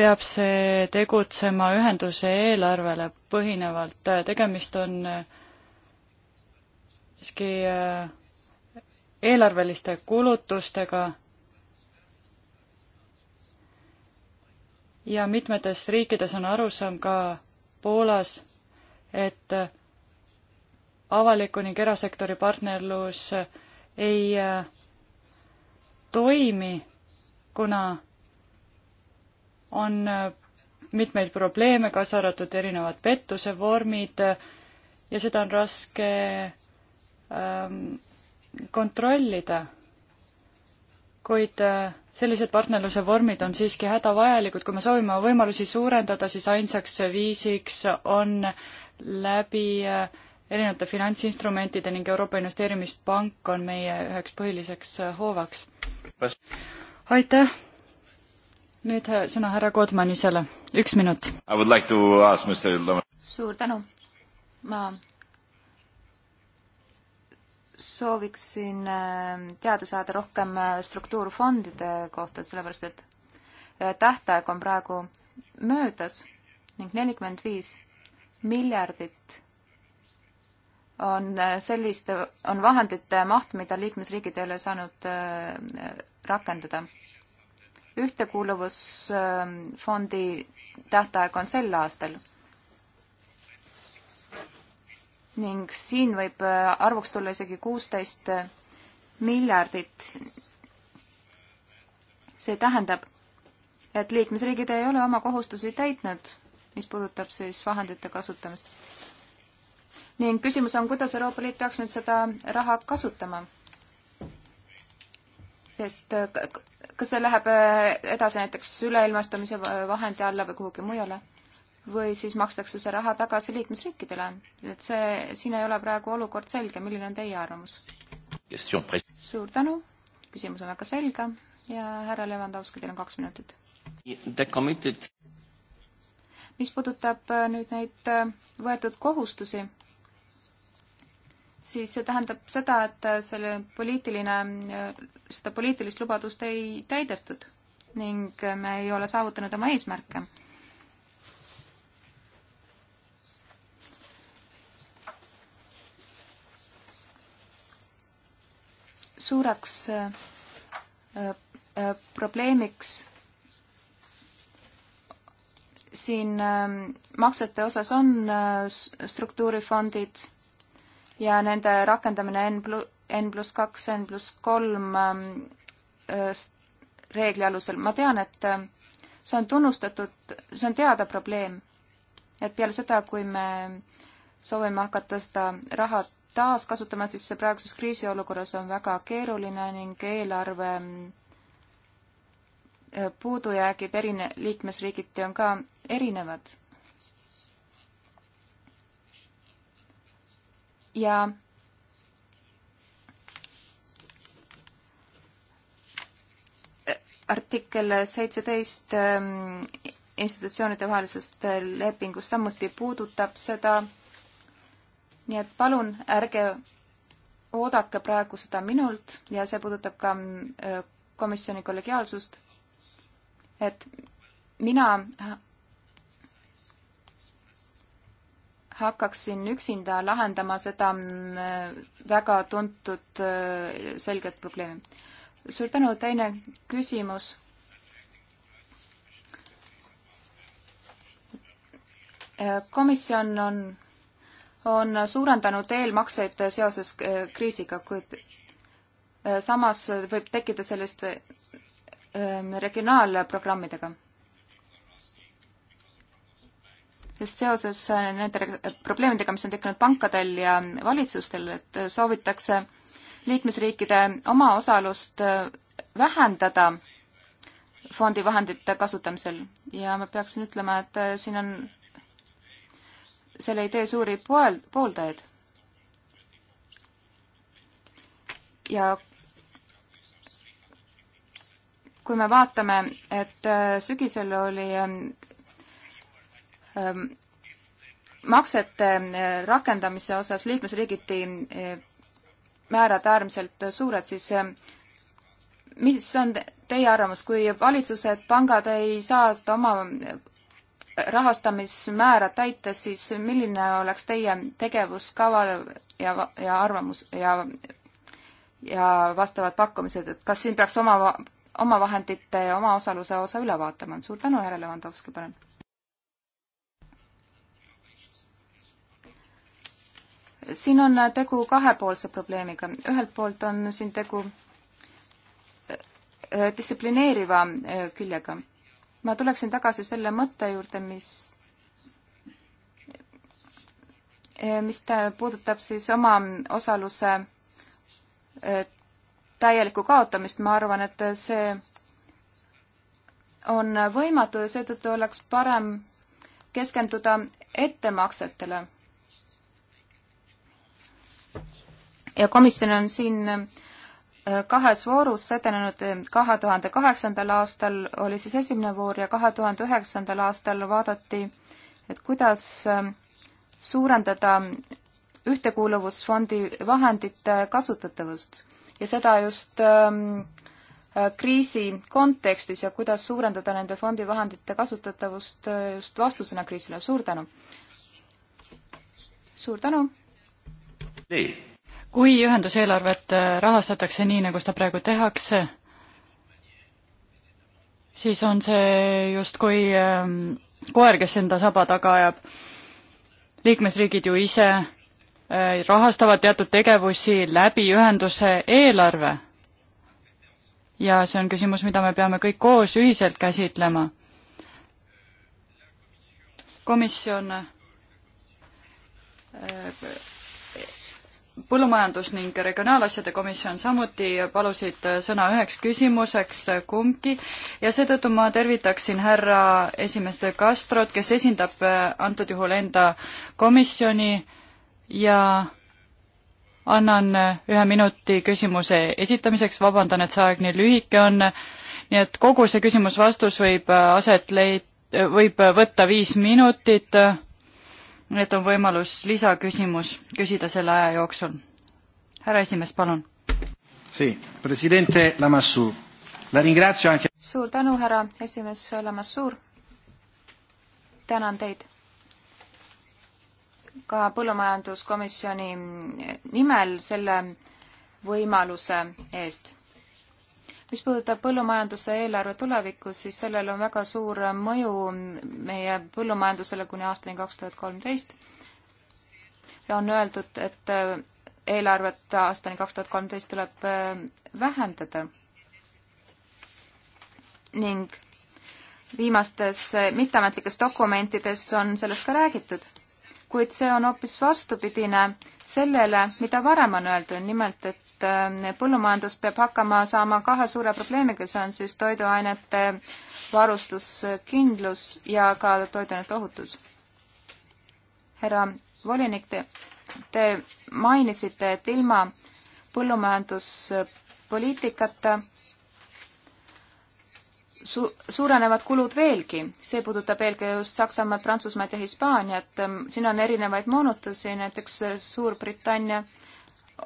peab see tegutsema ühenduse eelarvele põhinevalt, tegemist on äh, siiski eelarveliste kulutustega ja mitmetes riikides on arusaam ka Poolas et avaliku ning erasektori partnerlus ei äh, toimi, kuna on äh, mitmeid probleeme, kaasa arvatud erinevad pettuse vormid äh, ja seda on raske ähm, kontrollida. kuid äh, sellised partnerluse vormid on siiski hädavajalikud, kui me soovime võimalusi suurendada, siis ainsaks viisiks on läbi äh, erinevate finantsinstrumentide ning Euroopa Investeerimispank on meie üheks põhiliseks äh, hoovaks. aitäh! nüüd äh, sõna härra Kodmanisele, üks minut. Like
suur tänu. ma sooviksin teada saada rohkem struktuurfondide kohta, sellepärast et tähtaeg on praegu möödas ning nelikümmend viis miljardit on äh, selliste, on vahendite maht, mida liikmesriigid ei ole saanud äh, rakendada. ühtekuuluvusfondi äh, tähtaeg on sel aastal. ning siin võib arvuks tulla isegi kuusteist miljardit. see tähendab, et liikmesriigid ei ole oma kohustusi täitnud mis puudutab siis vahendite kasutamist. ning küsimus on, kuidas Euroopa Liit peaks nüüd seda raha kasutama? sest äh, kas see läheb äh, edasi näiteks üleilmastumise vahendi alla või kuhugi mujale? või siis makstakse see raha tagasi liikmesriikidele? et see, siin ei ole praegu olukord selge, milline on teie arvamus? suur tänu, küsimus on väga selge ja härra Levanovski, teil on kaks minutit mis puudutab äh, nüüd neid äh, võetud kohustusi, siis see tähendab seda, et äh, selle poliitiline, seda poliitilist lubadust ei täidetud ning me ei ole saavutanud oma eesmärke. suureks probleemiks siin ähm, maksete osas on äh, struktuurifondid ja nende rakendamine N plus, N pluss kaks, N pluss kolm ähm, äh, reegli alusel. ma tean, et äh, see on tunnustatud, see on teada probleem. et peale seda, kui me soovime hakata seda raha taaskasutama, siis see praeguses kriisiolukorras on väga keeruline ning eelarve mm, puudujäägid erine-, liikmesriigiti on ka erinevad. ja artikkel seitseteist ähm, institutsioonide vahelisest äh, lepingust samuti puudutab seda. nii et palun ärge oodake praegu seda minult ja see puudutab ka äh, komisjoni kollegiaalsust et mina hakkaksin üksinda lahendama seda mm, väga tuntud äh, selget probleemi. suur tänu, teine küsimus. Äh, komisjon on, on suurendanud eelmakseid seoses äh, kriisiga, kuid samas võib tekkida sellist Ähm, regionaalprogrammidega. sest seoses äh, nende probleemidega, mis on tekkinud pankadel ja valitsustel, et äh, soovitakse liikmesriikide omaosalust äh, vähendada fondivahendite kasutamisel ja ma peaksin ütlema, et siin on selle idee suuri poel, pooldajaid. ja kui me vaatame, et äh, sügisel oli ähm, ähm, maksete äh, rakendamise osas liikmesriigiti äh, määrad äärmiselt suured, siis ähm, mis on teie arvamus, kui valitsused, pangad ei saa seda oma rahastamismäära täita, siis milline oleks teie tegevuskava ja, ja arvamus ja ja vastavad pakkumised, et kas siin peaks oma omavahendite ja omaosaluse osa üle vaatama. suur tänu, härra Levandovski, palun. siin on tegu kahepoolse probleemiga. ühelt poolt on siin tegu äh, distsiplineeriva äh, küljega. ma tuleksin tagasi selle mõtte juurde, mis äh, mis puudutab siis oma osaluse täielikku kaotamist, ma arvan, et see on võimatu ja seetõttu oleks parem keskenduda ettemaksetele. ja komisjon on siin äh, kahes voorus edenenud, kahe tuhande kaheksandal aastal oli siis esimene voor ja kahe tuhande üheksandal aastal vaadati, et kuidas äh, suurendada ühtekuuluvusfondi vahendite kasutatavust ja seda just ähm, äh, kriisi kontekstis ja kuidas suurendada nende fondivahendite kasutatavust äh, just vastusena kriisile. suur tänu! suur tänu! nii. kui
ühenduseelarvet äh, rahastatakse nii, nagu seda praegu tehakse, siis on see justkui ähm, koer, kes enda saba taga ajab. liikmesriigid ju ise Äh, rahastavad teatud tegevusi läbi ühenduse eelarve. ja see on küsimus, mida me peame kõik koos ühiselt käsitlema. komisjon äh, põllumajandus- ning regionaalasjade komisjon samuti palusid sõna üheks küsimuseks kumbki ja seetõttu ma tervitaksin härra esimees De Castrot, kes esindab äh, antud juhul enda komisjoni ja annan ühe minuti küsimuse esitamiseks, vabandan, et see aeg nii lühike on, nii et kogu see küsimus-vastus võib äh, aset leid-, äh, võib äh, võtta viis minutit, nii et on võimalus lisaküsimus küsida selle aja jooksul. härra esimees, palun.
suur tänu, härra esimees Lamassoor. tänan teid ka põllumajanduskomisjoni nimel selle võimaluse eest. mis puudutab põllumajanduse eelarve tulevikku, siis sellel on väga suur mõju meie põllumajandusele kuni aastani kaks tuhat kolmteist. on öeldud, et eelarvet aastani kaks tuhat kolmteist tuleb äh, vähendada ning viimastes mitteametlikes dokumentides on sellest ka räägitud kuid see on hoopis vastupidine sellele, mida varem on öeldud, nimelt et äh, põllumajandus peab hakkama saama kahe suure probleemiga, see on siis toiduainete varustuskindlus ja ka toiduainete ohutus. härra volinik, te, te mainisite, et ilma põllumajanduspoliitikata su-, suurenevad kulud veelgi. see puudutab eelkõige just Saksamaad, Prantsusmaad ja Hispaaniat. Ehm, siin on erinevaid moonutusi, näiteks eh, Suurbritannia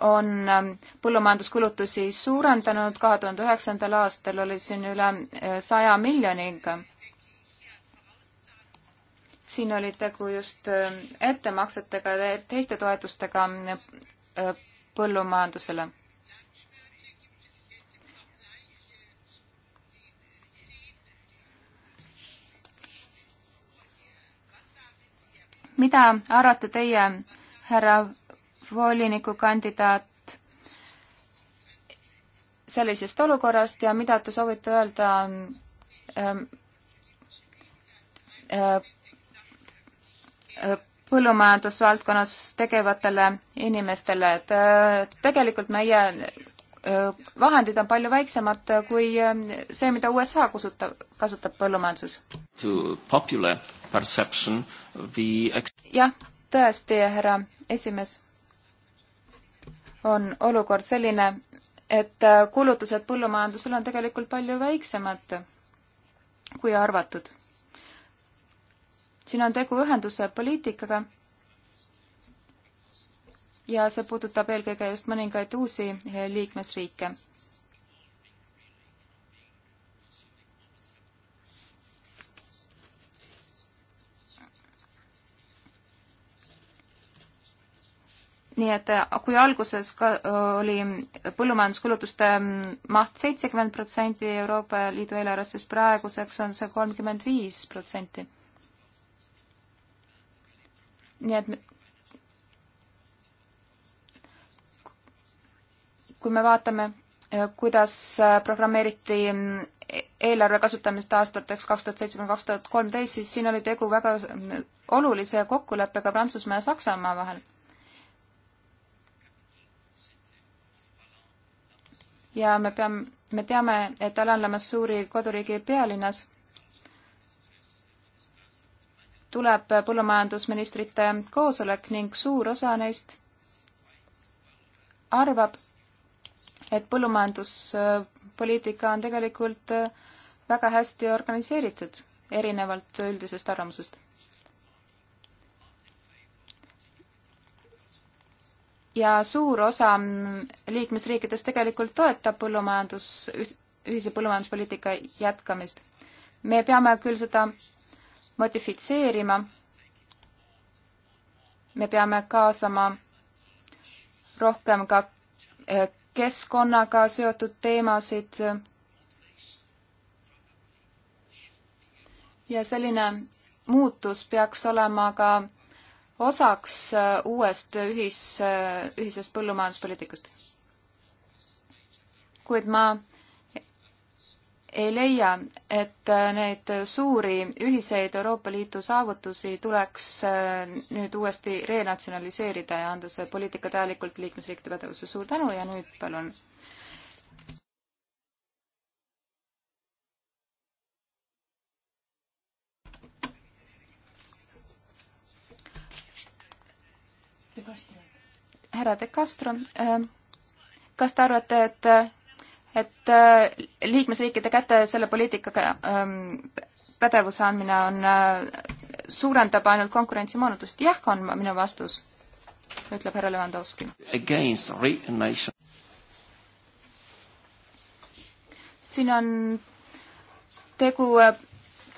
on ehm, põllumajanduskulutusi suurendanud, kahe tuhande üheksandal aastal oli siin üle eh, saja miljoniga. siin oli tegu just ehm, ettemaksetega, teiste toetustega eh, põllumajandusele mida arvate teie, härra volinikukandidaat, sellisest olukorrast ja mida te soovite öelda ähm, äh, äh põllumajandusvaldkonnas tegevatele inimestele, et äh, tegelikult meie äh, vahendid on palju väiksemad kui see, mida USA kusutab, kasutab põllumajanduses
perception, the
jah, tõesti, härra esimees, on olukord selline, et äh, kulutused põllumajandusel on tegelikult palju väiksemad kui arvatud. siin on tegu ühenduse poliitikaga ja see puudutab eelkõige just mõningaid uusi äh, liikmesriike nii et äh, kui alguses ka äh, oli põllumajanduskulutuste mm, maht seitsekümmend protsenti Euroopa Liidu eelarvest, siis praeguseks on see kolmkümmend viis protsenti. nii et kui me vaatame, äh, kuidas programmeeriti mm, eelarve kasutamist aastateks kaks tuhat seitse kuni kaks tuhat kolmteist, siis siin oli tegu väga mm, olulise kokkuleppega Prantsusmaa ja Saksamaa vahel ja me peame, me teame, et Alan Lamassuuri koduriigi pealinnas tuleb põllumajandusministrite koosolek ning suur osa neist arvab, et põllumajanduspoliitika on tegelikult väga hästi organiseeritud, erinevalt üldisest arvamusest ja suur osa liikmesriikidest tegelikult toetab põllumajandus, ühise põllumajanduspoliitika jätkamist. me peame küll seda modifitseerima, me peame kaasama rohkem ka eh, keskkonnaga seotud teemasid ja selline muutus peaks olema ka osaks äh, uuest ühis, äh, ühisest põllumajanduspoliitikast. kuid ma ei leia, et äh, neid suuri ühiseid Euroopa Liidu saavutusi tuleks nüüd uuesti renatsionaliseerida ja anda see poliitika täielikult liikmesriikide pädevusse. suur tänu ja nüüd palun härra De Castro, äh, kas te arvate, et et äh, liikmesriikide käte selle poliitikaga ähm, pädevuse andmine on äh,, suurendab ainult konkurentsimoonutust. jah, on minu vastus, ütleb härra Levandovski. siin on tegu äh,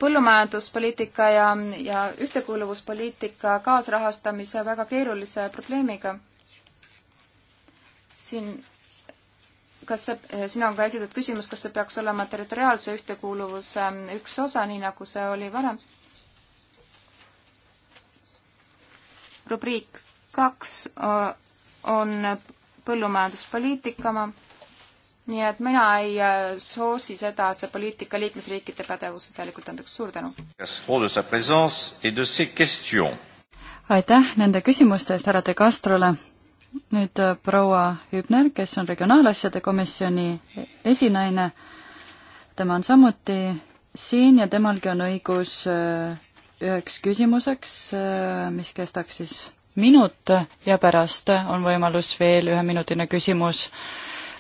põllumajanduspoliitika ja, ja ühtekuuluvuspoliitika kaasrahastamise väga keerulise probleemiga siin kas see, siin on ka esitatud küsimus, kas see peaks olema territoriaalse ühtekuuluvuse ähm, üks osa, nii nagu see oli varem? rubriik kaks on põllumajanduspoliitika oma, nii et mina ei äh, soosi seda, see poliitika liikmesriikide pädevuse täielikult andeks, suur tänu!
aitäh nende küsimuste eest härra De Castrole! nüüd äh, proua Hübner, kes on Regionaalasjade Komisjoni esinaine. tema on samuti siin ja temalgi on õigus äh, üheks küsimuseks, äh, mis kestaks siis minut ja pärast on võimalus veel üheminutine küsimus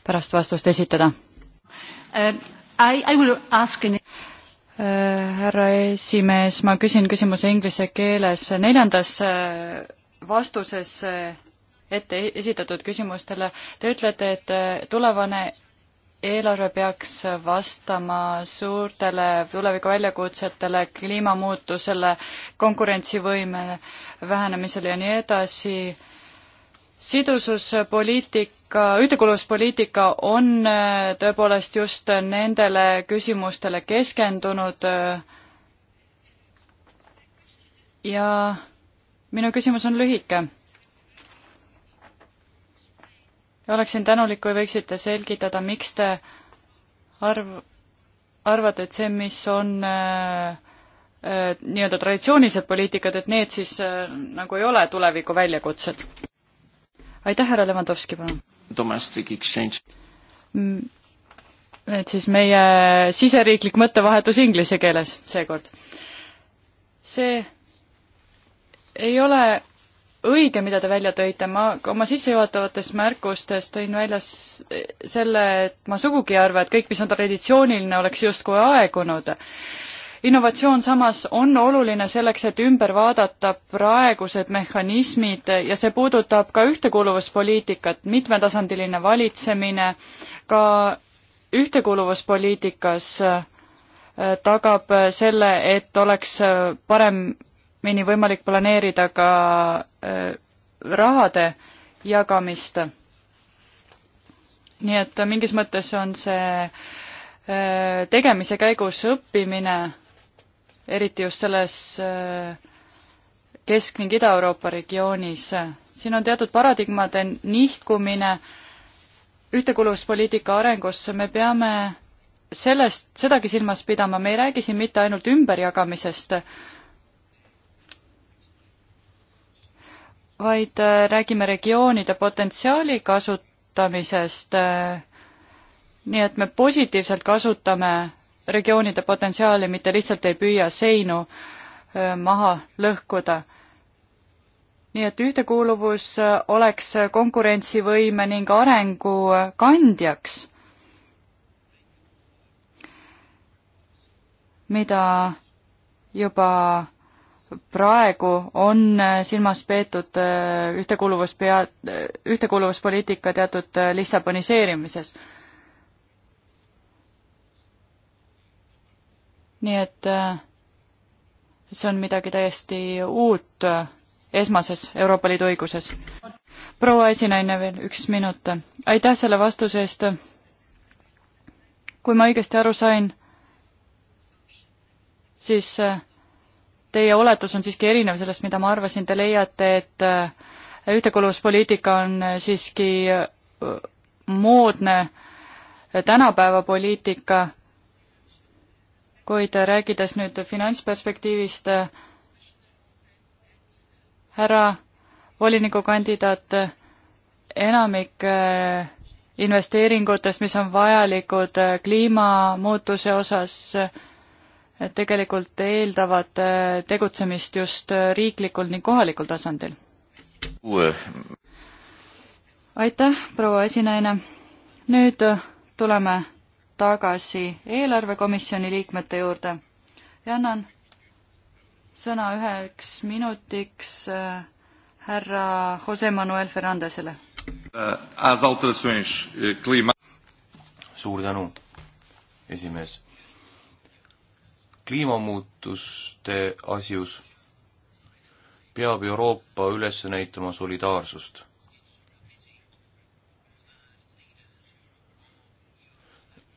pärast vastust esitada uh,. I, I will ask in härra esimees, ma küsin küsimuse inglise keeles. neljandas vastuses ette esitatud küsimustele. Te ütlete, et eh, tulevane eelarve peaks vastama suurtele tuleviku väljakutsetele, kliimamuutusele, konkurentsivõime vähenemisele ja nii edasi sidususpoliitika, ühtekuuluvuspoliitika on eh, tõepoolest just nendele küsimustele keskendunud eh, ja minu küsimus on lühike ja oleksin tänulik, kui võiksite selgitada, miks te arv, arvate, et see, mis on äh, äh, nii-öelda traditsioonilised poliitikad, et need siis äh, nagu ei ole tuleviku väljakutsed? aitäh, härra Levanovski, palun!
Domestic exchange
mm,. et siis meie siseriiklik mõttevahetus inglise keeles seekord. see ei ole õige, mida te välja tõite, ma oma sissejuhatavates märkustes tõin välja selle, et ma sugugi ei arva, et kõik, mis on traditsiooniline, oleks justkui aegunud. innovatsioon samas on oluline selleks, et ümber vaadata praegused mehhanismid ja see puudutab ka ühtekuuluvuspoliitikat, mitmetasandiline valitsemine, ka ühtekuuluvuspoliitikas äh, tagab selle, et oleks äh, parem mini võimalik planeerida ka äh, rahade jagamist. nii et mingis mõttes on see äh, tegemise käigus õppimine, eriti just selles äh, Kesk- ning Ida-Euroopa regioonis, siin on teatud paradigmade nihkumine ühtekuuluvuspoliitika arengusse, me peame sellest, sedagi silmas pidama, me ei räägi siin mitte ainult ümberjagamisest, vaid äh, räägime regioonide potentsiaali kasutamisest. Äh, nii et me positiivselt kasutame regioonide potentsiaali, mitte lihtsalt ei püüa seinu äh, maha lõhkuda. nii et ühtekuuluvus oleks konkurentsivõime ning arengu kandjaks, mida juba praegu on silmas peetud äh, ühtekuuluvus pea, äh, ühtekuuluvuspoliitika teatud äh, lissaboniseerimises. nii et see on midagi täiesti uut esmases Euroopa Liidu õiguses. proua esinaine veel üks minut. aitäh selle vastuse eest. kui ma õigesti aru sain, siis teie oletus on siiski erinev sellest, mida ma arvasin, te leiate, et äh, ühtekuuluvuspoliitika on äh, siiski äh, moodne tänapäeva poliitika, kuid rääkides nüüd finantsperspektiivist, härra volinikukandidaat, enamik investeeringutest, mis on vajalikud kliimamuutuse osas, et tegelikult eeldavad äh, tegutsemist just äh, riiklikul ning kohalikul tasandil. aitäh, proua esinaine. nüüd äh, tuleme tagasi eelarvekomisjoni liikmete juurde ja annan sõna üheks minutiks härra Jose Manuel Fernandesele.
suur tänu, esimees kliimamuutuste asjus peab Euroopa üles näitama solidaarsust.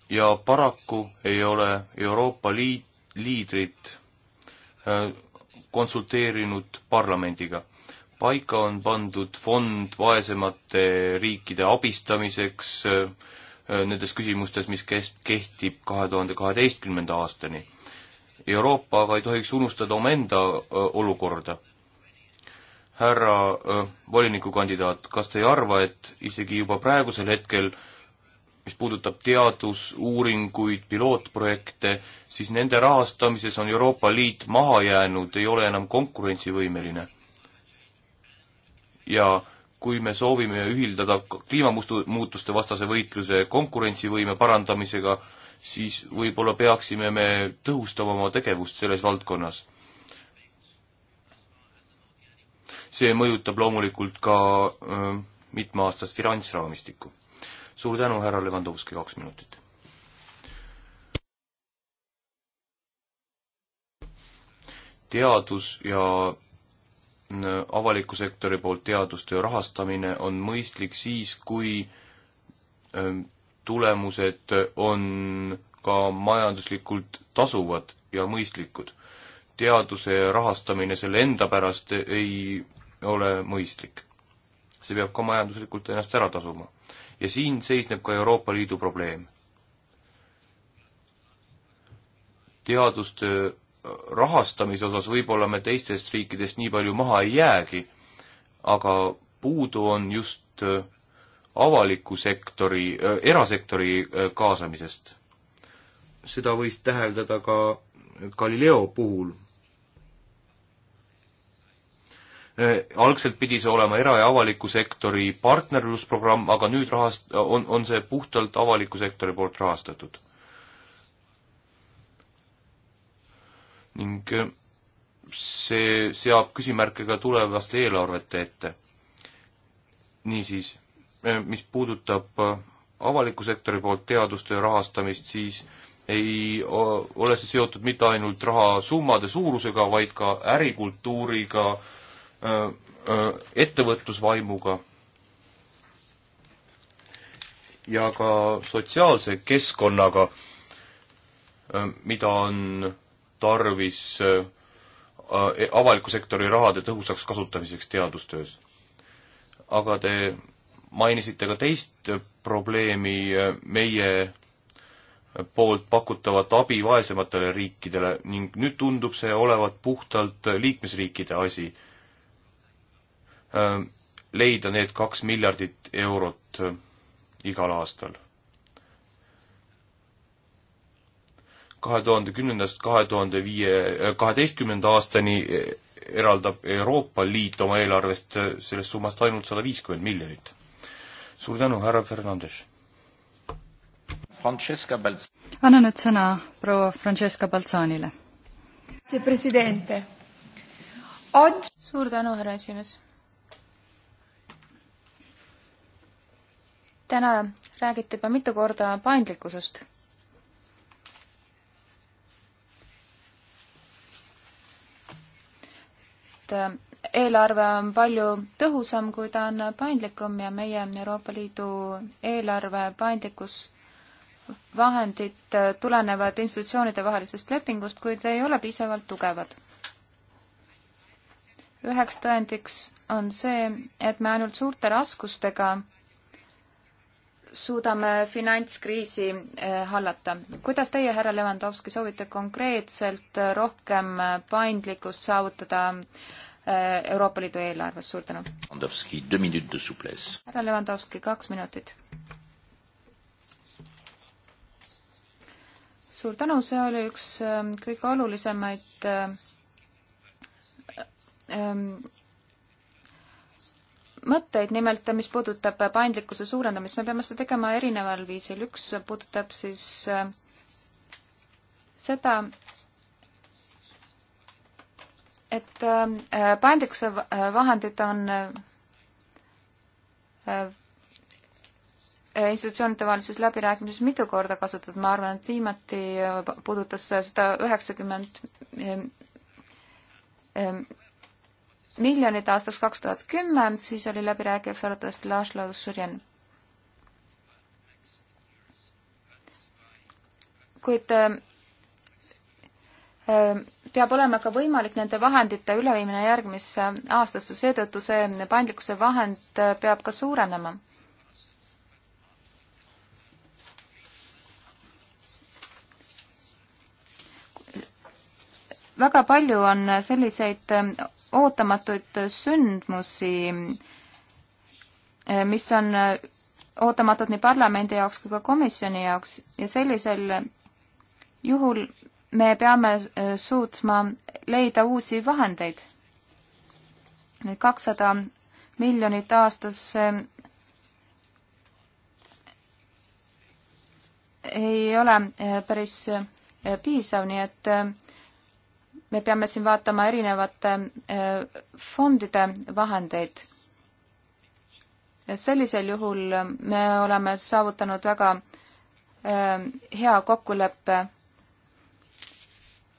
ja paraku ei ole Euroopa Liit, liidrid äh, konsulteerinud parlamendiga. paika on pandud fond vaesemate riikide abistamiseks äh, äh, nendes küsimustes, mis kest-, kehtib kahe tuhande kaheteistkümnenda aastani Euroopa aga ei tohiks unustada omaenda olukorda. härra volinikukandidaat, kas te ei arva, et isegi juba praegusel hetkel mis puudutab teadusuuringuid, pilootprojekte, siis nende rahastamises on Euroopa Liit maha jäänud, ei ole enam konkurentsivõimeline. ja kui me soovime ühildada kliimamuutuste vastase võitluse konkurentsivõime parandamisega, siis võib-olla peaksime me tõhustama oma tegevust selles valdkonnas. see mõjutab loomulikult ka öö, mitmeaastast finantsraamistikku. suur tänu, härra Levandovski, kaks minutit. teadus ja avaliku sektori poolt teadustöö rahastamine on mõistlik siis, kui tulemused on ka majanduslikult tasuvad ja mõistlikud. teaduse rahastamine selle enda pärast ei ole mõistlik. see peab ka majanduslikult ennast ära tasuma. ja siin seisneb ka Euroopa Liidu probleem. teadustöö rahastamise osas võib-olla me teistest riikidest nii palju maha ei jäägi, aga puudu on just avaliku sektori äh,, erasektori äh, kaasamisest. seda võis täheldada ka Galileo puhul äh,. algselt pidi see olema era- ja avaliku sektori partnerlusprogramm, aga nüüd rahast-, on, on see puhtalt avaliku sektori poolt rahastatud. ning äh, see seab küsimärke ka tulevaste eelarvete ette. niisiis Eh, mis puudutab eh, avaliku sektori poolt teadustöö rahastamist, siis ei ole see seotud mitte ainult rahasummade suurusega, vaid ka ärikultuuriga, eh, ettevõtlusvaimuga ja ka sotsiaalse keskkonnaga, mida on tarvis avaliku sektori rahade tõhusaks kasutamiseks teadustöös. aga te mainisite ka teist probleemi, äh, meie äh, poolt pakutavat abi vaesematele riikidele ning nüüd tundub see olevat puhtalt äh, liikmesriikide asi leida need kaks miljardit eurot igal aastal. kahe tuhande kümnendast kahe tuhande viie, kaheteistkümnenda aastani eraldab Euroopa Liit oma eelarvest sellest summast ainult sada viiskümmend miljonit suur tänu, härra Fernandes. Francesca Balz-.
annan nüüd sõna proua Francesca Balzanile.
suur tänu, härra esimees. täna räägiti juba mitu korda paindlikkusest et eelarve on palju tõhusam, kui ta on paindlikum ja meie Euroopa Liidu eelarve paindlikkus vahendid tulenevad institutsioonide vahelisest lepingust, kuid ei ole piisavalt tugevad. üheks tõendiks on see, et me ainult suurte raskustega suudame finantskriisi eh, hallata. kuidas teie, härra Levanovski, soovite konkreetselt rohkem paindlikkust saavutada Äh, Euroopa Liidu eelarvest, suur tänu. härra Levandovski, kaks minutit. suur tänu, see oli üks ähm, kõige olulisemaid äh, ähm, mõtteid, nimelt mis puudutab paindlikkuse suurendamist, me peame seda tegema erineval viisil, üks puudutab siis äh, seda, et ähm, äh, paindlikkuse äh, vahendid on äh, institutsioonide vahelises läbirääkimises mitu korda kasutatud, ma arvan, et viimati puudutas seda üheksakümmend ähm, ähm, miljonit aastaks kaks tuhat kümme, siis oli läbirääkijaks arvatavasti Laslo Surjan. kuid äh, peab olema ka võimalik nende vahendite üleviimine järgmisse aastasse, seetõttu see paindlikkuse vahend peab ka suurenema. väga palju on selliseid ootamatuid sündmusi, mis on ootamatud nii parlamendi jaoks kui ka komisjoni jaoks ja sellisel juhul me peame äh, suutma leida uusi vahendeid. Need kakssada miljonit aastas äh, ei ole äh, päris piisav, nii et me peame siin vaatama erinevate fondide vahendeid. sellisel juhul me oleme saavutanud väga hea kokkuleppe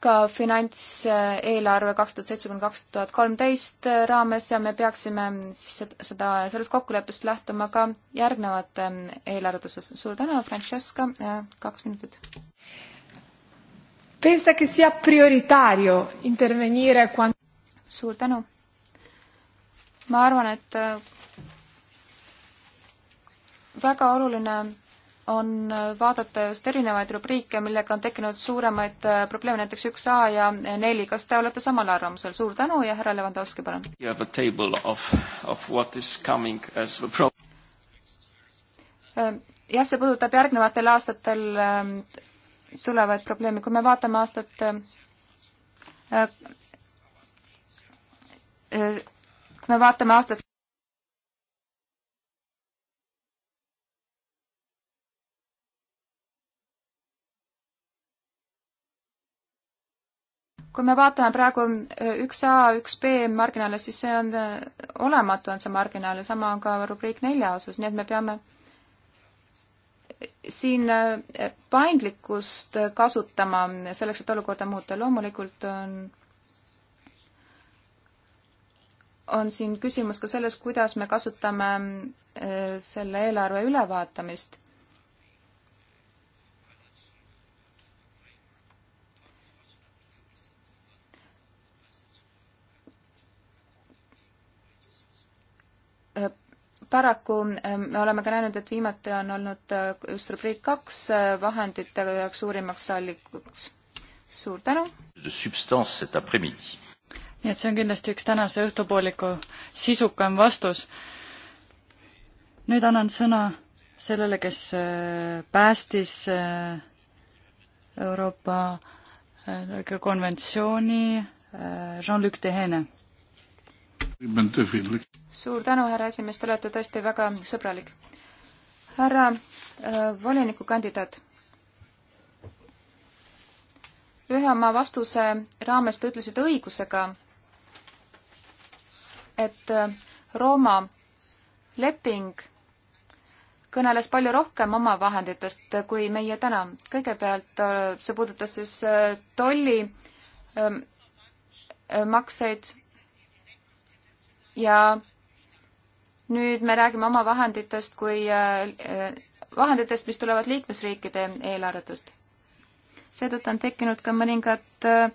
ka finantseelarve kaks tuhat seitsekümmend kaks tuhat kolmteist raames ja me peaksime siis seda, seda, sellest kokkuleppest lähtuma ka järgnevate ähm, eelarvete osas. suur tänu, Francesca, kaks minutit. Pensa che sia prioritario intervenire quando... suur tänu. ma arvan, et äh, väga oluline on vaadata just erinevaid rubriike, millega on tekkinud suuremaid äh, probleeme, näiteks üks A ja neli. kas te olete samal arvamusel? suur tänu ja härra Levandovski, palun. Äh, jah, see puudutab järgnevatel aastatel äh, tulevaid probleeme. kui me vaatame aastat kui me vaatame aastat kui me vaatame praegu äh, üks A, üks B marginaale, siis see on äh, olematu, on see marginaal ja sama on ka rubriik nelja osas, nii et me peame äh, siin paindlikkust kasutama selleks, et olukorda muuta. loomulikult on, on siin küsimus ka selles, kuidas me kasutame selle eelarve ülevaatamist paraku ähm, me oleme ka näinud, et viimati on olnud just äh, rubriik kaks äh, vahendite üheks suurimaks allikuks. suur tänu! nii et see on kindlasti üks tänase õhtupooliku
sisukam vastus. nüüd annan sõna sellele, kes äh, päästis Euroopa konventsiooni Jean-Luc Dehene
suur tänu, härra esimees, te olete tõesti väga sõbralik. härra äh, volinikukandidaat, ühe oma vastuse raames te ütlesite õigusega, et äh, Rooma leping kõneles palju rohkem omavahenditest kui meie täna. kõigepealt äh, see puudutas siis äh, tolli ähm, makseid ja nüüd me räägime oma vahenditest kui äh, vahenditest, mis tulevad liikmesriikide eelarvetest. seetõttu on tekkinud ka mõningad äh,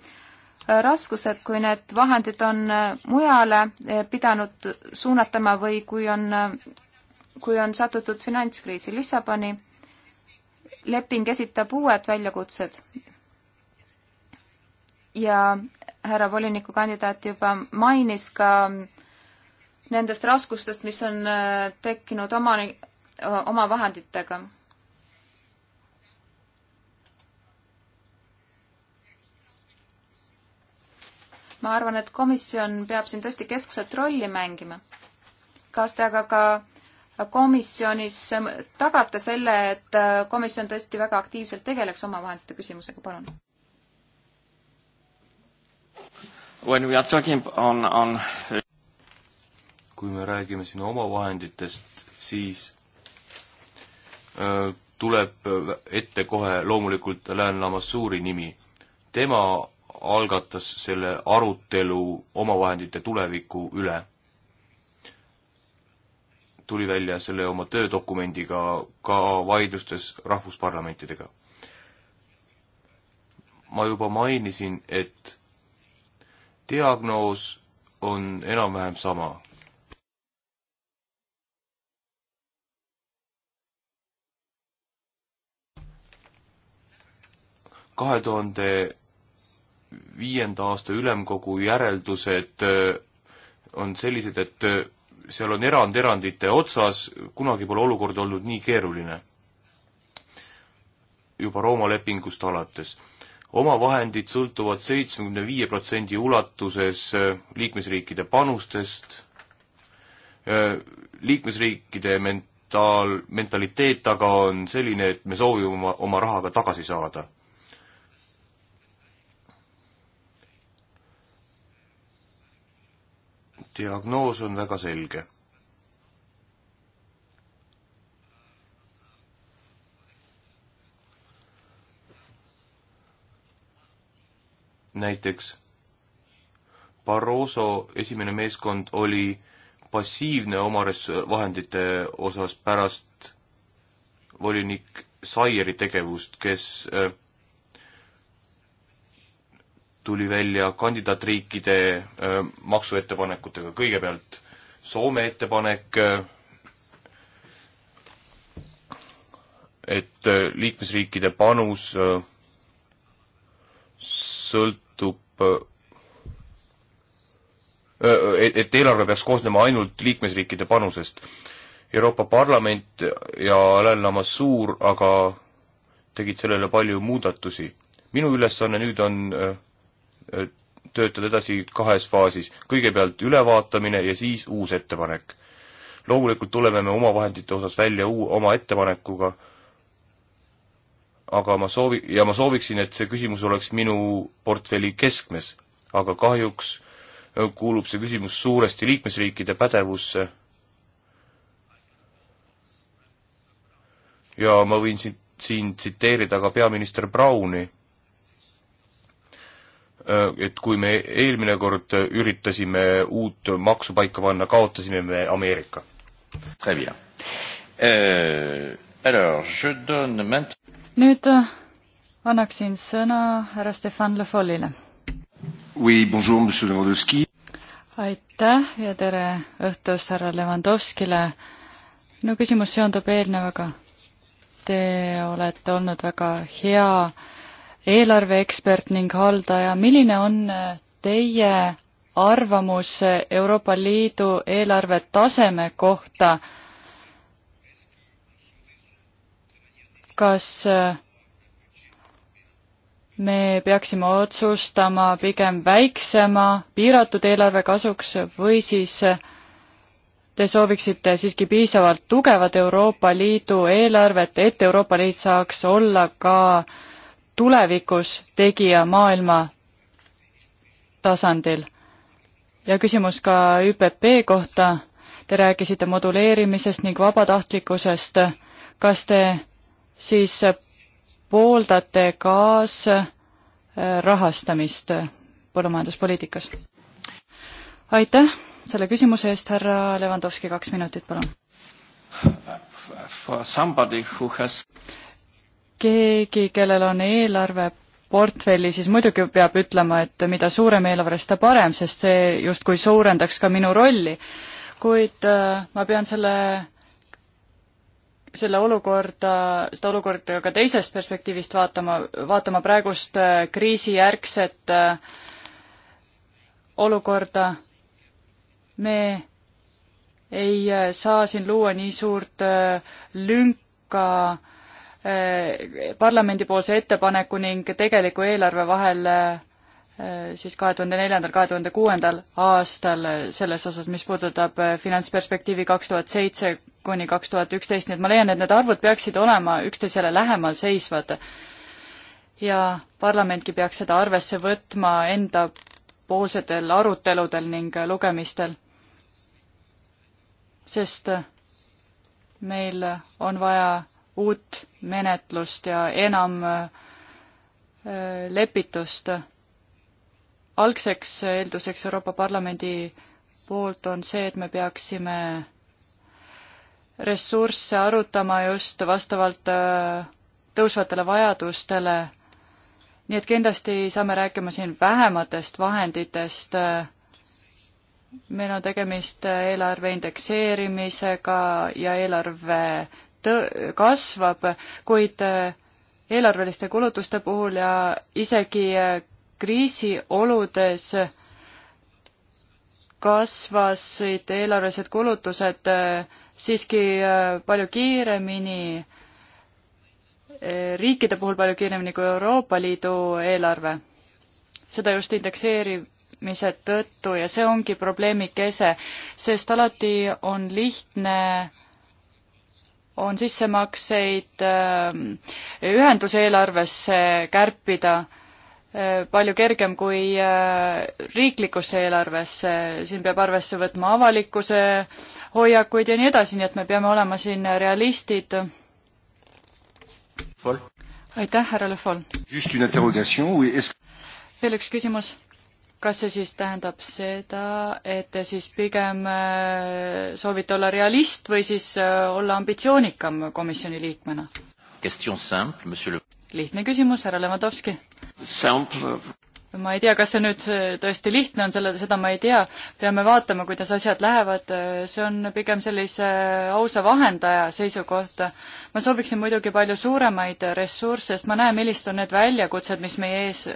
raskused, kui need vahendid on äh, mujale pidanud suunatama või kui on, kui on satutud finantskriisi. Lissaboni leping esitab uued väljakutsed ja härra volinikukandidaat juba mainis ka äh, nendest raskustest, mis on äh, tekkinud omani-, oma vahenditega. ma arvan, et komisjon peab siin tõesti keskset rolli mängima. kas te aga ka komisjonis tagate selle, et äh, komisjon tõesti väga aktiivselt tegeleks omavahendite küsimusega, palun?
When we are talking on, on kui me räägime siin omavahenditest, siis öö, tuleb ette kohe loomulikult Alain Lamassouri nimi. tema algatas selle arutelu omavahendite tuleviku üle. tuli välja selle oma töödokumendiga ka vaidlustes rahvusparlamentidega. ma juba mainisin, et diagnoos on enam-vähem sama. kahe tuhande viienda aasta ülemkogu järeldused äh, on sellised, et äh, seal on erand erandite otsas, kunagi pole olukord olnud nii keeruline. juba Rooma lepingust alates. omavahendid sõltuvad seitsmekümne viie protsendi ulatuses äh, liikmesriikide panustest, liikmesriikide mentaal, mentaliteet aga on selline, et me soovime oma, oma raha ka tagasi saada diagnoos on väga selge. näiteks Barroso esimene meeskond oli passiivne oma res-, vahendite osas pärast volinik Saieri tegevust, kes äh, tuli välja kandidaatriikide maksuettepanekutega, kõigepealt Soome ettepanek, et liikmesriikide panus sõltub, et eelarve peaks koosnema ainult liikmesriikide panusest. Euroopa Parlament ja Alain Lamassoure aga tegid sellele palju muudatusi. minu ülesanne nüüd on äh, töötada edasi kahes faasis. kõigepealt ülevaatamine ja siis uus ettepanek. loomulikult tuleme me omavahendite osas välja uu-, oma ettepanekuga, aga ma soovi-, ja ma sooviksin, et see küsimus oleks minu portfelli keskmes, aga kahjuks kuulub see küsimus suuresti liikmesriikide pädevusse ja ma võin siin, siin tsiteerida ka peaminister Browni Äh, et kui me eelmine kord üritasime uut maksu paika panna, kaotasime me Ameerika. Euh,
nüüd äh, annaksin sõna härra Stefan Le Follile. aitäh ja tere õhtust härra Levandovskile. minu küsimus seondub eelnevaga. Te olete olnud väga hea äh, eelarveekspert ning haldaja, milline on äh, teie arvamus äh, Euroopa Liidu eelarve taseme kohta? kas äh, me peaksime otsustama pigem väiksema piiratud eelarve kasuks või siis te sooviksite siiski piisavalt tugevat Euroopa Liidu eelarvet, et Euroopa Liit saaks olla ka äh, tulevikus tegija maailma tasandil. ja küsimus ka ÜPP kohta. Te rääkisite moduleerimisest ning vabatahtlikkusest. kas te siis pooldate kaasrahastamist äh, põllumajanduspoliitikas? aitäh selle küsimuse eest, härra Levanovski, kaks minutit, palun. Has keegi, kellel on eelarve portfelli, siis muidugi peab ütlema, et mida suurem eelarve, seda parem, sest see justkui suurendaks ka minu rolli. kuid äh, ma pean selle, selle olukorda, seda olukorda ka teisest perspektiivist vaatama, vaatama praegust äh, kriisijärgset äh, olukorda. me ei äh, saa siin luua nii suurt äh, lünka äh, Äh, parlamendipoolse ettepaneku ning tegeliku eelarve vahel äh, siis kahe tuhande neljandal, kahe tuhande kuuendal aastal selles osas, mis puudutab äh, finantsperspektiivi kaks tuhat seitse kuni kaks tuhat üksteist, nii et ma leian, et need arvud peaksid olema üksteisele lähemal seisvad. ja parlamentki peaks seda arvesse võtma enda poolsetel aruteludel ning lugemistel. sest meil on vaja uut menetlust ja enam äh, lepitust. algseks eelduseks Euroopa Parlamendi poolt on see, et me peaksime ressursse arutama just vastavalt äh, tõusvatele vajadustele, nii et kindlasti saame rääkima siin vähematest vahenditest, meil on tegemist eelarve indekseerimisega ja eelarve tõ-, kasvab, kuid äh, eelarveliste kulutuste puhul ja isegi äh, kriisioludes kasvasid eelarvelised kulutused äh, siiski palju kiiremini, riikide puhul palju kiiremini kui Euroopa Liidu eelarve. seda just indekseerimise tõttu ja see ongi probleemi kese, sest alati on lihtne on sissemakseid äh, ühenduse eelarvesse kärpida äh, palju kergem kui äh, riiklikusse eelarvesse, siin peab arvesse võtma avalikkuse hoiakuid ja nii edasi, nii et me peame olema siin realistid. aitäh, härra Le Foll. veel üks küsimus kas see siis tähendab seda, et te siis pigem äh, soovite olla realist või siis äh, olla ambitsioonikam komisjoni liikmena? lihtne küsimus, härra Levanovski. ma ei tea, kas see nüüd äh, tõesti lihtne on, selle, seda ma ei tea, peame vaatama, kuidas asjad lähevad, see on pigem sellise ausa vahendaja seisukoht. ma sooviksin muidugi palju suuremaid ressursse, sest ma näen, millised on need väljakutsed, mis meie ees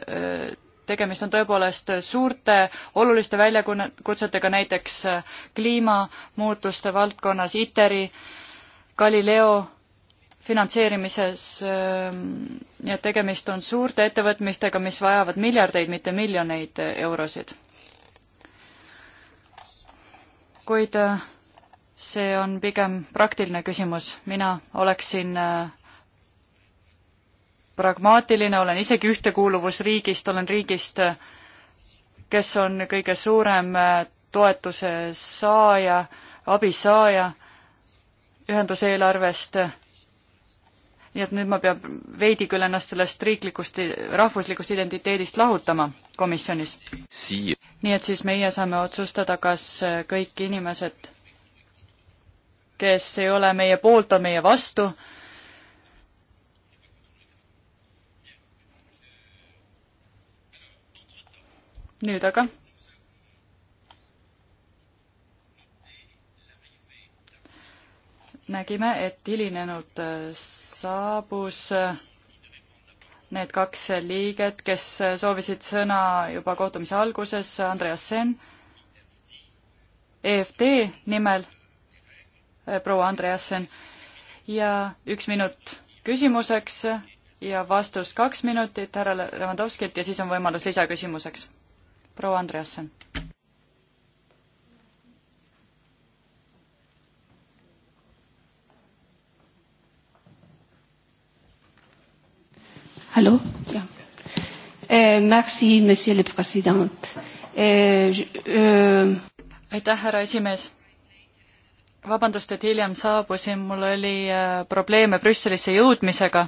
tegemist on tõepoolest suurte oluliste väljakutsetega, näiteks äh, kliimamuutuste valdkonnas, ITER-i, Galileo finantseerimises, ähm, nii et tegemist on suurte ettevõtmistega, mis vajavad miljardeid, mitte miljoneid äh, eurosid. kuid äh, see on pigem praktiline küsimus, mina oleksin äh, pragmaatiline, olen isegi ühtekuuluvusriigist, olen riigist, kes on kõige suurem äh, toetuse saaja, abisaaja ühenduse eelarvest. nii et nüüd ma pean veidi küll ennast sellest riiklikust, rahvuslikust identiteedist lahutama komisjonis. nii et siis meie saame otsustada, kas äh, kõik inimesed, kes ei ole meie poolt, on meie vastu nüüd aga nägime, et hilinenud äh, saabus äh, need kaks liiget, kes äh, soovisid sõna juba kohtumise alguses, Andreas Sen EFD nimel, proua Andreasen, ja üks minut küsimuseks ja vastus kaks minutit härra Levandovskilt ja siis on võimalus lisaküsimuseks proua Andreasen. Allô Bien. Euh, merci,
Monsieur le Président.
Euh, je, euh... aitäh, härra esimees. vabandust, et hiljem saabusin, mul oli äh, probleeme Brüsselisse jõudmisega.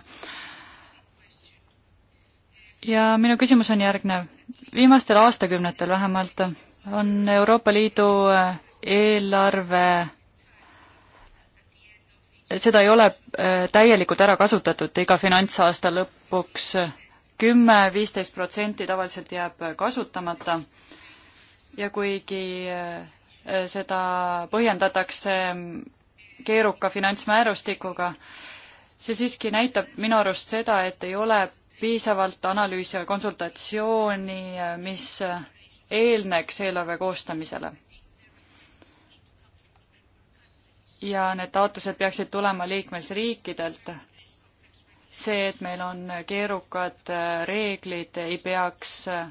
ja minu küsimus on järgnev viimastel aastakümnetel vähemalt on Euroopa Liidu eh, eelarve, seda ei ole eh, täielikult ära kasutatud, iga finantsaasta lõpuks kümme, viisteist protsenti tavaliselt jääb kasutamata ja kuigi eh, seda põhjendatakse keeruka finantsmäärustikuga, see siiski näitab minu arust seda, et ei ole piisavalt analüüsi ja konsultatsiooni, mis eelneks eelarve koostamisele. ja need taotlused peaksid tulema liikmesriikidelt. see, et meil on keerukad reeglid, ei peaks äh,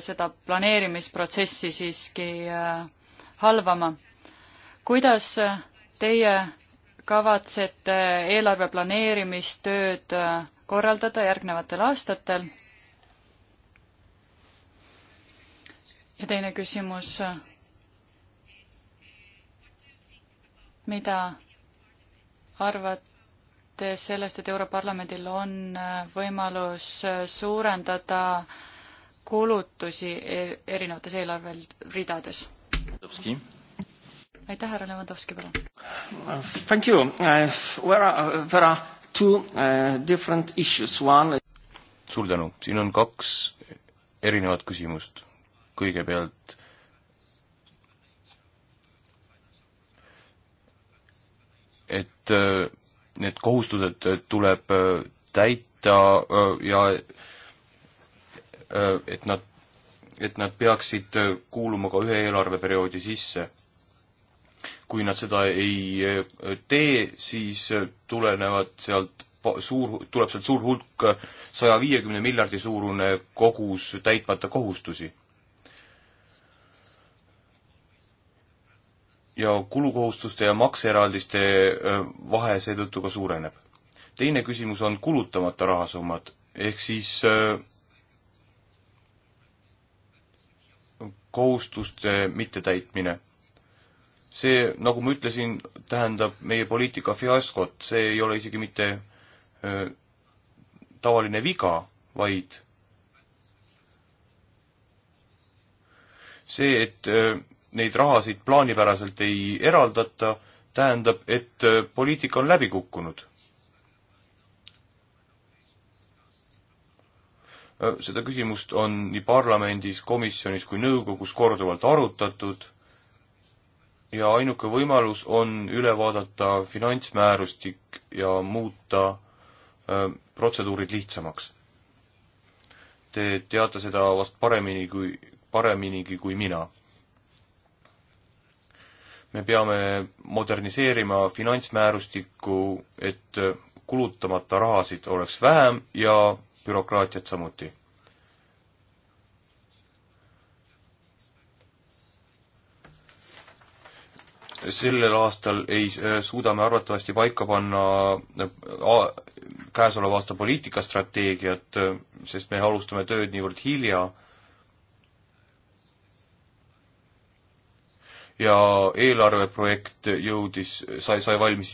seda planeerimisprotsessi siiski äh, halvama. kuidas teie kavatsete eelarve planeerimistööd äh, korraldada järgnevatel aastatel? ja teine küsimus, mida arvate sellest, et Europarlamendil on võimalus suurendada kulutusi er-, erinevates eelarveridades? aitäh, härra Levandovski, palun!
Thank you, Vera, uh, Vera uh,
two uh, different issues, one suur tänu, siin on kaks erinevat küsimust. kõigepealt et äh, need kohustused äh, tuleb äh, täita ja et nad, et nad peaksid kuuluma ka ühe eelarveperioodi sisse kui nad seda ei eh, tee, siis eh, tulenevad sealt suur, tuleb sealt suur hulk eh, saja viiekümne miljardi suurune kogus täitmata kohustusi. ja kulukohustuste ja makseeraldiste vahe seetõttu ka suureneb. teine küsimus on kulutamata rahasummad, ehk siis kohustuste mittetäitmine see, nagu ma ütlesin, tähendab meie poliitika fiaskot, see ei ole isegi mitte öö, tavaline viga, vaid see, et öö, neid rahasid plaanipäraselt ei eraldata, tähendab, et öö, poliitika on läbi kukkunud. seda küsimust on nii parlamendis, komisjonis kui nõukogus korduvalt arutatud ja ainuke võimalus on üle vaadata finantsmäärustik ja muuta öö, protseduurid lihtsamaks. Te teate seda vast paremini kui, pareminigi kui mina. me peame moderniseerima finantsmäärustikku, et kulutamata rahasid oleks vähem ja bürokraatiat samuti. sellel aastal ei äh, suuda me arvatavasti paika panna äh, käesoleva aasta poliitikastrateegiat, äh, sest me alustame tööd niivõrd hilja. ja eelarveprojekt jõudis, sai, sai valmis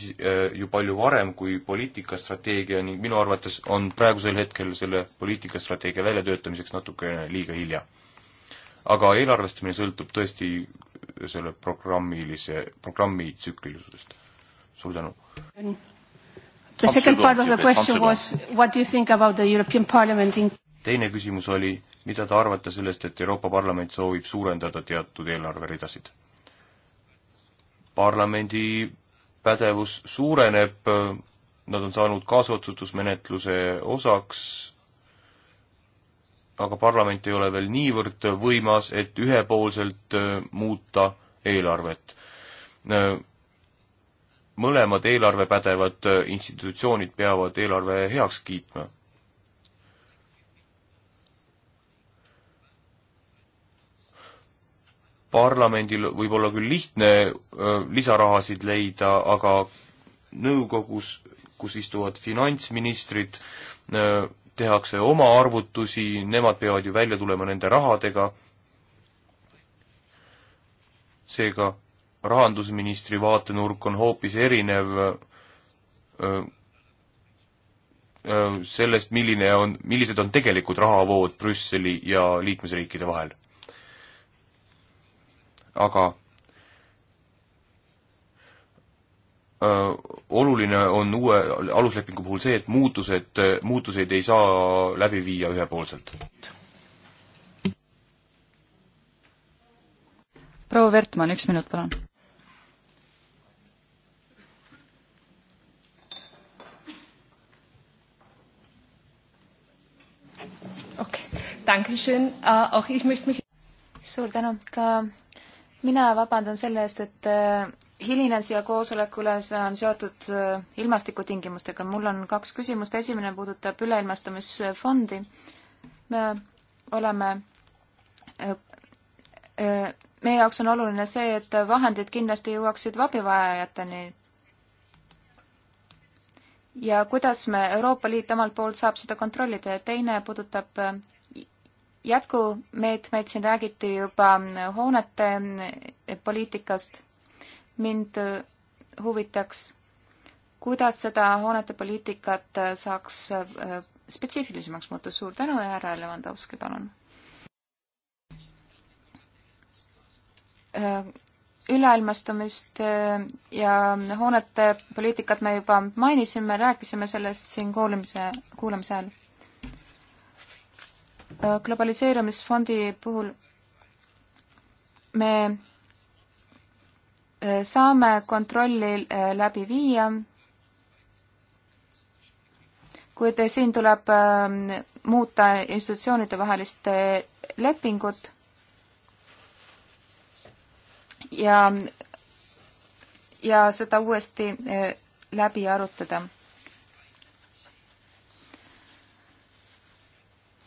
ju palju varem kui poliitikastrateegia ning minu arvates on praegusel hetkel selle poliitikastrateegia väljatöötamiseks natukene liiga hilja aga eelarvestamine sõltub tõesti selle programmilise, programmi tsüklilisusest. suur tänu. The second part of the question was
what do you think about the European Parliament in
teine küsimus oli, mida te arvate sellest, et Euroopa Parlament soovib suurendada teatud eelarveridasid? parlamendi pädevus suureneb, nad on saanud kaasotsustusmenetluse osaks, aga parlament ei ole veel niivõrd võimas, et ühepoolselt äh, muuta eelarvet. Äh, mõlemad eelarvepädevad äh, institutsioonid peavad eelarve heaks kiitma. parlamendil võib olla küll lihtne lisarahasid leida, aga nõukogus, kus istuvad finantsministrid, tehakse oma arvutusi, nemad peavad ju välja tulema nende rahadega, seega rahandusministri vaatenurk on hoopis erinev öö, äh, öö, äh, sellest, milline on, millised on tegelikud rahavood Brüsseli ja liikmesriikide vahel. aga Äh, oluline on uue aluslepingu puhul see, et muutused, muutuseid ei saa läbi viia ühepoolselt.
proua Vertmann, üks minut, palun.
okei okay., dankeschön uh,, auch ich möchte mich suur tänu ka mina vabandan selle eest, et äh, hilinen siia koosolekule, see on seotud äh, ilmastikutingimustega. mul on kaks küsimust, esimene puudutab üleilmastumisfondi. me oleme, äh, äh, meie jaoks on oluline see, et vahendid kindlasti jõuaksid abivajajateni. ja kuidas me, Euroopa Liit omalt poolt saab seda kontrollida ja teine puudutab jätkumeetmeid, siin räägiti juba hoonete poliitikast mind äh, huvitaks, kuidas seda hoonete poliitikat äh, saaks äh, spetsiifilisemaks muuta. suur tänu ja härra Levandovski, palun. üleilmastumist ja hoonete poliitikat me juba mainisime, rääkisime sellest siin kuulamise, kuulamise ajal globaliseerumisfondi puhul me Äh, saame kontrolli äh, läbi viia, kuid siin tuleb ähm, muuta institutsioonide vahelist äh, lepingut ja, ja seda uuesti läbi arutada.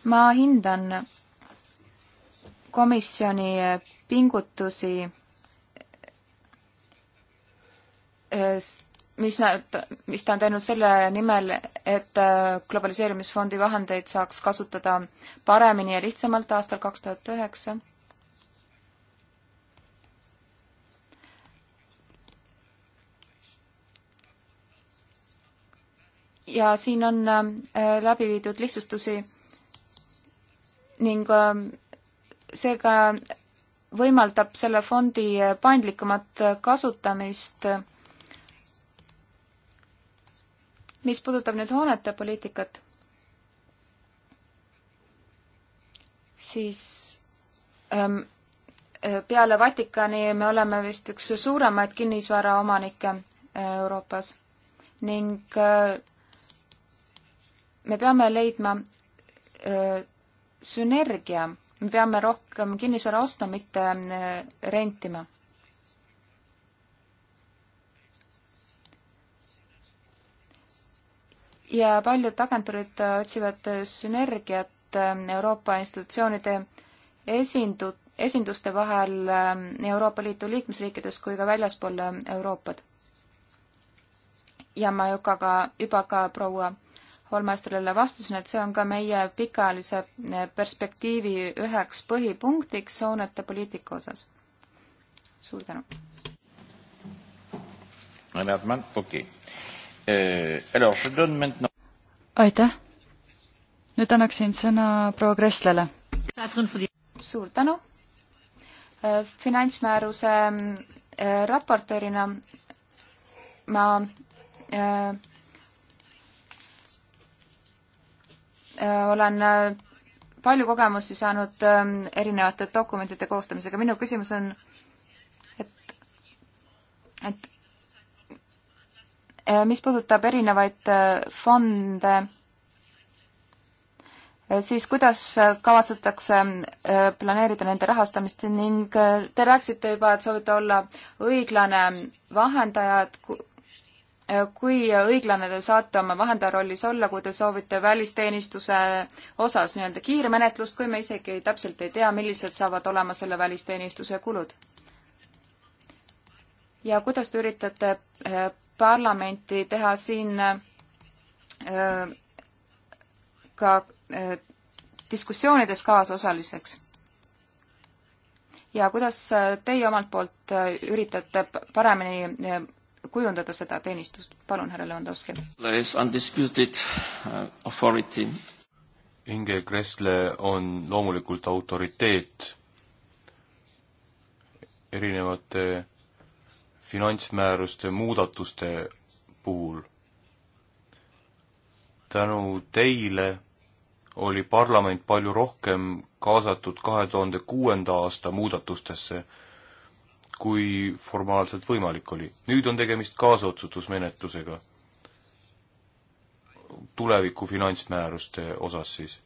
ma hindan komisjoni pingutusi mis näeb, mis ta on teinud selle nimel, et äh, globaliseerimisfondi vahendeid saaks kasutada paremini ja lihtsamalt aastal kaks tuhat üheksa. ja siin on äh, läbi viidud lihtsustusi ning äh, seega võimaldab selle fondi paindlikumat kasutamist mis puudutab nüüd hoonete poliitikat, siis ähm, äh, peale Vatikani me oleme vist üks suuremaid kinnisvaraomanikke äh, Euroopas ning äh, me peame leidma sünergia, me peame rohkem kinnisvara ostma, mitte rentima ja paljud agentuurid äh, otsivad äh, sünergiat äh, Euroopa institutsioonide esindu-, esinduste vahel nii Euroopa Liidu liikmesriikides kui ka väljaspool Euroopat. ja ma juba ka, juba ka proua Holmastrile vastasin, et see on ka meie pikaajalise perspektiivi üheks põhipunktiks hoonete poliitika osas. suur tänu.
Lennart Mänd, okei okay.. Euh,
aitäh. nüüd annaksin sõna proua Kresslele.
suur tänu. Äh, finantsmääruse äh, raportöörina ma äh, äh olen palju kogemusi saanud erinevate dokumentide koostamisega. minu küsimus on, et, et Äh, mis puudutab erinevaid äh, fonde, äh, siis kuidas kavatsetakse planeerida nende rahastamist ning te rääkisite juba, et soovite olla õiglane vahendaja, et kui õiglane te saate oma vahendaja rollis olla, kui te soovite välisteenistuse osas nii-öelda kiirmenetlust, kui me isegi täpselt ei tea, millised saavad olema selle välisteenistuse kulud? ja kuidas te üritate eh, parlamenti teha siin eh, ka eh, diskussioonides kaasosaliseks? ja kuidas teie omalt poolt üritate paremini kujundada seda teenistust, palun, härra Lewandowski.
Inge Kressle on loomulikult autoriteet erinevate finantsmääruste muudatuste puhul. tänu teile oli parlament palju rohkem kaasatud kahe tuhande kuuenda aasta muudatustesse, kui formaalselt võimalik oli. nüüd on tegemist kaasotsustusmenetlusega tuleviku finantsmääruste osas siis.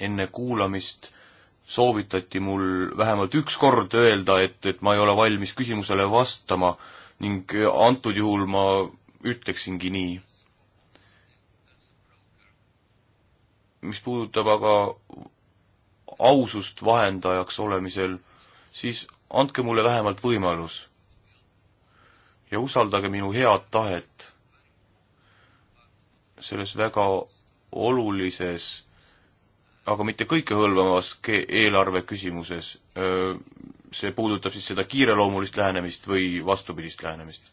enne kuulamist soovitati mul vähemalt üks kord öelda, et, et ma ei ole valmis küsimusele vastama ning antud juhul ma ütleksingi nii. mis puudutab aga ausust vahendajaks olemisel, siis andke mulle vähemalt võimalus ja usaldage minu head tahet selles väga olulises aga mitte kõikehõlvavas eelarve küsimuses. see puudutab siis seda kiireloomulist lähenemist või vastupidist lähenemist?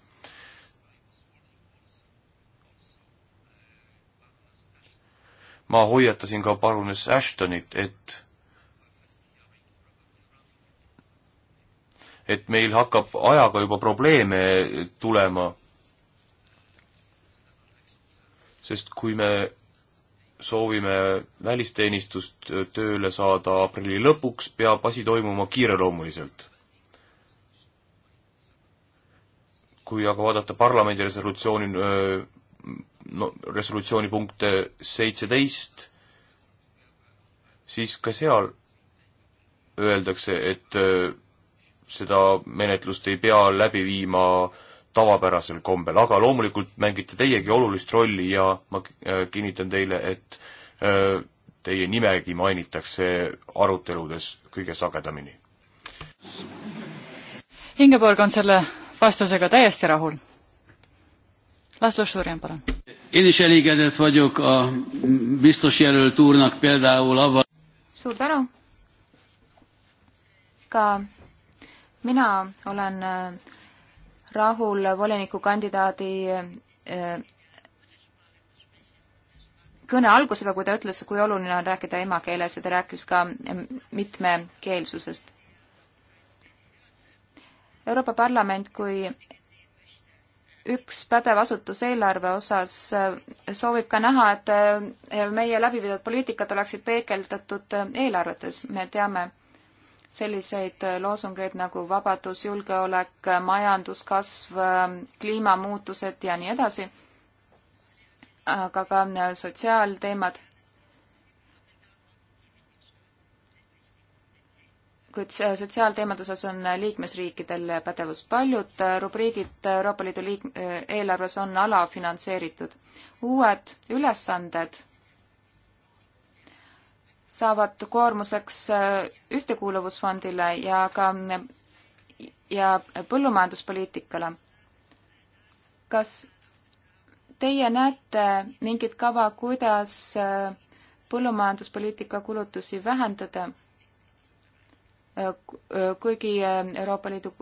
ma hoiatasin ka parunes Ashtonit, et et meil hakkab ajaga juba probleeme tulema. sest kui me soovime välisteenistust tööle saada aprilli lõpuks, peab asi toimuma kiireloomuliselt. kui aga vaadata parlamendi resolutsiooni, no resolutsiooni punkte seitseteist, siis ka seal öeldakse, et seda menetlust ei pea läbi viima äh, tavapärasel kombel, aga loomulikult mängite teiegi olulist rolli ja ma äh, kinnitan teile, et äh, teie nimegi mainitakse aruteludes kõige sagedamini.
Ingeborg on selle vastusega täiesti rahul. László Surjan, palun.
Én is elégedett vagyok a biztos jelölt úrnak például avval.
Suur tänu. Ka mina olen äh, rahul volinikukandidaadi eh, kõne algusega, kui ta ütles, kui oluline on rääkida emakeeles ja ta rääkis ka eh, mitmekeelsusest. Euroopa Parlament kui üks pädev asutus eelarve osas eh, soovib ka näha, et meie läbiviidavad poliitikad oleksid peegeldatud eelarvetes. me teame, selliseid loosungeid nagu vabadus, julgeolek, majanduskasv, kliimamuutused ja nii edasi, aga ka sotsiaalteemad. kuid sotsiaalteemade osas on liikmesriikidel pädevus. paljud rubriigid Euroopa Liidu liik-, eelarves on alafinantseeritud. uued ülesanded saavad koormuseks äh, ühtekuuluvusfondile ja ka ja põllumajanduspoliitikale. kas teie näete mingit kava, kuidas äh, põllumajanduspoliitika kulutusi vähendada? Äh, kuigi Euroopa Liidu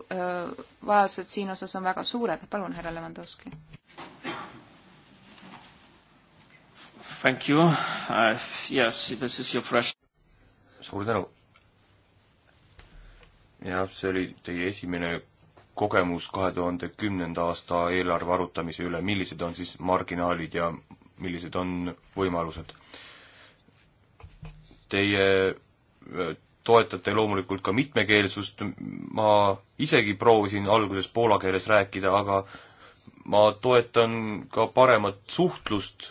vajadused siin osas on väga suured. palun, härra Levandovski.
Thank you uh,. Yes, this is your fresh.
suur tänu. jah, see oli teie esimene kogemus kahe tuhande kümnenda aasta eelarve arutamise üle, millised on siis marginaalid ja millised on võimalused? Teie äh, toetate loomulikult ka mitmekeelsust, ma isegi proovisin alguses poola keeles rääkida, aga ma toetan ka paremat suhtlust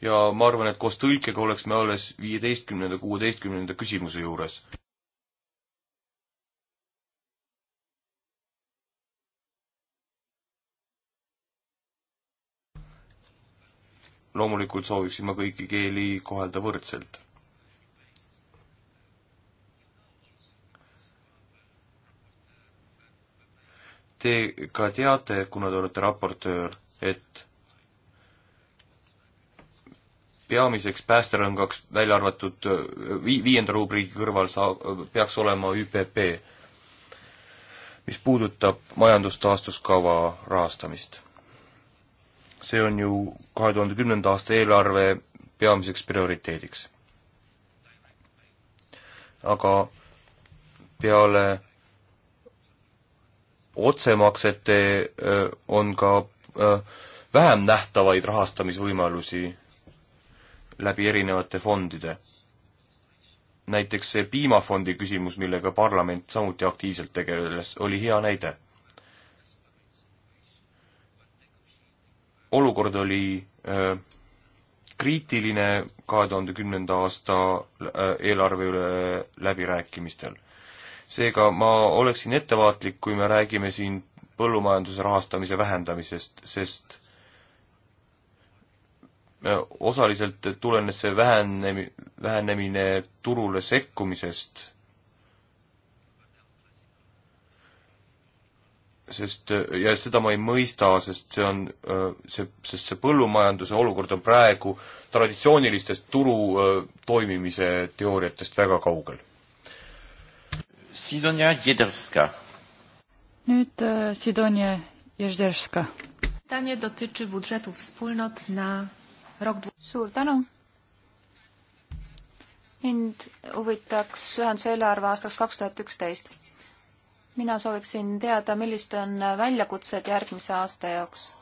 ja ma arvan, et koos tõlkega oleks me alles viieteistkümnenda, kuueteistkümnenda küsimuse juures. loomulikult sooviksin ma kõiki keeli kohelda võrdselt te ka teate, kuna te olete raportöör, et peamiseks päästerõngaks välja arvatud äh, vi-, viienda rubriigi kõrval saa-, peaks olema ÜPP, mis puudutab majandustaastuskava rahastamist. see on ju kahe tuhande kümnenda aasta eelarve peamiseks prioriteediks. aga peale otsemaksete äh, on ka äh, vähem nähtavaid rahastamisvõimalusi läbi erinevate fondide. näiteks see piimafondi küsimus, millega parlament samuti aktiivselt tegeles, oli hea näide. olukord oli öö, äh, kriitiline kahe tuhande kümnenda aasta äh, eelarve üle läbirääkimistel. seega ma oleksin ettevaatlik, kui me räägime siin põllumajanduse rahastamise vähendamisest, sest Äh, osaliselt tulenes see vähenemi-, vähenemine turule sekkumisest, sest, äh, ja seda ma ei mõista, sest see on, äh, see, sest see põllumajanduse olukord on praegu traditsioonilistest turu toimimise teooriatest väga kaugel.
Sidonia
Jedevska.
nüüd Sidonia Jedevska. Pytanie
dotyczy budżetów wspólnot na suur tänu. mind huvitaks ühenduse eelarve aastaks kaks tuhat üksteist. mina sooviksin teada, millised on väljakutsed järgmise aasta jaoks.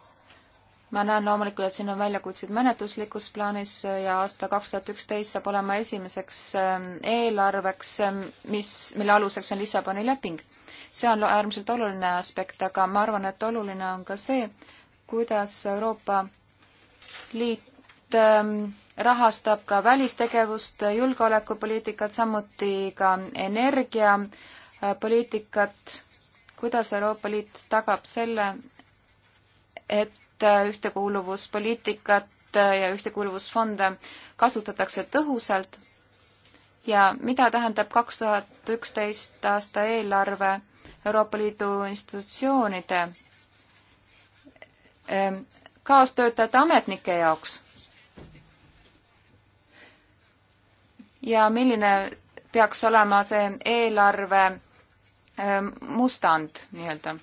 ma näen loomulikult, et siin on väljakutseid menetluslikus plaanis ja aasta kaks tuhat üksteist saab olema esimeseks ähm, eelarveks, ähm, mis, mille aluseks on Lissaboni leping. see on äärmiselt oluline aspekt, aga ma arvan, et oluline on ka see, kuidas Euroopa Liit et ähm, rahastab ka välistegevust, julgeolekupoliitikat, samuti ka energiapoliitikat. kuidas Euroopa Liit tagab selle, et äh, ühtekuuluvuspoliitikat äh, ja ühtekuuluvusfonde kasutatakse tõhusalt ja mida tähendab kaks tuhat üksteist aasta eelarve Euroopa Liidu institutsioonide ähm, kaastöötajate ametnike jaoks ja milline peaks olema see eelarve äh, mustand nii-öelda.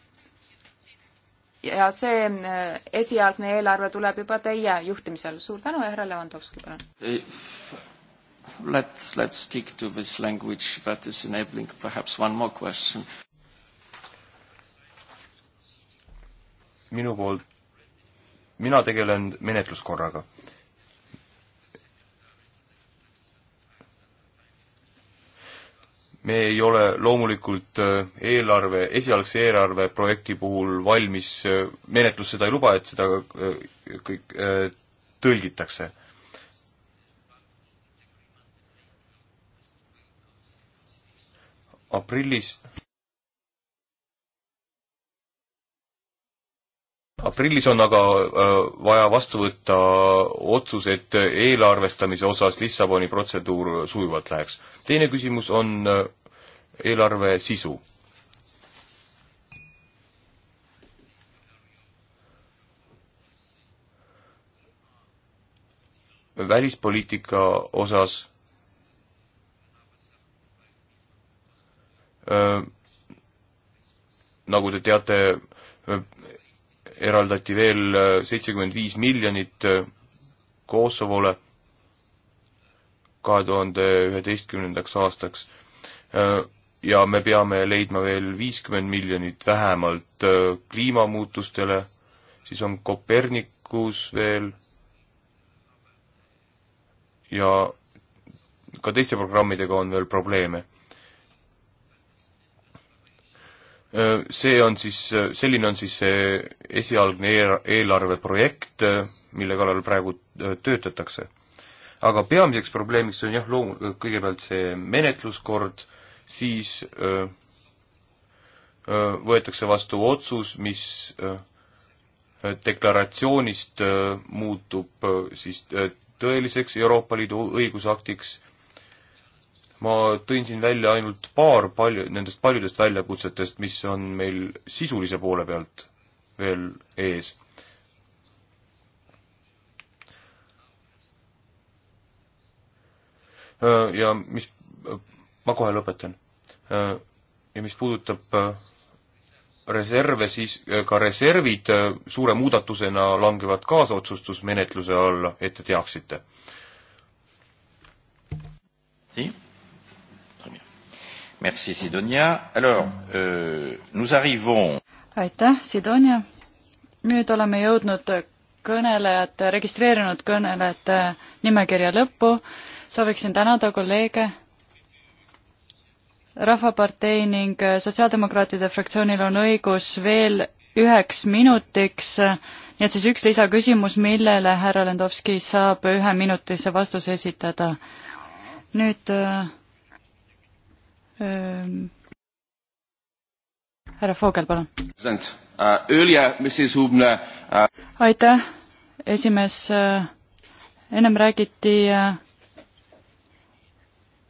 ja see äh, esialgne eelarve tuleb juba teie juhtimisel. suur tänu ja härra Levanovski, palun.
Let's, let's stick to this language that is enabling perhaps one more question.
minu poolt, mina tegelen menetluskorraga me ei ole loomulikult äh, eelarve, esialgse eelarve projekti puhul valmis, äh, menetlus seda ei luba, et seda äh, kõik tõlgitakse. aprillis aprillis on aga äh, vaja vastu võtta otsus, et eelarvestamise osas Lissaboni protseduur sujuvalt läheks. teine küsimus on äh, eelarve sisu. välispoliitika osas öö, äh, nagu te teate, eraldati veel äh, seitsekümmend viis miljonit äh, Kosovole kahe tuhande üheteistkümnendaks aastaks. Äh, ja me peame leidma veel viiskümmend miljonit vähemalt kliimamuutustele, siis on Kopernikus veel ja ka teiste programmidega on veel probleeme see on siis, selline on siis see esialgne eelarveprojekt, mille kallal praegu töötatakse. aga peamiseks probleemiks on jah, loomu-, kõigepealt see menetluskord, siis öö, öö, võetakse vastu otsus, mis öö, deklaratsioonist muutub siis tõeliseks Euroopa Liidu õigusaktiks ma tõin siin välja ainult paar palju, nendest paljudest väljakutsetest, mis on meil sisulise poole pealt veel ees. ja mis, ma kohe lõpetan. ja mis puudutab reserve, siis ka reservid suure muudatusena langevad kaasotsustusmenetluse alla, et te teaksite. Siim? Merci Sidonia. Alors euh,, nous arrivons.
aitäh, Sidonia. nüüd oleme jõudnud kõnelejate, registreerunud kõnelejate nimekirja lõppu. sooviksin tänada kolleege. rahvapartei ning Sotsiaaldemokraatide fraktsioonil on õigus veel üheks minutiks, nii et siis üks lisaküsimus, millele härra Lendovski saab üheminutise vastuse esitada. nüüd äh, Ehm, härra Voogel, palun.
Uh, uh,
aitäh, esimees, uh, ennem räägiti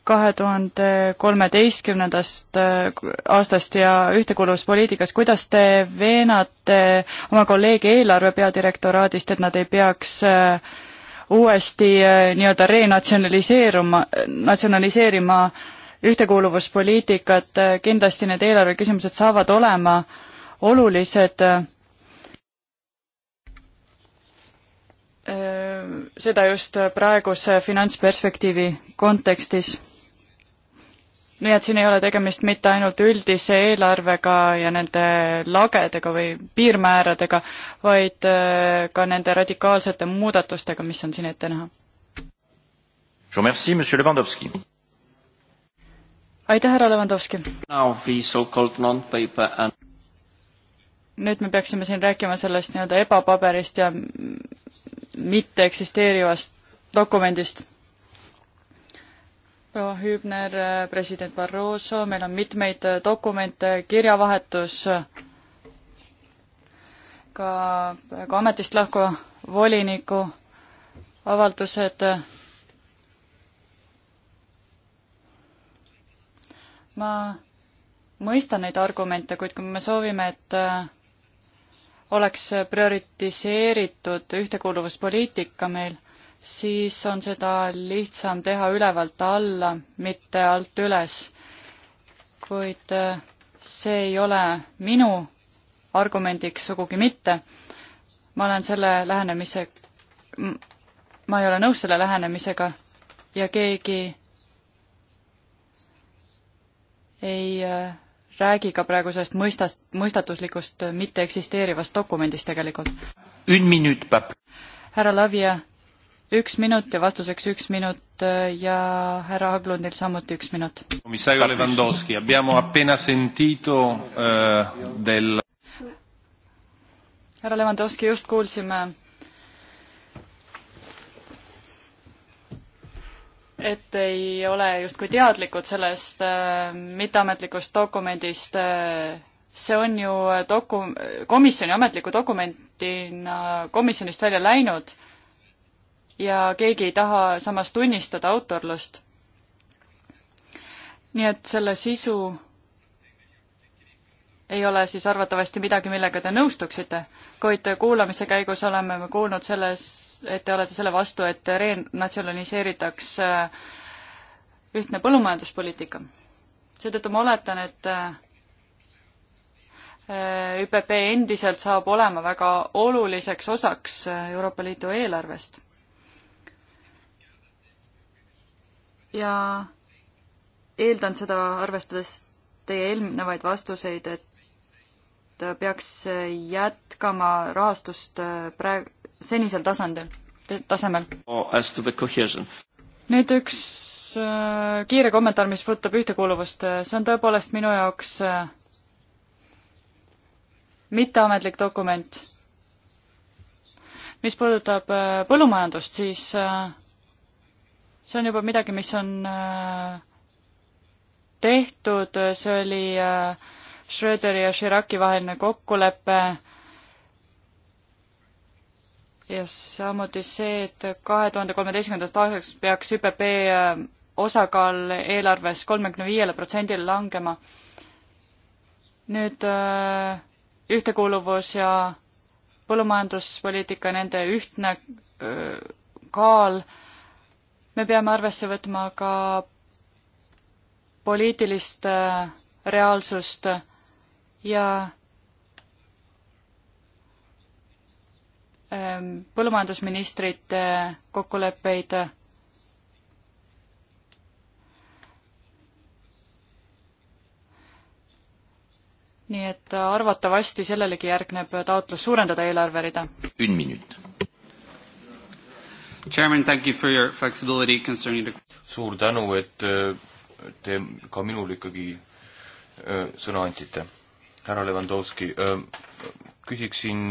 kahe tuhande kolmeteistkümnendast aastast ja ühtekuuluvuspoliitikast, kuidas te veenate oma kolleegi eelarve peadirektoraadist, et nad ei peaks uuesti nii-öelda renatsionaliseeruma, natsionaliseerima, natsionaliseerima ühtekuuluvuspoliitikat, äh, kindlasti need eelarveküsimused saavad olema olulised. Äh, seda just praeguse finantsperspektiivi kontekstis. nii et siin ei ole tegemist mitte ainult üldise eelarvega ja nende lagedega või piirmääradega, vaid äh, ka nende radikaalsete muudatustega, mis on siin ette näha. Je
vous
remercie, Monsieur Lewandowski
aitäh, härra Levandovski!
And...
nüüd me peaksime siin rääkima sellest nii-öelda ebapaberist ja mitte eksisteerivast dokumendist. proua Hübner, president Barroso, meil on mitmeid dokumente, kirjavahetus ka praegu ametist lahkuva voliniku avaldused ma mõistan neid argumente, kuid kui me soovime, et äh, oleks prioritiseeritud ühtekuuluvuspoliitika meil, siis on seda lihtsam teha ülevalt alla, mitte alt üles. kuid äh, see ei ole minu argumendiks sugugi mitte. ma olen selle lähenemise, ma ei ole nõus selle lähenemisega ja keegi ei äh, räägi ka praegusest mõistast, mõistatuslikust äh, mitteeksisteerivast dokumendist tegelikult. härra Lavia, üks minut ja vastuseks üks minut äh, ja härra Haglundil samuti üks minut. härra Levandovski, just kuulsime et ei ole justkui teadlikud sellest äh, mitteametlikust dokumendist äh,. see on ju doku-, komisjoni ametliku dokumendina komisjonist välja läinud ja keegi ei taha samas tunnistada autorlust. nii et selle sisu ei ole siis arvatavasti midagi, millega te nõustuksite, kuid kuulamise käigus oleme kuulnud selles vastu, et te olete selle vastu, et renatsionaliseeritaks äh, ühtne põllumajanduspoliitika. seetõttu ma oletan, et äh, ÜPP endiselt saab olema väga oluliseks osaks äh, Euroopa Liidu eelarvest. ja eeldan seda, arvestades teie eelnevaid vastuseid, et peaks jätkama rahastust praegu, senisel tasandil, tasemel. Oh, nüüd üks äh, kiire kommentaar, mis puudutab ühtekuuluvust, see on tõepoolest minu jaoks äh, mitteametlik dokument. mis puudutab äh, põllumajandust, siis äh, see on juba midagi, mis on äh, tehtud, see oli äh, Schröderi ja Chiraki vaheline kokkulepe äh, ja samuti see, et kahe tuhande kolmeteistkümnendast aastaks peaks ÜPP äh, osakaal eelarves kolmekümne viiele protsendile langema. nüüd äh, ühtekuuluvus ja põllumajanduspoliitika, nende ühtne äh, kaal, me peame arvesse võtma ka poliitilist reaalsust ja Ähm, põllumajandusministrite kokkuleppeid. nii et arvatavasti sellelegi järgneb taotlus suurendada eelarverida. üks minut.
Chairman, thank you for your flexibility concerning the suur tänu, et äh, te ka minul ikkagi äh, sõna andsite. härra Levandovski, äh, küsiksin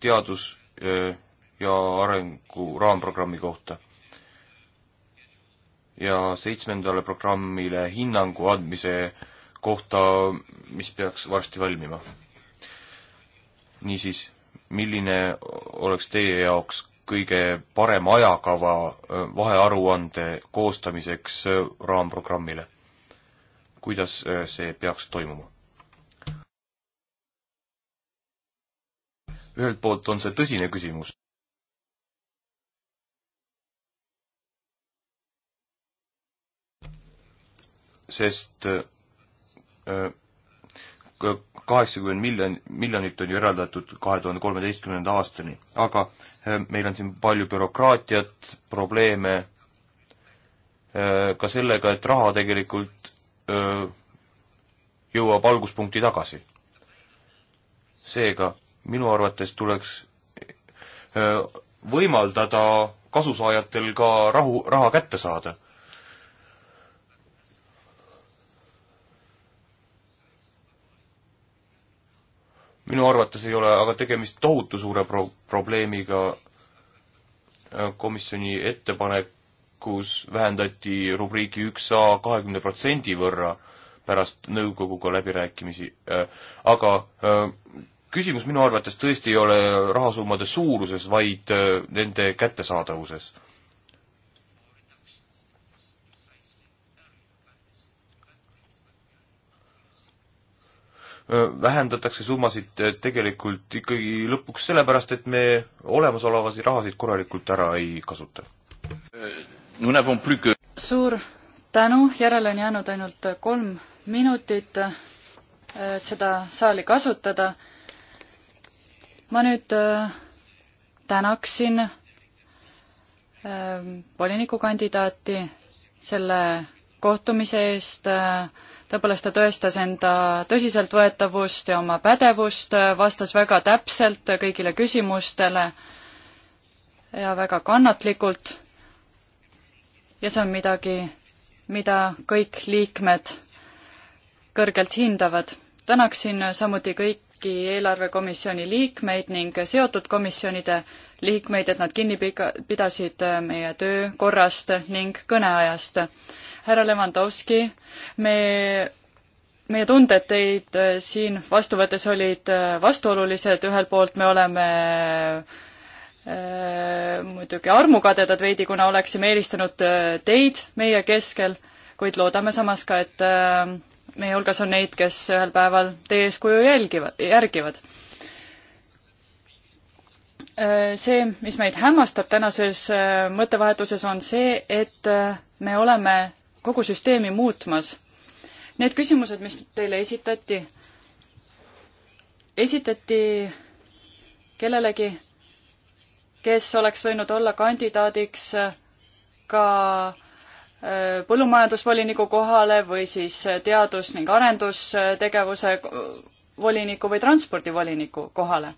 teadus- Äh, ja arengu raamprogrammi kohta. ja seitsmendale programmile hinnangu andmise kohta, mis peaks varsti valmima. niisiis, milline oleks teie jaoks kõige parem ajakava äh, vahearuande koostamiseks äh, raamprogrammile? kuidas see peaks toimuma? ühelt poolt on see tõsine küsimus. sest äh, kaheksakümmend miljon, miljonit on ju eraldatud kahe tuhande kolmeteistkümnenda aastani, aga äh, meil on siin palju bürokraatiat, probleeme äh, ka sellega, et raha tegelikult jõuab alguspunkti tagasi. seega minu arvates tuleks võimaldada kasusaajatel ka rahu, raha kätte saada. minu arvates ei ole aga tegemist tohutu suure pro-, probleemiga, komisjoni ettepanekus vähendati rubriigi üks A kahekümne protsendi võrra pärast nõukoguga läbirääkimisi, aga küsimus minu arvates tõesti ei ole rahasummade suuruses, vaid äh, nende kättesaadavuses. Äh, vähendatakse summasid äh, tegelikult ikkagi lõpuks sellepärast, et me olemasolevasid rahasid korralikult ära ei kasuta.
suur tänu, järele on jäänud ainult kolm minutit, et seda saali kasutada ma nüüd äh, tänaksin äh, volinikukandidaati selle kohtumise eest, äh, tõepoolest ta tõestas enda tõsiseltvõetavust ja oma pädevust, vastas väga täpselt kõigile küsimustele ja väga kannatlikult. ja see on midagi, mida kõik liikmed kõrgelt hindavad. tänaksin samuti kõik kõiki eelarvekomisjoni liikmeid ning seotud komisjonide liikmeid, et nad kinni pika-, pidasid äh, meie töökorrast ning kõneajast. härra Levanovski, me, meie tunded teid äh, siin vastu võttes olid äh, vastuolulised, ühelt poolt me oleme äh, muidugi armukadedad veidi, kuna oleksime eelistanud teid meie keskel, kuid loodame samas ka, et äh, meie hulgas on neid, kes ühel päeval teie eeskuju jälgivad, järgivad. Äh, see, mis meid hämmastab tänases äh, mõttevahetuses, on see, et äh, me oleme kogu süsteemi muutmas. Need küsimused, mis teile esitati, esitati kellelegi, kes oleks võinud olla kandidaadiks ka põllumajandusvoliniku kohale või siis teadus- ning arendustegevuse voliniku või transpordivoliniku kohale.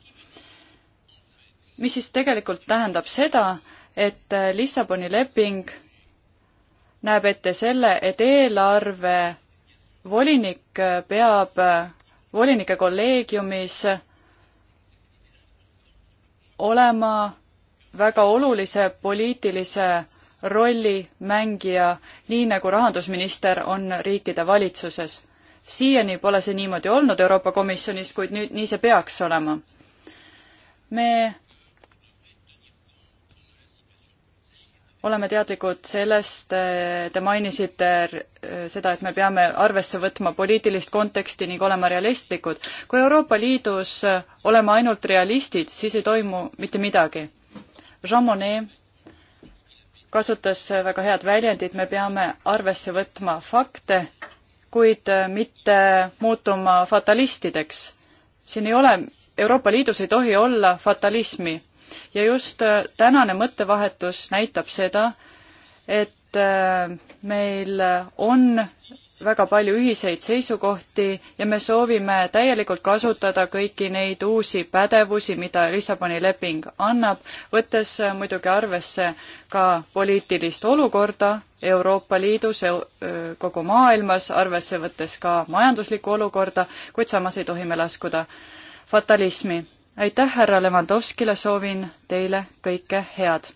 mis siis tegelikult tähendab seda, et Lissaboni leping näeb ette selle, et eelarve volinik peab volinike kolleegiumis olema väga olulise poliitilise rolli mängija, nii nagu rahandusminister on riikide valitsuses. siiani pole see niimoodi olnud Euroopa Komisjonis, kuid nüüd nii see peaks olema. me oleme teadlikud sellest, te mainisite seda, et me peame arvesse võtma poliitilist konteksti ning olema realistlikud. kui Euroopa Liidus oleme ainult realistid, siis ei toimu mitte midagi. Jean Monnet kasutas väga head väljendit, me peame arvesse võtma fakte, kuid äh, mitte muutuma fatalistideks. siin ei ole, Euroopa Liidus ei tohi olla fatalismi ja just äh, tänane mõttevahetus näitab seda, et äh, meil on väga palju ühiseid seisukohti ja me soovime täielikult kasutada kõiki neid uusi pädevusi, mida Lissaboni leping annab, võttes muidugi arvesse ka poliitilist olukorda Euroopa Liidus, kogu maailmas, arvesse võttes ka majanduslikku olukorda, kuid samas ei tohi me laskuda fatalismi. aitäh, härra Levandovskile, soovin teile kõike head!